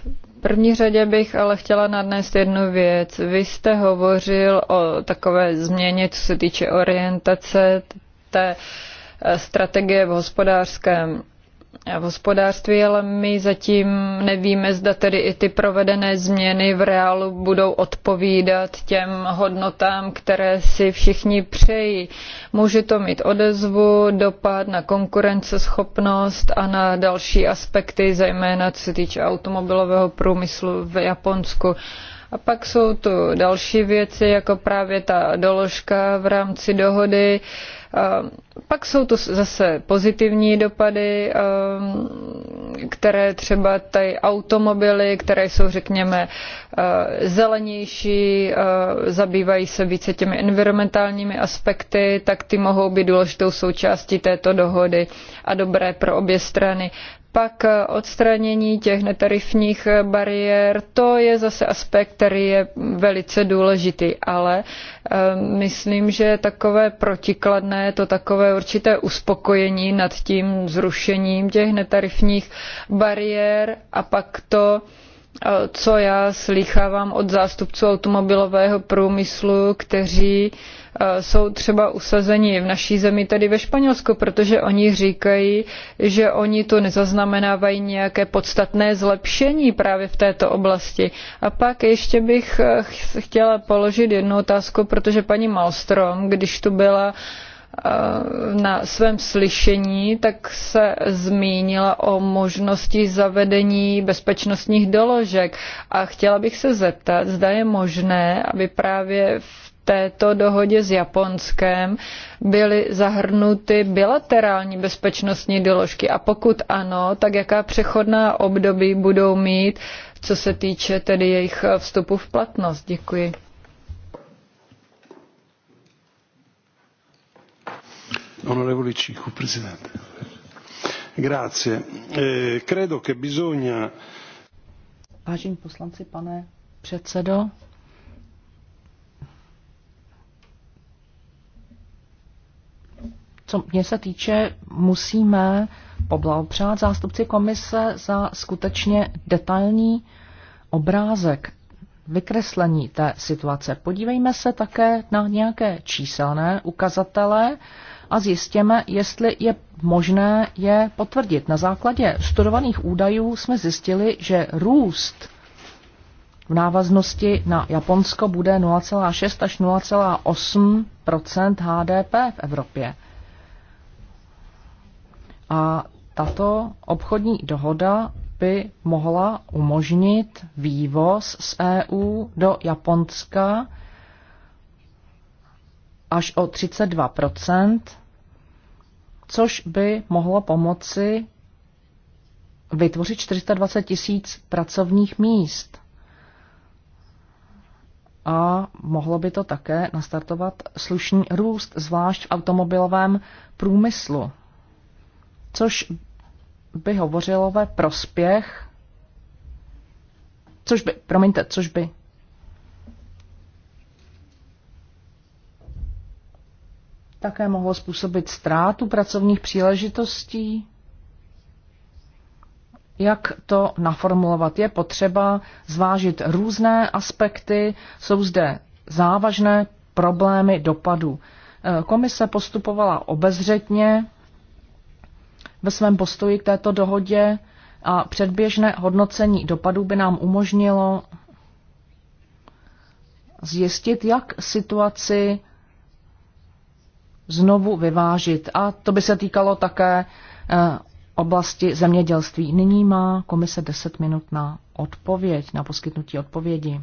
první řadě bych ale chtěla nadnést jednu věc. Vy jste hovořil o takové změně, co se týče orientace té eh, strategie v hospodářském v hospodářství, ale my zatím nevíme, zda tedy i ty provedené změny v reálu budou odpovídat těm hodnotám, které si všichni přejí. Může to mít odezvu, dopad na konkurenceschopnost a na další aspekty, zejména co se týče automobilového průmyslu v Japonsku. A pak jsou tu další věci, jako právě ta doložka v rámci dohody, uh, Eh, pak jsou to zase pozitivní dopady, eh, které třeba ty automobily, které jsou, řekněme, eh, zelenější, zabývají se více těmi environmentálními aspekty, tak ty mohou být důležitou součástí této dohody a dobré pro obě strany pak odstranění těch netarifních bariér, to je zase aspekt, který je velice důležitý, ale myslím, že takové protikladné je to takové určité uspokojení nad tím zrušením těch netarifních bariér a pak to, eh, co já slýchávám od zástupců automobilového průmyslu, kteří eh, jsou třeba usazeni v naší zemi, tedy ve Španělsku, protože oni říkají, že oni tu nezaznamenávají nějaké podstatné zlepšení právě v této oblasti. A pak ještě bych eh, chtěla položit jednu otázku, protože paní Malstrom, když tu byla, Eh, na svém slyšení, tak se zmínila o možnosti zavedení bezpečnostních doložek a chtěla bych se zeptat, zda je možné, aby právě v této dohodě s Japonskem byly zahrnuty bilaterální bezpečnostní doložky a pokud ano, tak jaká přechodná období budou mít, co se týče tedy jejich eh, vstupu v platnost. Děkuji. Onorevole Cicu, Presidente. Grazie. Eh, credo che bisogna... Vážení poslanci, pane předsedo, co mě se týče, musíme poblahopřát zástupci komise za skutečně detailní obrázek vykreslení té situace. Podívejme se také na nějaké číselné ukazatele a zjistěme, jestli je možné je potvrdit. Na základě studovaných údajů jsme zjistili, že růst v návaznosti na Japonsko bude 0,6 až 0,8 HDP v Evropě. A tato obchodní dohoda by mohla umožnit vývoz z EU do Japonska až o 32 což by mohlo pomoci vytvořit 420 tisíc pracovních míst. A mohlo by to také nastartovat slušný růst, zvlášť v automobilovém průmyslu, což by hovořilo ve prospěch, což by, promiňte, což by také mohlo způsobit ztrátu pracovních příležitostí? Jak to naformulovat? Je potřeba zvážit různé aspekty, jsou zde závažné problémy dopadu. Eh, komise postupovala obezřetně ve svém postoji k této dohodě a předběžné hodnocení dopadů by nám umožnilo zjistit, jak situaci znovu vyvážit. A to by se týkalo také eh, oblasti zemědělství. Nyní má komise 10 minut na odpověď, na poskytnutí odpovědi.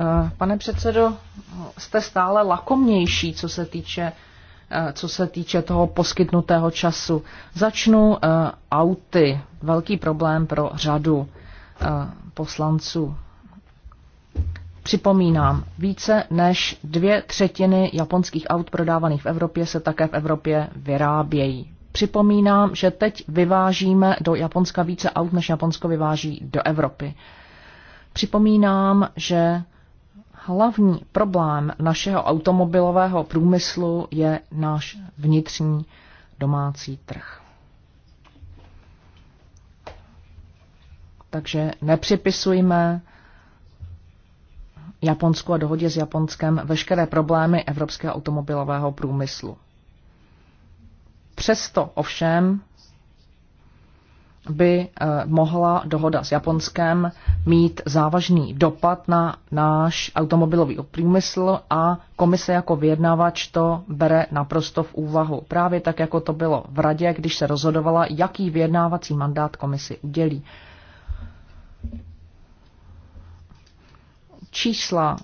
Eh, pane předsedo, jste stále lakomnější, co se týče eh, co se týče toho poskytnutého času. Začnu auty. Velký problém pro řadu poslanců. Připomínám, více než dvě třetiny japonských aut prodávaných v Evropě se také v Evropě vyrábějí. Připomínám, že teď vyvážíme do Japonska více aut, než Japonsko vyváží do Evropy. Připomínám, že hlavní problém našeho automobilového průmyslu je náš vnitřní domácí trh. Takže nepřipisujme Japonsku a dohodě s Japonskem veškeré problémy evropského automobilového průmyslu. Přesto ovšem by eh, mohla dohoda s Japonskem mít závažný dopad na náš automobilový průmysl a komise jako vyjednavač to bere naprosto v úvahu. Právě tak, jako to bylo v radě, když se rozhodovala, jaký vyjednávací mandát komisi udělí. Čísla,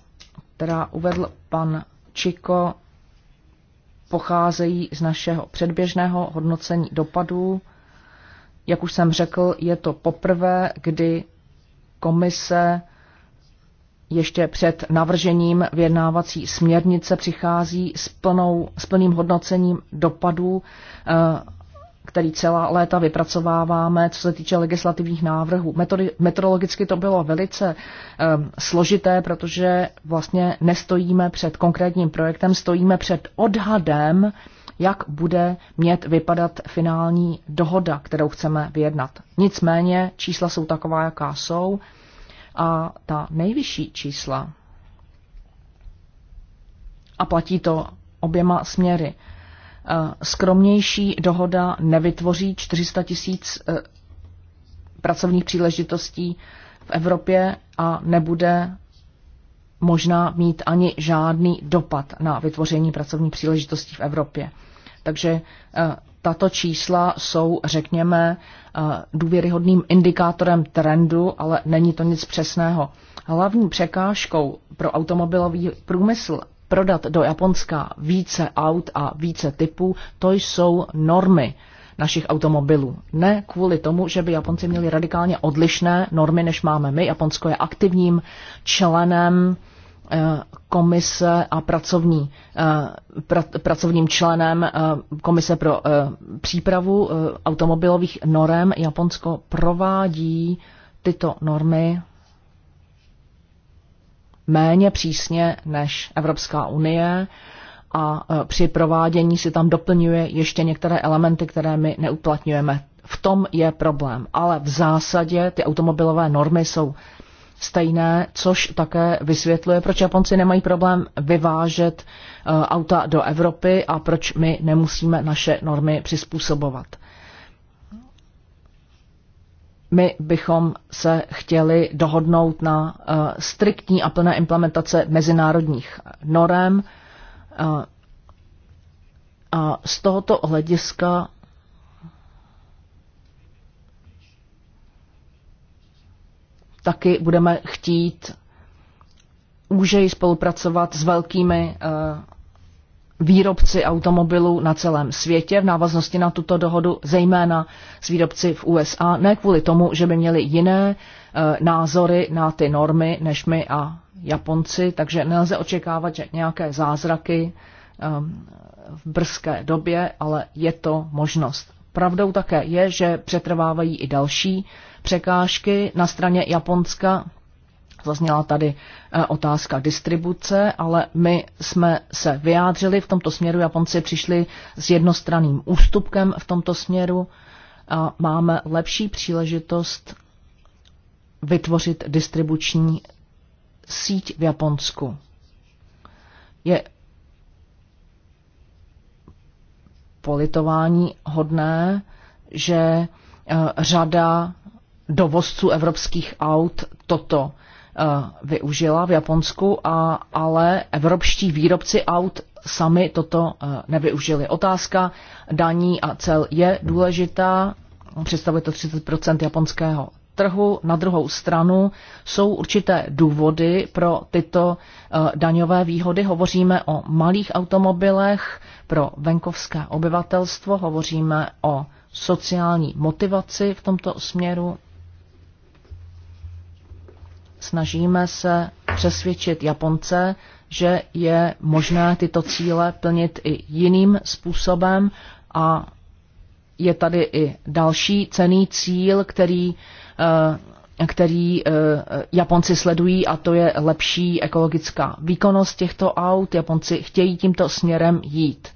která uvedl pan Čiko, pocházejí z našeho předběžného hodnocení dopadů. Jak už jsem řekl, je to poprvé, kdy komise ještě před navržením vyjednávací směrnice přichází s, plnou, s plným hodnocením dopadů eh, který celá léta vypracováváme, co se týče legislativních návrhů. Metody, metodologicky to bylo velice um, složité, protože vlastně nestojíme před konkrétním projektem, stojíme před odhadem, jak bude mět vypadat finální dohoda, kterou chceme vyjednat. Nicméně čísla jsou taková, jaká jsou a ta nejvyšší čísla, a platí to oběma směry, Eh, skromnější dohoda nevytvoří 400 tisíc eh, pracovních příležitostí v Evropě a nebude možná mít ani žádný dopad na vytvoření pracovní příležitostí v Evropě. Takže eh, tato čísla jsou, řekněme, důvěryhodným indikátorem trendu, ale není to nic přesného. Hlavní překážkou pro automobilový průmysl prodat do Japonska více aut a více typů, to jsou normy našich automobilů. Ne kvůli tomu, že by Japonci měli radikálně odlišné normy, než máme my. Japonsko je aktivním členem eh, komise a pracovní, eh, pracovním členem eh, komise pro přípravu automobilových norem. Japonsko provádí tyto normy méně přísně než Evropská unie a e, při provádění si tam doplňuje ještě některé elementy, které my neuplatňujeme. V tom je problém, ale v zásadě ty automobilové normy jsou stejné, což také vysvětluje, proč Japonci nemají problém vyvážet e, auta do Evropy a proč my nemusíme naše normy přizpůsobovat my bychom se chtěli dohodnout na eh, striktní a plné implementace mezinárodních norem. Eh, a z tohoto hlediska taky budeme chtít úžeji spolupracovat s velkými eh, výrobci automobilů na celém světě v návaznosti na tuto dohodu, zejména s výrobci v USA, ne kvůli tomu, že by měli jiné eh, názory na ty normy než my a Japonci, takže nelze očekávat, že nějaké zázraky ehm, v brzké době, ale je to možnost. Pravdou také je, že přetrvávají i další překážky na straně Japonska, Zazněla tady eh, otázka distribuce, ale my jsme se vyjádřili v tomto směru. Japonci přišli s jednostranným ústupkem v tomto směru. A máme lepší příležitost vytvořit distribuční síť v Japonsku. Je politování hodné, že eh, řada dovozců evropských aut toto Eh, využila v Japonsku, a, ale evropští výrobci aut sami toto eh, nevyužili. Otázka daní a cel je důležitá, představuje to 30 japonského trhu. Na druhou stranu jsou určité důvody pro tyto eh, daňové výhody. Hovoříme o malých automobilech pro venkovské obyvatelstvo, hovoříme o sociální motivaci v tomto směru Snažíme se přesvědčit Japonce, že je možné tyto cíle plnit i jiným způsobem a je tady i další cený cíl, který, eh, který eh, Japonci sledují a to je lepší ekologická výkonnost těchto aut. Japonci chtějí tímto směrem jít.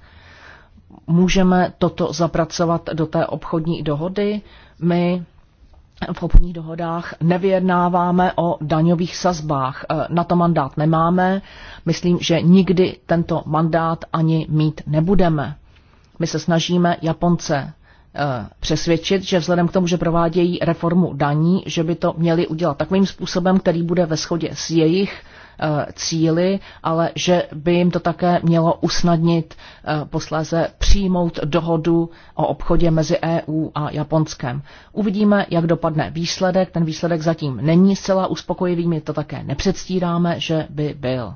Můžeme toto zapracovat do té obchodní dohody. My v obchodních dohodách nevyjednáváme o daňových sazbách. E, na to mandát nemáme. Myslím, že nikdy tento mandát ani mít nebudeme. My se snažíme Japonce e, přesvědčit, že vzhledem k tomu, že provádějí reformu daní, že by to měli udělat takovým způsobem, který bude ve shodě s jejich Eh, cíly, ale že by jim to také mělo usnadnit eh, posléze přijmout dohodu o obchodě mezi EU a Japonskem. Uvidíme, jak dopadne výsledek. Ten výsledek zatím není zcela uspokojivý, my to také nepředstíráme, že by byl.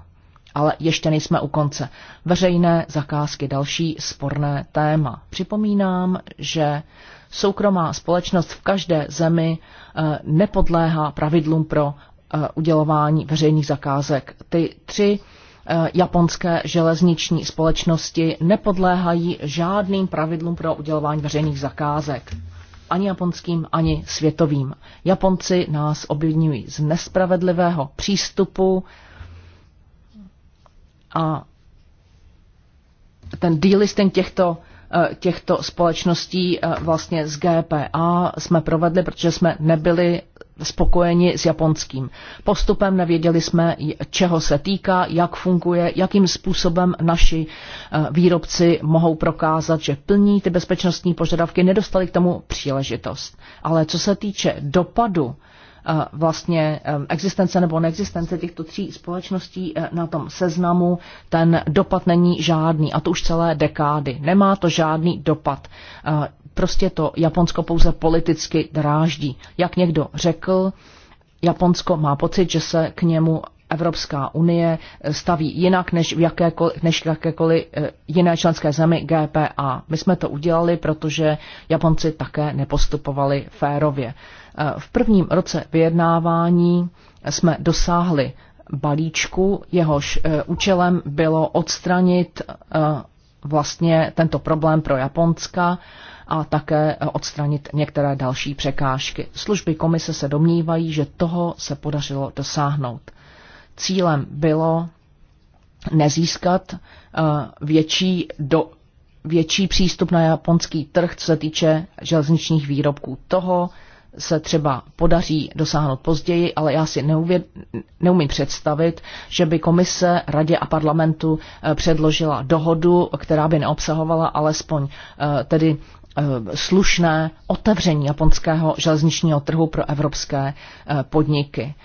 Ale ještě nejsme u konce. Veřejné zakázky, další sporné téma. Připomínám, že soukromá společnost v každé zemi eh, nepodléhá pravidlům pro Eh, udělování veřejných zakázek. Ty tři eh, japonské železniční společnosti nepodléhají žádným pravidlům pro udělování veřejných zakázek. Ani japonským, ani světovým. Japonci nás obvinují z nespravedlivého přístupu a ten delisting těchto eh, těchto společností vlastně z GPA jsme provedli, protože jsme nebyli spokojeni s japonským postupem, nevěděli jsme, čeho se týká, jak funguje, jakým způsobem naši eh, výrobci mohou prokázat, že plní ty bezpečnostní požadavky, nedostali k tomu příležitost. Ale co se týče dopadu Eh, vlastně eh, existence nebo neexistence těchto tří společností eh, na tom seznamu, ten dopad není žádný. A to už celé dekády. Nemá to žádný dopad. Prostě to Japonsko pouze politicky dráždí. Jak někdo řekl, Japonsko má pocit, že se k němu Evropská unie staví jinak než v, jakéko, než v jakékoliv eh, jiné členské zemi GPA. My jsme to udělali, protože Japonci také nepostupovali férově. Eh, v prvním roce vyjednávání jsme dosáhli balíčku, jehož eh, účelem bylo odstranit vlastně tento problém pro Japonska a také odstranit některé další překážky. Služby komise se domnívají, že toho se podařilo dosáhnout. Cílem bylo nezískat eh, větší, do, větší přístup na japonský trh, co se týče železničních výrobků. Toho se třeba podaří dosáhnout později, ale já si neuvěd, neumím představit, že by komise, radě a parlamentu eh, předložila dohodu, která by neobsahovala alespoň eh, tedy slušné otevření japonského železničního trhu pro evropské podniky.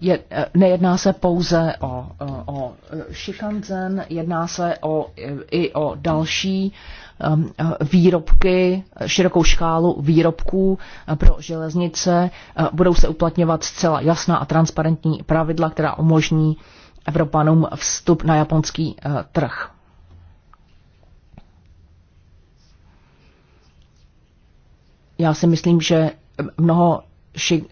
je, eh, nejedná se pouze o, o, eh, o šikanzen, jedná se o, eh, i o další ehm, výrobky, širokou škálu výrobků pro železnice. Budou se uplatňovat zcela jasná a transparentní pravidla, která umožní Evropanům vstup na japonský trh. Já si myslím, že mnoho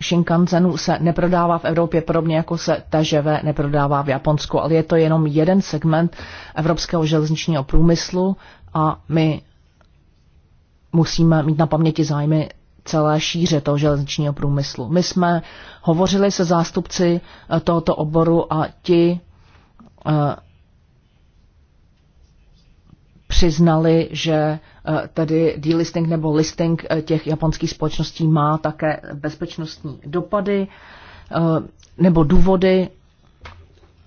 Shinkansenu se neprodává v Evropě podobně jako se TŽV neprodává v Japonsku, ale je to jenom jeden segment evropského železničního průmyslu a my musíme mít na paměti zájmy celé šíře toho železničního průmyslu. My jsme hovořili se zástupci eh, tohoto oboru a ti eh, přiznali, že eh, tedy delisting nebo listing eh, těch japonských společností má také bezpečnostní dopady eh, nebo důvody.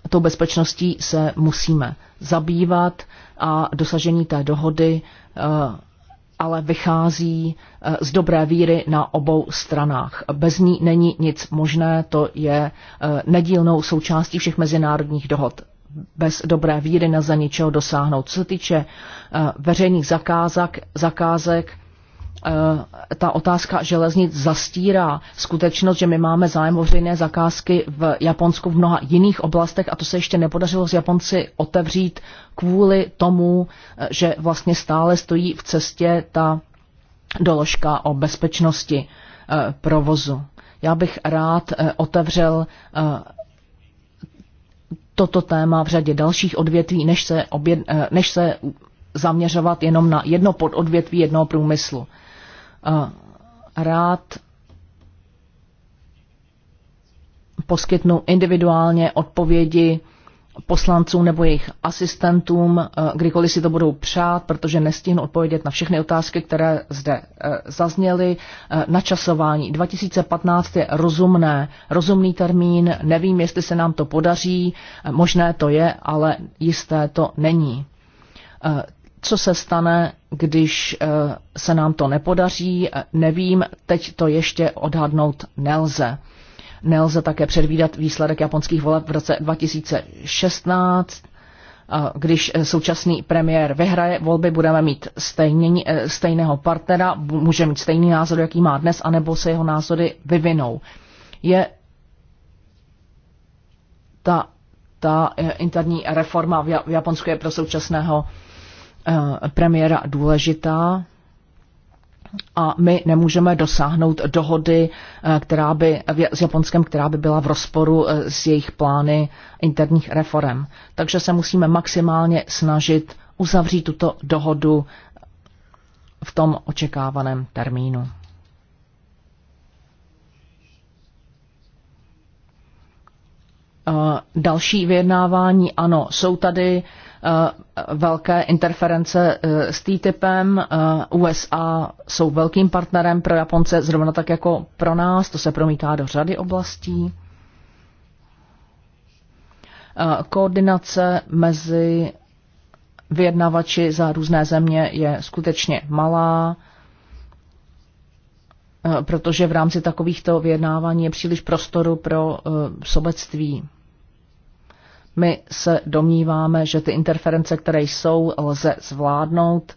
Tou bezpečností se musíme zabývat a dosažení té dohody ale vychází z dobré víry na obou stranách. Bez ní není nic možné, to je nedílnou součástí všech mezinárodních dohod bez dobré víry nelze ničeho dosáhnout. Co se týče eh, veřejných zakázek, zakázek eh, ta otázka železnic zastírá skutečnost, že my máme zájem o veřejné zakázky v Japonsku v mnoha jiných oblastech a to se ještě nepodařilo z Japonci otevřít kvůli tomu, eh, že vlastně stále stojí v cestě ta doložka o bezpečnosti provozu. Já bych rád otevřel toto téma v řadě dalších odvětví, než se, oběd, eh, než se zaměřovat jenom na jedno pododvětví jednoho průmyslu. Eh, rád poskytnu individuálně odpovědi poslancům nebo jejich asistentům, eh, kdykoliv si to budou přát, protože nestihnu odpovědět na všechny otázky, které zde eh, zazněly. Eh, načasování 2015 je rozumné, rozumný termín, nevím, jestli se nám to podaří, možné to je, ale jisté to není. Co se stane, když se nám to nepodaří, nevím, teď to ještě odhadnout nelze Nelze také předvídat výsledek japonských voleb v roce 2016. Když eh, současný premiér vyhraje volby, budeme mít stejně, eh, stejného partnera, může mít stejný názor, jaký má dnes, anebo se jeho názory vyvinou. Je ta, ta eh, interní reforma v Japonsku je pro současného premiéra důležitá a my nemůžeme dosáhnout dohody eh, která by, s Japonskem, která by byla v rozporu eh, s jejich plány interních reform. Takže se musíme maximálně snažit uzavřít tuto dohodu v tom očekávaném termínu. Eh, další vyjednávání, ano, jsou tady Eh, velké interference eh, s TTIPem. Eh, USA jsou velkým partnerem pro Japonce, zrovna tak jako pro nás. To se promítá do řady oblastí. Koordinace mezi vyjednavači za různé země je skutečně malá, protože v rámci takovýchto vyjednávání je příliš prostoru pro sobectví. My se domníváme, že ty interference, které jsou, lze zvládnout.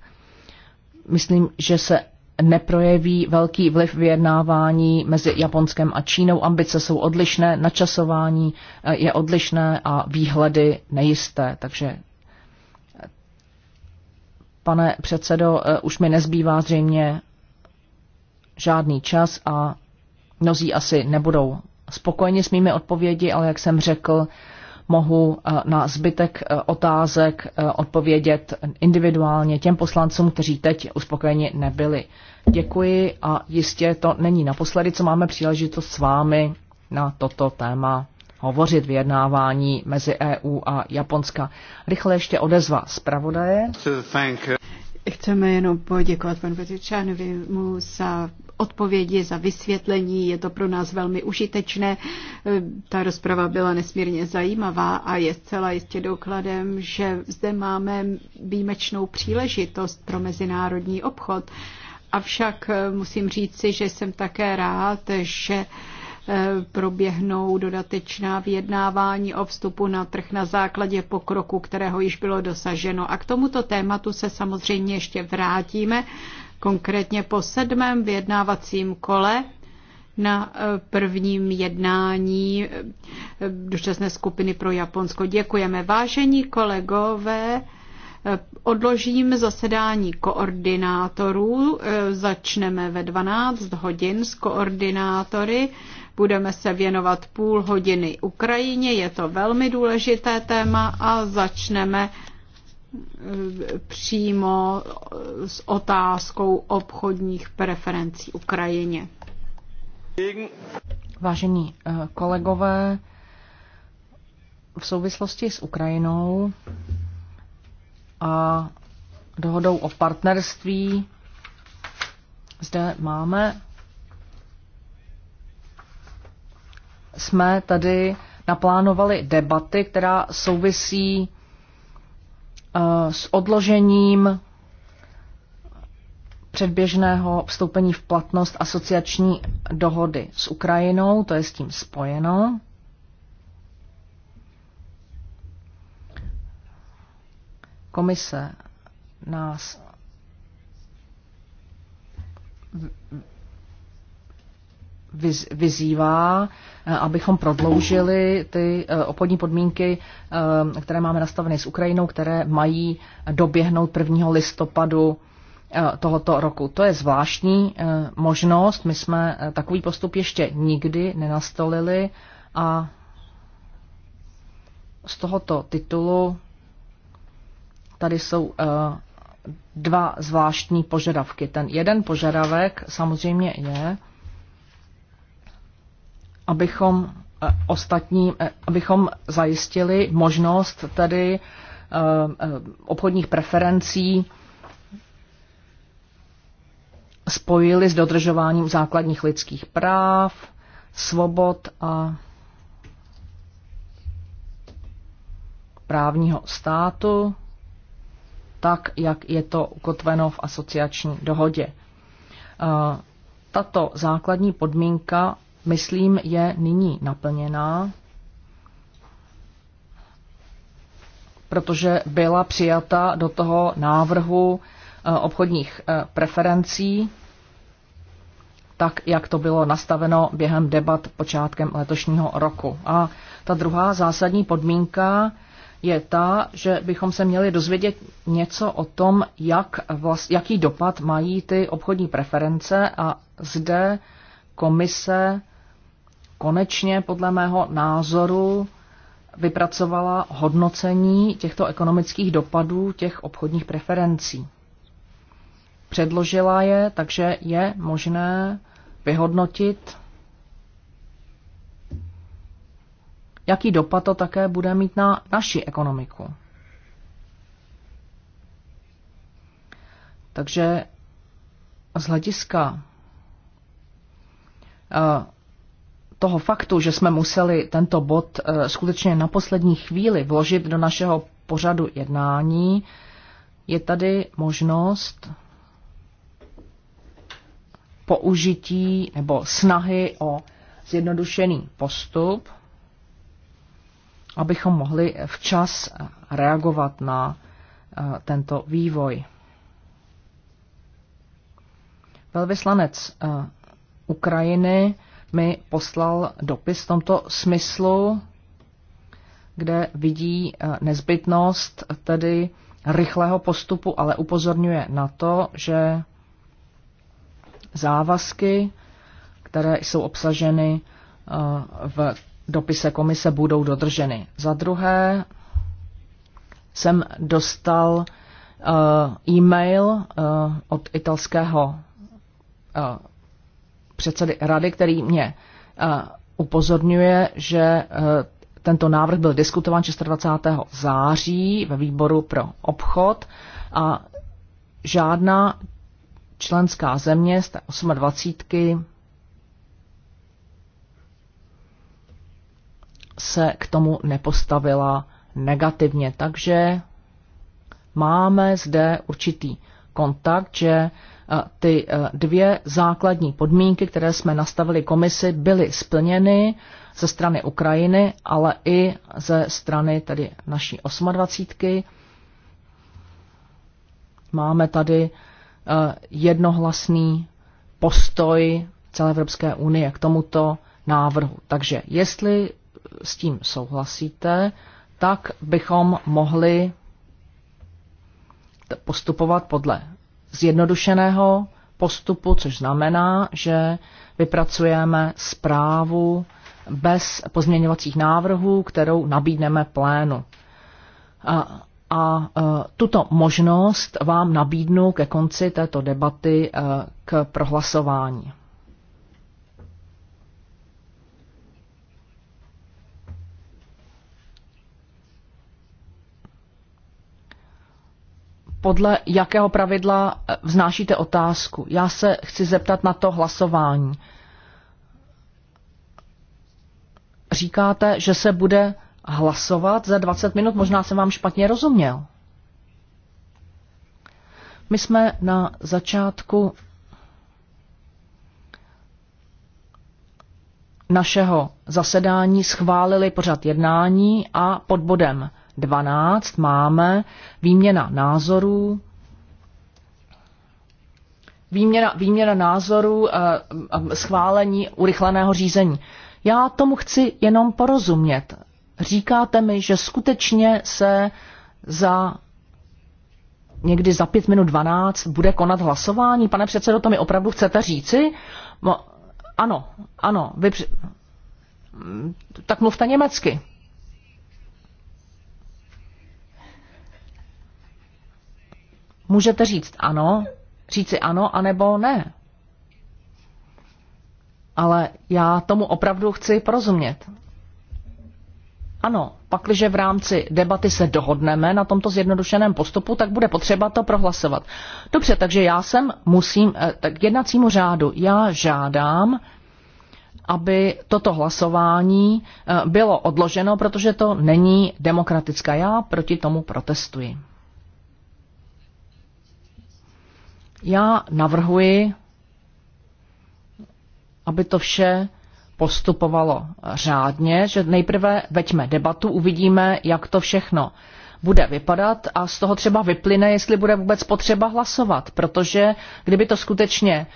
Myslím, že se neprojeví velký vliv vyjednávání mezi Japonskem a Čínou. Ambice jsou odlišné, načasování eh, je odlišné a výhledy nejisté. Takže, eh, pane předsedo, eh, už mi nezbývá zřejmě žádný čas a mnozí asi nebudou spokojeni s mými odpovědi, ale jak jsem řekl, mohu eh, na zbytek eh, otázek eh, odpovědět individuálně těm poslancům, kteří teď uspokojeni nebyli. Děkuji a jistě to není naposledy, co máme příležitost s vámi na toto téma hovořit vyjednávání mezi EU a Japonska. Rychle ještě odezva zpravodaje. Chceme jenom poděkovat panu Petričánovi mu za odpovědi, za vysvětlení. Je to pro nás velmi užitečné. Ta rozprava byla nesmírně zajímavá a je zcela jistě dokladem, že zde máme výjimečnou příležitost pro mezinárodní obchod. Avšak musím říci, že jsem také rád, že Eh, proběhnou dodatečná vyjednávání o vstupu na trh na základě pokroku, kterého již bylo dosaženo. A k tomuto tématu se samozřejmě ještě vrátíme, konkrétně po sedmém vyjednávacím kole na eh, prvním jednání eh, dočasné skupiny pro Japonsko. Děkujeme. Vážení kolegové, odložím zasedání koordinátorů, začneme ve 12 hodin s koordinátory. Budeme se věnovat půl hodiny Ukrajině, je to velmi důležité téma a začneme eh, přímo eh, s otázkou obchodních preferencí Ukrajině. Vážení eh, kolegové, v souvislosti s Ukrajinou a dohodou o partnerství zde máme jsme tady naplánovali debaty, která souvisí eh, s odložením předběžného vstoupení v platnost asociační dohody s Ukrajinou, to je s tím spojeno. Komise nás vyzývá, eh, abychom prodloužili ty eh, obchodní podmínky, eh, které máme nastaveny s Ukrajinou, které mají doběhnout 1. listopadu tohoto roku. To je zvláštní možnost. My jsme takový postup ještě nikdy nenastolili a z tohoto titulu tady jsou dva zvláštní požadavky. Ten jeden požadavek samozřejmě je, abychom eh, ostatní, eh, abychom zajistili možnost tedy eh, obchodních preferencí spojili s dodržováním základních lidských práv, svobod a právního státu, tak jak je to ukotveno v asociační dohodě. Tato základní podmínka myslím, je nyní naplněná, protože byla přijata do toho návrhu eh, obchodních eh, preferencí, tak jak to bylo nastaveno během debat počátkem letošního roku. A ta druhá zásadní podmínka je ta, že bychom se měli dozvědět něco o tom, jak vlast, jaký dopad mají ty obchodní preference a zde komise konečně podle mého názoru vypracovala hodnocení těchto ekonomických dopadů těch obchodních preferencí. Předložila je, takže je možné vyhodnotit, jaký dopad to také bude mít na naši ekonomiku. Takže z hlediska eh, toho faktu, že jsme museli tento bod eh, skutečně na poslední chvíli vložit do našeho pořadu jednání, je tady možnost použití nebo snahy o zjednodušený postup, abychom mohli včas reagovat na eh, tento vývoj. Velvyslanec eh, Ukrajiny mi poslal dopis v tomto smyslu, kde vidí eh, nezbytnost tedy rychlého postupu, ale upozorňuje na to, že závazky, které jsou obsaženy eh, v dopise komise, budou dodrženy. Za druhé jsem dostal eh, e-mail od italského předsedy rady, který mě eh, upozorňuje, že eh, tento návrh byl diskutován 26. září ve výboru pro obchod a žádná členská země z té 28. se k tomu nepostavila negativně. Takže máme zde určitý kontakt, že ty e, dvě základní podmínky, které jsme nastavili komisi, byly splněny ze strany Ukrajiny, ale i ze strany tedy naší osmadvacítky. Máme tady e, jednohlasný postoj celé Evropské unie k tomuto návrhu. Takže jestli s tím souhlasíte, tak bychom mohli postupovat podle zjednodušeného postupu, což znamená, že vypracujeme zprávu bez pozměňovacích návrhů, kterou nabídneme plénu. A, a e, tuto možnost vám nabídnu ke konci této debaty e, k prohlasování. podle jakého pravidla eh, vznášíte otázku. Já se chci zeptat na to hlasování. Říkáte, že se bude hlasovat za 20 minut, možná jsem vám špatně rozuměl. My jsme na začátku našeho zasedání schválili pořad jednání a pod bodem 12 máme výměna názorů, výměna, výměna názorů, eh, eh, schválení urychleného řízení. Já tomu chci jenom porozumět. Říkáte mi, že skutečně se za někdy za pět minut 12 bude konat hlasování? Pane předsedo, to mi opravdu chcete říci? No, ano, ano, vy... Tak mluvte německy. Můžete říct ano, říci ano, anebo ne. Ale já tomu opravdu chci porozumět. Ano, pakliže v rámci debaty se dohodneme na tomto zjednodušeném postupu, tak bude potřeba to prohlasovat. Dobře, takže já jsem musím, eh, tak jednacímu řádu, já žádám, aby toto hlasování eh, bylo odloženo, protože to není demokratické. Já proti tomu protestuji. Já navrhuji, aby to vše postupovalo řádně, že nejprve veďme debatu, uvidíme, jak to všechno bude vypadat a z toho třeba vyplyne, jestli bude vůbec potřeba hlasovat, protože kdyby to skutečně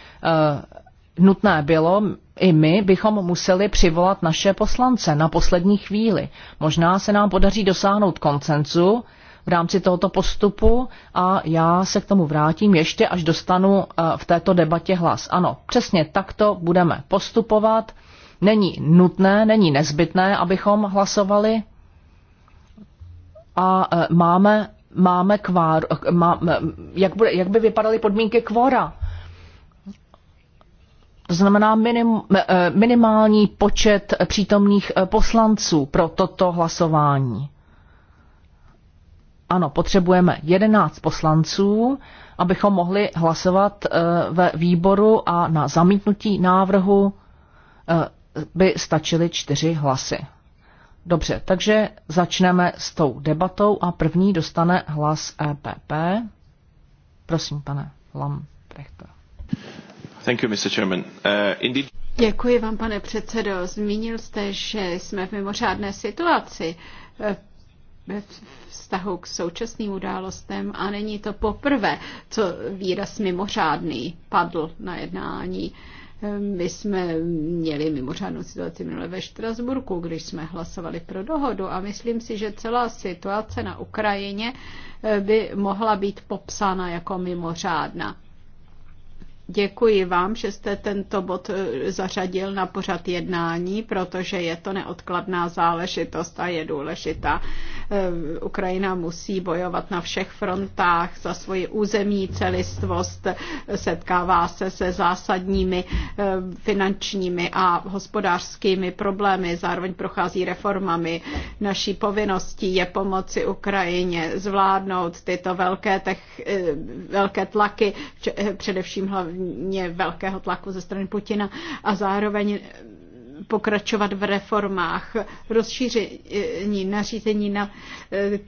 uh, nutné bylo, i my bychom museli přivolat naše poslance na poslední chvíli. Možná se nám podaří dosáhnout koncenzu, v rámci tohoto postupu a já se k tomu vrátím ještě, až dostanu eh, v této debatě hlas. Ano, přesně takto budeme postupovat. Není nutné, není nezbytné, abychom hlasovali a eh, máme, máme kvár, eh, má, jak, bude, jak by vypadaly podmínky kvora. To znamená minim, minimální počet přítomných poslanců pro toto hlasování. Ano, potřebujeme 11 poslanců, abychom mohli hlasovat eh, ve výboru a na zamítnutí návrhu eh, by stačily čtyři hlasy. Dobře, takže začneme s tou debatou a první dostane hlas EPP. Prosím, pane Lamprechter. Thank you, Mr. Chairman. Uh, indeed... Děkuji vám, pane předsedo. Zmínil jste, že jsme v mimořádné situaci ve vztahu k současným událostem a není to poprvé, co výraz mimořádný padl na jednání. Ehm, my jsme měli mimořádnou situaci minule ve Štrasburku, když jsme hlasovali pro dohodu a myslím si, že celá situace na Ukrajině eh, by mohla být popsána jako mimořádná. Děkuji vám, že jste tento bod e, zařadil na pořad jednání, protože je to neodkladná záležitost a je důležitá. E, Ukrajina musí bojovat na všech frontách za svoji územní celistvost, setkává se se zásadními e, finančními a hospodářskými problémy, zároveň prochází reformami. Naší povinností je pomoci Ukrajině zvládnout tyto velké, tech, velké tlaky, především hlavně ohledně velkého tlaku ze strany Putina a zároveň pokračovat v reformách, rozšíření nařízení na, eh,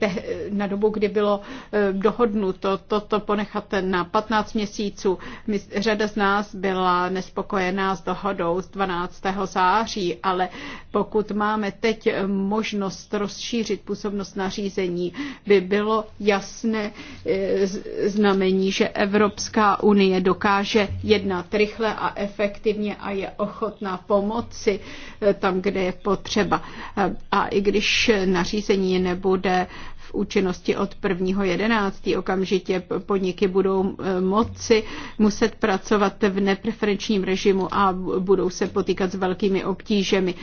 na dobu, kdy bylo eh, dohodnuto toto ponechat na 15 měsíců. My, řada z nás byla nespokojená s dohodou z 12. září, ale pokud máme teď možnost rozšířit působnost nařízení, by bylo jasné eh, znamení, že Evropská unie dokáže jednat rychle a efektivně a je ochotná pomoci Eh, tam, kde je potřeba. Eh, a i když nařízení nebude v účinnosti od 1.11. okamžitě podniky budou eh, moci muset pracovat v nepreferenčním režimu a budou se potýkat s velkými obtížemi.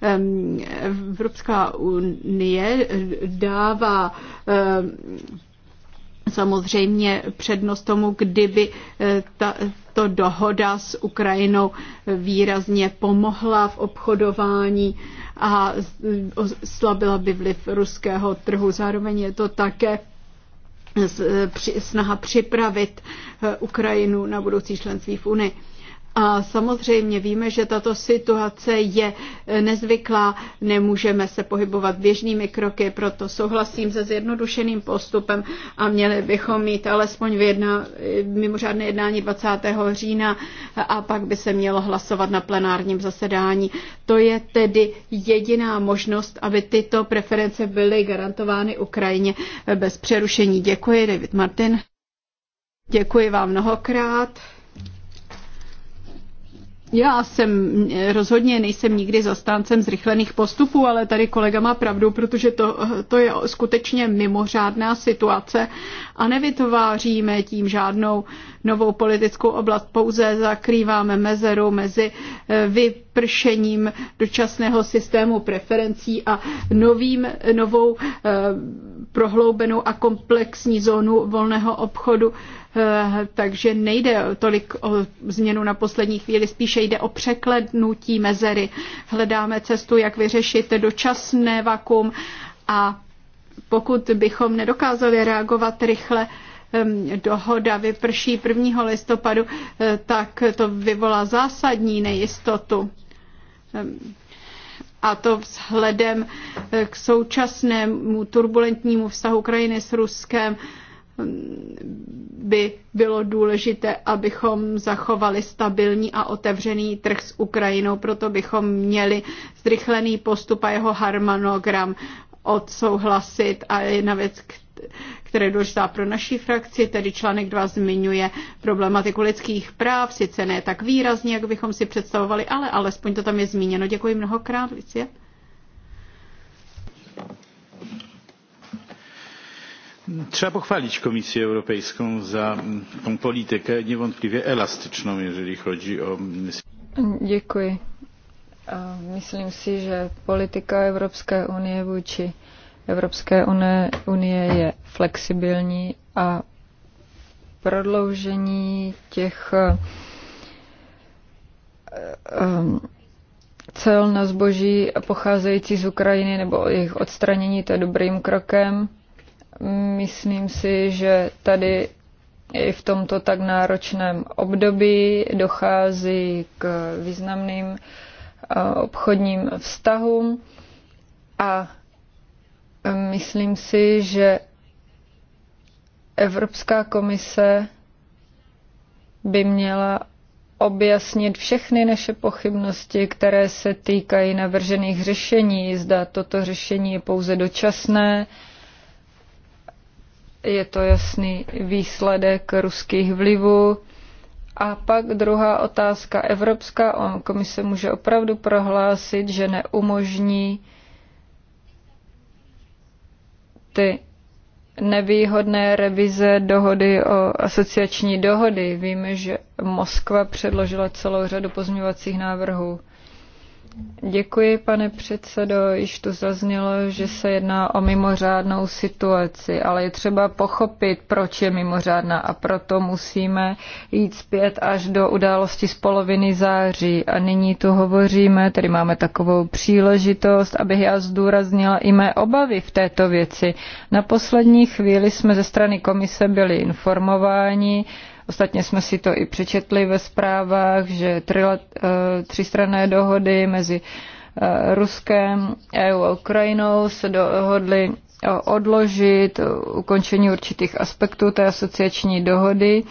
Ehm, Evropská unie dává ehm, samozřejmě přednost tomu, kdyby eh, ta, to dohoda s Ukrajinou eh, výrazně pomohla v obchodování a slabila by vliv ruského trhu. Zároveň je to také eh, snaha připravit Ukrajinu na budoucí členství v Unii. A samozřejmě víme, že tato situace je nezvyklá, nemůžeme se pohybovat běžnými kroky, proto souhlasím se zjednodušeným postupem a měli bychom mít alespoň v jedna, mimořádné jednání 20. října a pak by se mělo hlasovat na plenárním zasedání. To je tedy jediná možnost, aby tyto preference byly garantovány Ukrajině bez přerušení. Děkuji, David Martin. Děkuji vám mnohokrát. Já jsem eh, rozhodně nejsem nikdy zastáncem zrychlených postupů, ale tady kolega má pravdu, protože to, eh, to je skutečně mimořádná situace a nevytváříme tím žádnou novou politickou oblast, pouze zakrýváme mezeru mezi eh, vypršením dočasného systému preferencí a novým, novou prohloubenou a komplexní zónu volného obchodu Eh, takže nejde tolik o změnu na poslední chvíli, spíše jde o překlednutí mezery. Hledáme cestu, jak vyřešit dočasné vakum a pokud bychom nedokázali reagovat rychle, dohoda vyprší 1. listopadu, eh, tak to vyvolá zásadní nejistotu. A to vzhledem eh, k současnému turbulentnímu vztahu Ukrajiny s Ruskem, by bylo důležité, abychom zachovali stabilní a otevřený trh s Ukrajinou, proto bychom měli zrychlený postup a jeho harmonogram odsouhlasit a na věc, které je důležitá pro naší frakci, tedy článek 2 zmiňuje problematiku lidských práv, sice ne tak výrazně, jak bychom si představovali, ale alespoň to tam je zmíněno. Děkuji mnohokrát, Lucie. Trzeba pochwalić Komisję Europejską za mm, tą politykę niewątpliwie elastyczną, jeżeli chodzi o. Mm, Děkuji. myslím si, že politika Evropské unie vůči Evropské unie je flexibilní a prodloužení těch eh, ehm, cel na zboží pocházející z Ukrajiny nebo jejich odstranění, to je dobrým krokem. Myslím si, že tady i v tomto tak náročném období dochází k významným eh, obchodním vztahům a eh, myslím si, že Evropská komise by měla objasnit všechny naše pochybnosti, které se týkají navržených řešení. Zda toto řešení je pouze dočasné, je to jasný výsledek ruských vlivů. A pak druhá otázka. Evropská on komise může opravdu prohlásit, že neumožní ty nevýhodné revize dohody o asociační dohody. Víme, že Moskva předložila celou řadu pozměňovacích návrhů. Děkuji, pane předsedo. Již tu zaznělo, že se jedná o mimořádnou situaci, ale je třeba pochopit, proč je mimořádná a proto musíme jít zpět až do události z poloviny září. A nyní tu hovoříme, tedy máme takovou příležitost, abych já zdůraznila i mé obavy v této věci. Na poslední chvíli jsme ze strany komise byli informováni, Ostatně jsme si to i přečetli ve zprávách, že tři, eh, třistranné dohody mezi eh, Ruskem, EU a Ukrajinou se dohodly odložit ukončení určitých aspektů té asociační dohody,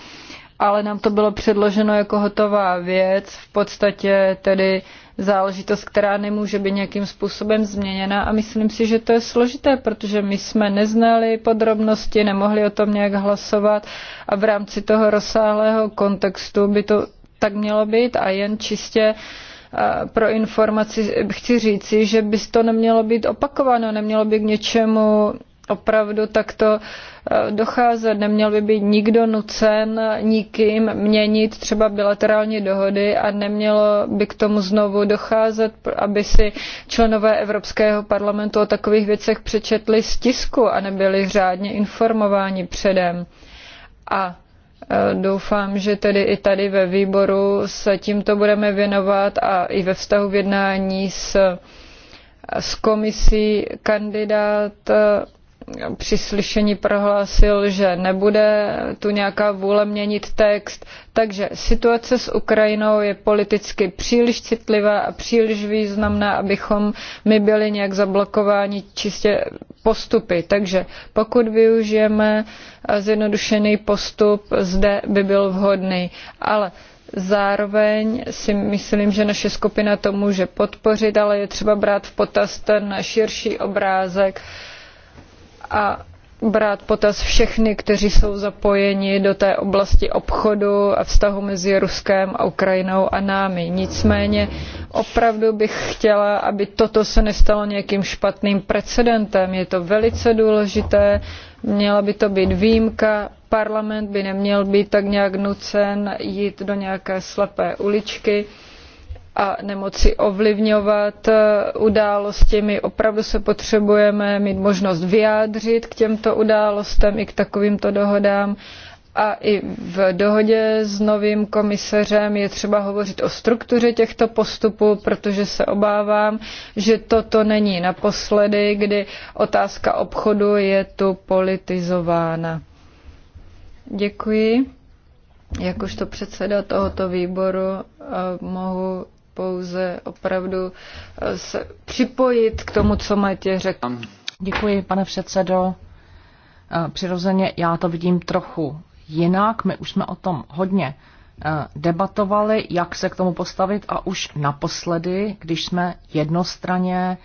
ale nám to bylo předloženo jako hotová věc. V podstatě tedy záležitost, která nemůže být nějakým způsobem změněna a myslím si, že to je složité, protože my jsme neznali podrobnosti, nemohli o tom nějak hlasovat a v rámci toho rozsáhlého kontextu by to tak mělo být a jen čistě pro informaci chci říci, že by to nemělo být opakováno, nemělo by k něčemu opravdu takto eh, docházet. Neměl by být nikdo nucen nikým měnit třeba bilaterální dohody a nemělo by k tomu znovu docházet, aby si členové Evropského parlamentu o takových věcech přečetli z tisku a nebyli řádně informováni předem. A eh, Doufám, že tedy i tady ve výboru se tímto budeme věnovat a i ve vztahu v jednání s, s komisí kandidát eh, při slyšení prohlásil, že nebude tu nějaká vůle měnit text. Takže situace s Ukrajinou je politicky příliš citlivá a příliš významná, abychom my byli nějak zablokováni čistě postupy. Takže pokud využijeme eh, zjednodušený postup, zde by byl vhodný. Ale Zároveň si myslím, že naše skupina to může podpořit, ale je třeba brát v potaz ten širší obrázek, a brát potaz všechny, kteří jsou zapojeni do té oblasti obchodu a vztahu mezi Ruskem a Ukrajinou a námi. Nicméně opravdu bych chtěla, aby toto se nestalo nějakým špatným precedentem. Je to velice důležité, měla by to být výjimka, parlament by neměl být tak nějak nucen jít do nějaké slepé uličky a nemoci ovlivňovat eh, události. My opravdu se potřebujeme mít možnost vyjádřit k těmto událostem i k takovýmto dohodám. A i v dohodě s novým komisařem je třeba hovořit o struktuře těchto postupů, protože se obávám, že toto není naposledy, kdy otázka obchodu je tu politizována. Děkuji. Jakožto předseda tohoto výboru eh, mohu pouze opravdu eh, se připojit k tomu, co Matěj řekl. Děkuji, pane předsedo. Eh, přirozeně já to vidím trochu jinak. My už jsme o tom hodně eh, debatovali, jak se k tomu postavit a už naposledy, když jsme jednostraně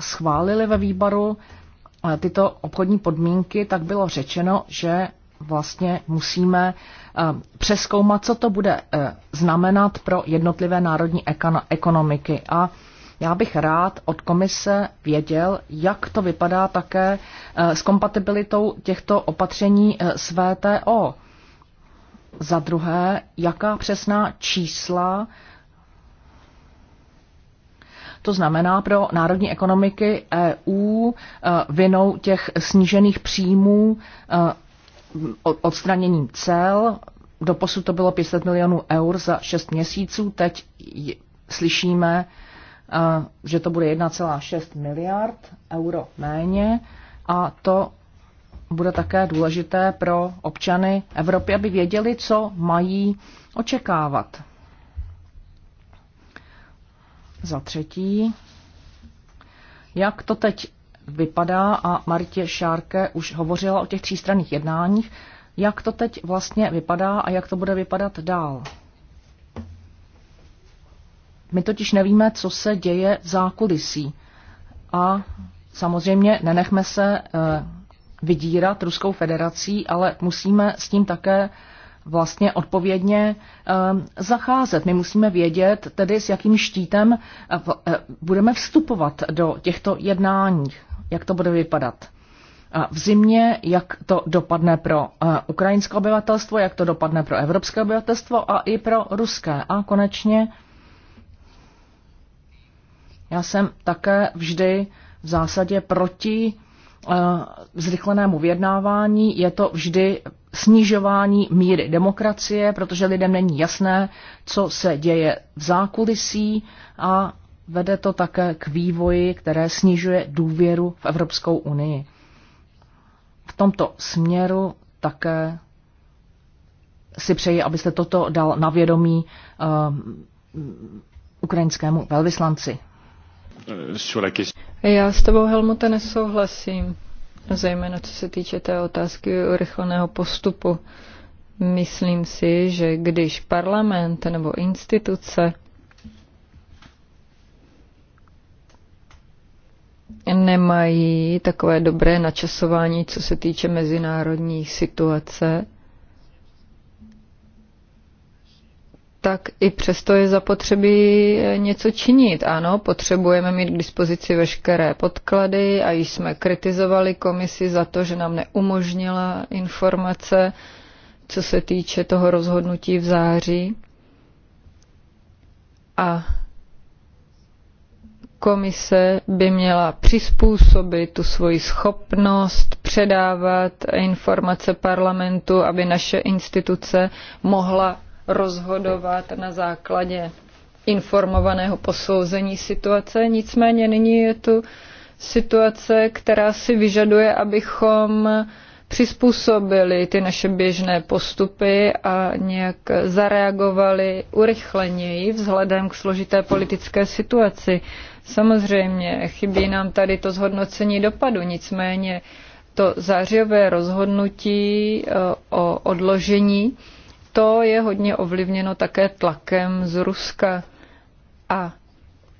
schválili ve výboru tyto obchodní podmínky, tak bylo řečeno, že vlastně musíme Eh, přeskoumat, co to bude eh, znamenat pro jednotlivé národní ekonomiky. A já bych rád od komise věděl, jak to vypadá také eh, s kompatibilitou těchto opatření s VTO. Za druhé, jaká přesná čísla to znamená pro národní ekonomiky EU vinou těch snížených příjmů odstraněním cel. Doposud to bylo 500 milionů eur za 6 měsíců, teď slyšíme, eh, že to bude 1,6 miliard euro méně a to bude také důležité pro občany Evropy, aby věděli, co mají očekávat. Za třetí, jak to teď vypadá a Martě Šárke už hovořila o těch třístranných jednáních. Jak to teď vlastně vypadá a jak to bude vypadat dál? My totiž nevíme, co se děje v zákulisí. A samozřejmě nenechme se eh, vydírat Ruskou federací, ale musíme s tím také vlastně odpovědně eh, zacházet. My musíme vědět tedy, s jakým štítem eh, budeme vstupovat do těchto jednání jak to bude vypadat. v zimě, jak to dopadne pro eh, ukrajinské obyvatelstvo, jak to dopadne pro evropské obyvatelstvo a i pro ruské. A konečně, já jsem také vždy v zásadě proti eh, zrychlenému vyjednávání. Je to vždy snižování míry demokracie, protože lidem není jasné, co se děje v zákulisí a vede to také k vývoji, které snižuje důvěru v Evropskou unii. V tomto směru také si přeji, abyste toto dal na vědomí uh, ukrajinskému velvyslanci. Já s tebou, Helmute, nesouhlasím, zejména co se týče té otázky urychleného postupu. Myslím si, že když parlament nebo instituce nemají takové dobré načasování, co se týče mezinárodní situace, tak i přesto je zapotřebí něco činit. Ano, potřebujeme mít k dispozici veškeré podklady a již jsme kritizovali komisi za to, že nám neumožnila informace, co se týče toho rozhodnutí v září. A komise by měla přizpůsobit tu svoji schopnost předávat informace parlamentu, aby naše instituce mohla rozhodovat na základě informovaného posouzení situace. Nicméně nyní je tu situace, která si vyžaduje, abychom přizpůsobili ty naše běžné postupy a nějak zareagovali urychleněji vzhledem k složité politické situaci. Samozřejmě chybí nám tady to zhodnocení dopadu, nicméně to zářivé rozhodnutí eh, o odložení, to je hodně ovlivněno také tlakem z Ruska. A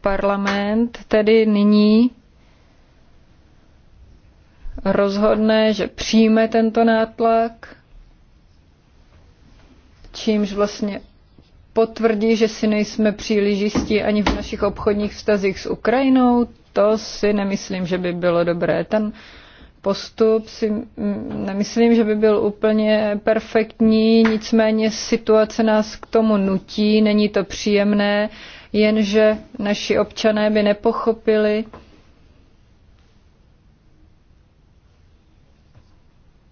parlament tedy nyní rozhodne, že přijme tento nátlak, čímž vlastně potvrdí, že si nejsme příliš jistí ani v našich obchodních vztazích s Ukrajinou, to si nemyslím, že by bylo dobré. Ten postup si nemyslím, že by byl úplně perfektní, nicméně situace nás k tomu nutí, není to příjemné, jenže naši občané by nepochopili,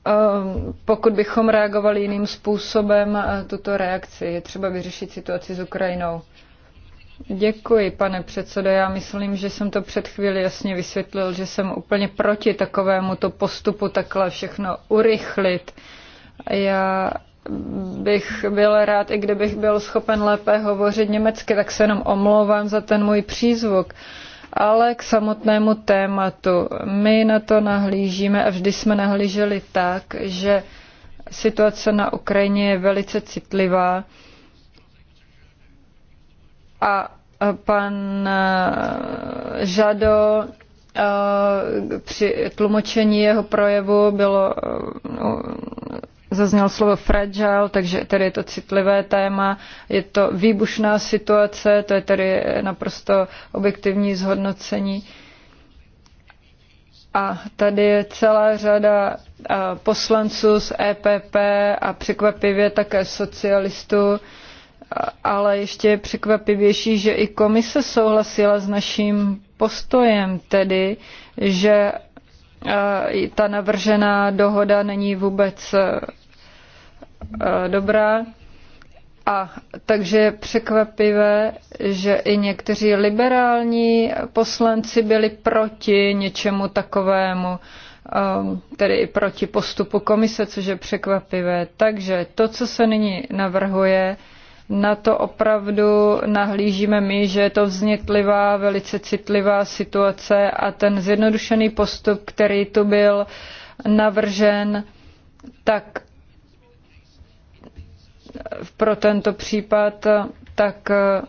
Eh, pokud bychom reagovali jiným způsobem eh, tuto reakci. Je třeba vyřešit situaci s Ukrajinou. Děkuji, pane předsedo. Já myslím, že jsem to před chvíli jasně vysvětlil, že jsem úplně proti takovému to postupu takhle všechno urychlit. Já bych byl rád, i kdybych byl schopen lépe hovořit německy, tak se jenom omlouvám za ten můj přízvuk. Uh, ale k samotnému tématu. My na to nahlížíme a vždy jsme nahlíželi tak, že situace na Ukrajině je velice citlivá a pan eh, Žado eh, při tlumočení jeho projevu bylo eh, zazněl slovo fragile, takže tady je to citlivé téma, je to výbušná situace, to je tady naprosto objektivní zhodnocení. A tady je celá řada poslanců z EPP a překvapivě také socialistů, ale ještě je překvapivější, že i komise souhlasila s naším postojem, tedy, že ta navržená dohoda není vůbec Eh, dobrá. A takže je překvapivé, že i někteří liberální poslanci byli proti něčemu takovému, eh, tedy i proti postupu komise, což je překvapivé. Takže to, co se nyní navrhuje, na to opravdu nahlížíme my, že je to vznětlivá, velice citlivá situace a ten zjednodušený postup, který tu byl navržen, tak pro tento případ, tak eh,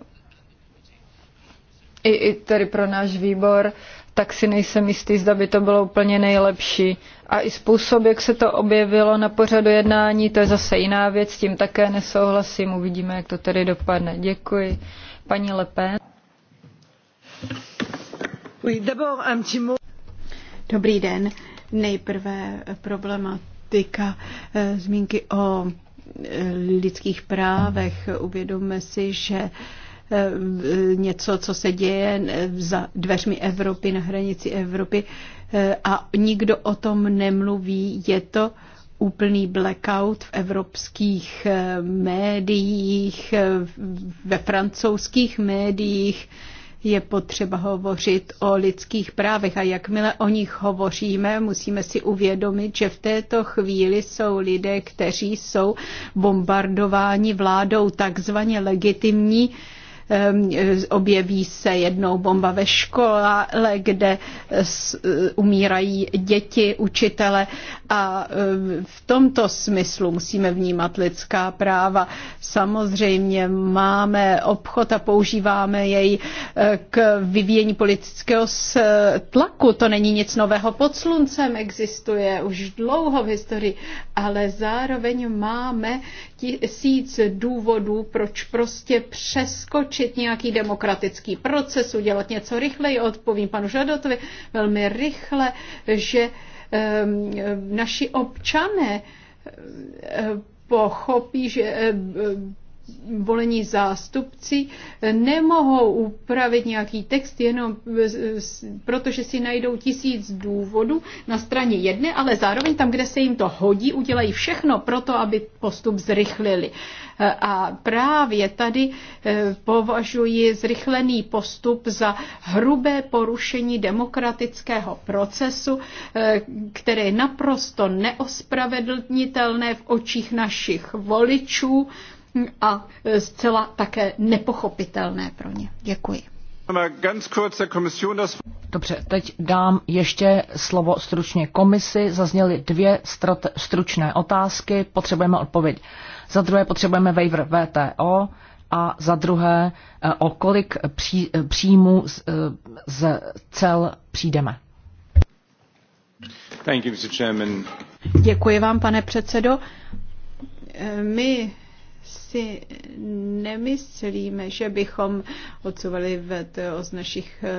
i, i tedy pro náš výbor, tak si nejsem jistý, zda by to bylo úplně nejlepší. A i způsob, jak se to objevilo na pořadu jednání, to je zase jiná věc, tím také nesouhlasím. Uvidíme, jak to tedy dopadne. Děkuji. Paní Lepen. Dobrý den. Nejprve problematika eh, zmínky o lidských právech. Uvědomme si, že eh, něco, co se děje za dveřmi Evropy, na hranici Evropy eh, a nikdo o tom nemluví. Je to úplný blackout v evropských eh, médiích, ve francouzských médiích je potřeba hovořit o lidských právech a jakmile o nich hovoříme, musíme si uvědomit, že v této chvíli jsou lidé, kteří jsou bombardováni vládou takzvaně legitimní ehm, objeví se jednou bomba ve škole, kde e, umírají děti, učitele a e, v tomto smyslu musíme vnímat lidská práva. Samozřejmě máme obchod a používáme jej e, k vyvíjení politického e, tlaku. To není nic nového pod sluncem, existuje už dlouho v historii, ale zároveň máme tisíc důvodů, proč prostě přeskočit nějaký demokratický proces, udělat něco rychleji. Odpovím panu Žadotovi velmi rychle, že Ehm, naši občané ehm, pochopí, že ehm, volení zástupci eh, nemohou upravit nějaký text jenom eh, protože si najdou tisíc důvodů na straně jedné, ale zároveň tam, kde se jim to hodí, udělají všechno pro to, aby postup zrychlili. Eh, a právě tady považuji zrychlený postup za hrubé porušení demokratického procesu, které je naprosto neospravedlnitelné v očích našich voličů, a e, zcela také nepochopitelné pro ně. Děkuji. Dobře, teď dám ještě slovo stručně komisi. Zazněly dvě stručné otázky. Potřebujeme odpověď. Za druhé potřebujeme waiver VTO a za druhé, e, o kolik pří, e, příjmů z, z cel přijdeme. Thank you, Mr. Děkuji vám, pane předsedo. My si nemyslíme, že bychom odsuvali VTO z našich eh,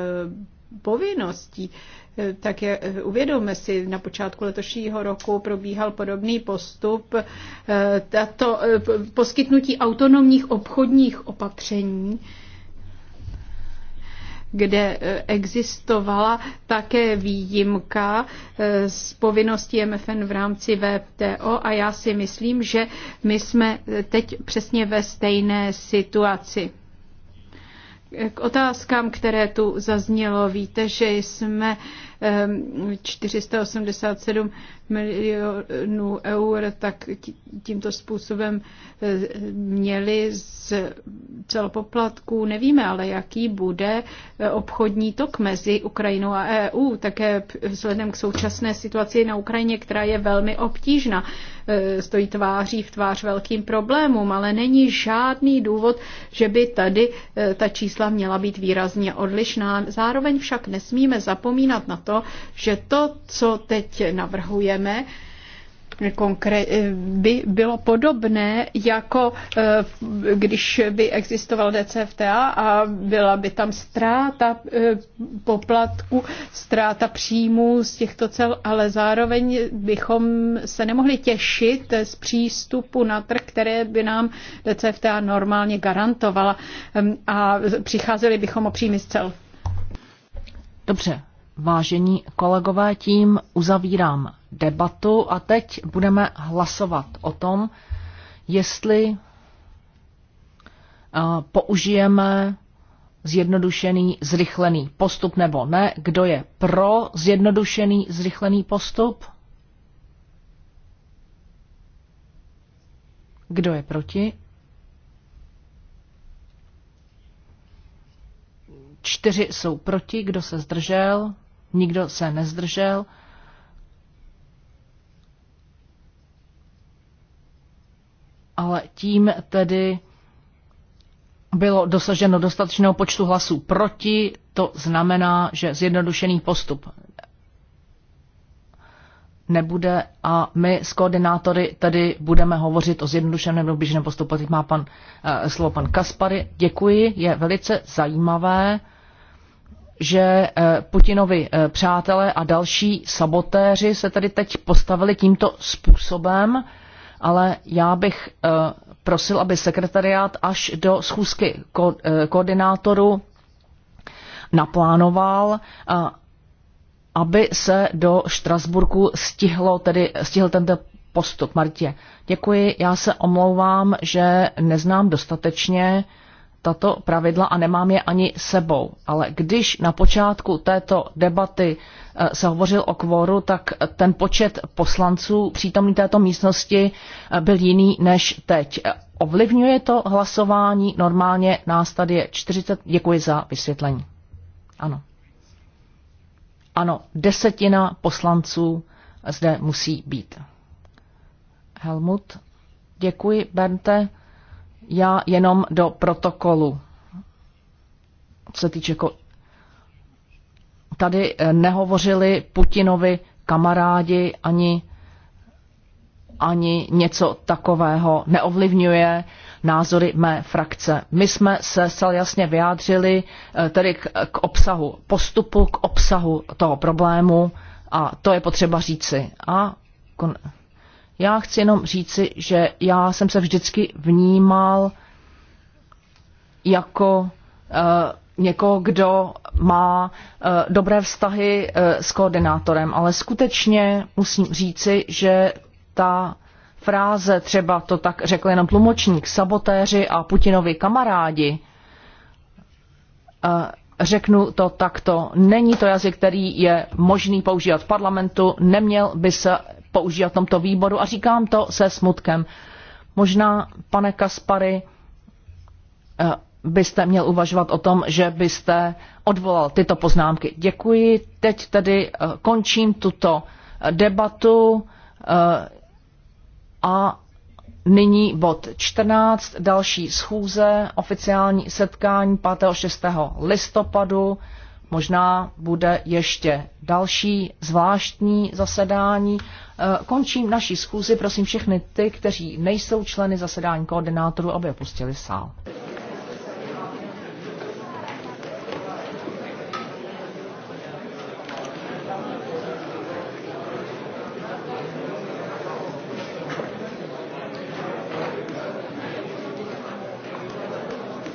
povinností. Eh, tak je, eh, uvědomme si, na počátku letošního roku probíhal podobný postup. Tato poskytnutí autonomních obchodních opatření kde eh, existovala také výjimka eh, z povinnosti MFN v rámci VTO a já si myslím, že my jsme eh, teď přesně ve stejné situaci. K otázkám, které tu zaznělo, víte, že jsme uh, 487 ehm, milionů eur, tak tímto způsobem e, měli z celopoplatků. Nevíme ale, jaký bude e, obchodní tok mezi Ukrajinou a EU, také vzhledem k současné situaci na Ukrajině, která je velmi obtížná. E, stojí tváří v tvář velkým problémům, ale není žádný důvod, že by tady ta čísla měla být výrazně odlišná. Zároveň však nesmíme zapomínat na to, to, že to, co teď navrhujeme, by bylo podobné, jako eh, když by existoval DCFTA a byla by tam ztráta eh, poplatku, ztráta příjmů z těchto cel, ale zároveň bychom se nemohli těšit z přístupu na trh, které by nám DCFTA normálně garantovala eh, a přicházeli bychom o příjmy z cel. Dobře, Vážení kolegové, tím uzavírám debatu a teď budeme hlasovat o tom, jestli eh, použijeme zjednodušený, zrychlený postup nebo ne. Kdo je pro zjednodušený, zrychlený postup? Kdo je proti? Čtyři jsou proti, kdo se zdržel? nikdo se nezdržel. Ale tím tedy bylo dosaženo dostatečného počtu hlasů proti, to znamená, že zjednodušený postup nebude a my s koordinátory tedy budeme hovořit o zjednodušeném nebo běžném postupu. Teď má pan, eh, slovo pan Kaspary. Děkuji, je velice zajímavé že eh, Putinovi eh, přátelé a další sabotéři se tady teď postavili tímto způsobem, ale já bych eh, prosil, aby sekretariát až do schůzky ko- koordinátoru naplánoval, aby se do Štrasburku stihlo, tedy stihl tento postup. Martě, děkuji, já se omlouvám, že neznám dostatečně tato pravidla a nemám je ani sebou. Ale když na počátku této debaty eh, se hovořil o kvoru, tak ten počet poslanců přítomný této místnosti eh, byl jiný než teď. Ovlivňuje to hlasování? Normálně nás tady je 40. Děkuji za vysvětlení. Ano. Ano, desetina poslanců zde musí být. Helmut, děkuji, Bernte. Já jenom do protokolu. Co se týče ko- tady eh, nehovořili Putinovi kamarádi ani ani něco takového neovlivňuje názory mé frakce. My jsme se zcela jasně vyjádřili eh, tedy k, k obsahu postupu, k obsahu toho problému a to je potřeba říci. A kon- já chci jenom říci, že já jsem se vždycky vnímal jako uh, eh, někoho, jako kdo má uh, dobré vztahy uh, s koordinátorem, ale skutečně musím říci, že ta fráze, třeba to tak řekl jenom tlumočník, sabotéři a Putinovi kamarádi, uh, řeknu to takto, není to jazyk, který je možný používat v parlamentu, neměl by se použijí v tomto výboru a říkám to se smutkem. Možná, pane Kaspary, eh, byste měl uvažovat o tom, že byste odvolal tyto poznámky. Děkuji. Teď tedy eh, končím tuto eh, debatu a nyní bod 14, další schůze, oficiální setkání 5. 6. listopadu. Možná bude ještě další zvláštní zasedání. Eh, končím naší schůzi. Prosím všechny ty, kteří nejsou členy zasedání koordinátorů, aby opustili sál.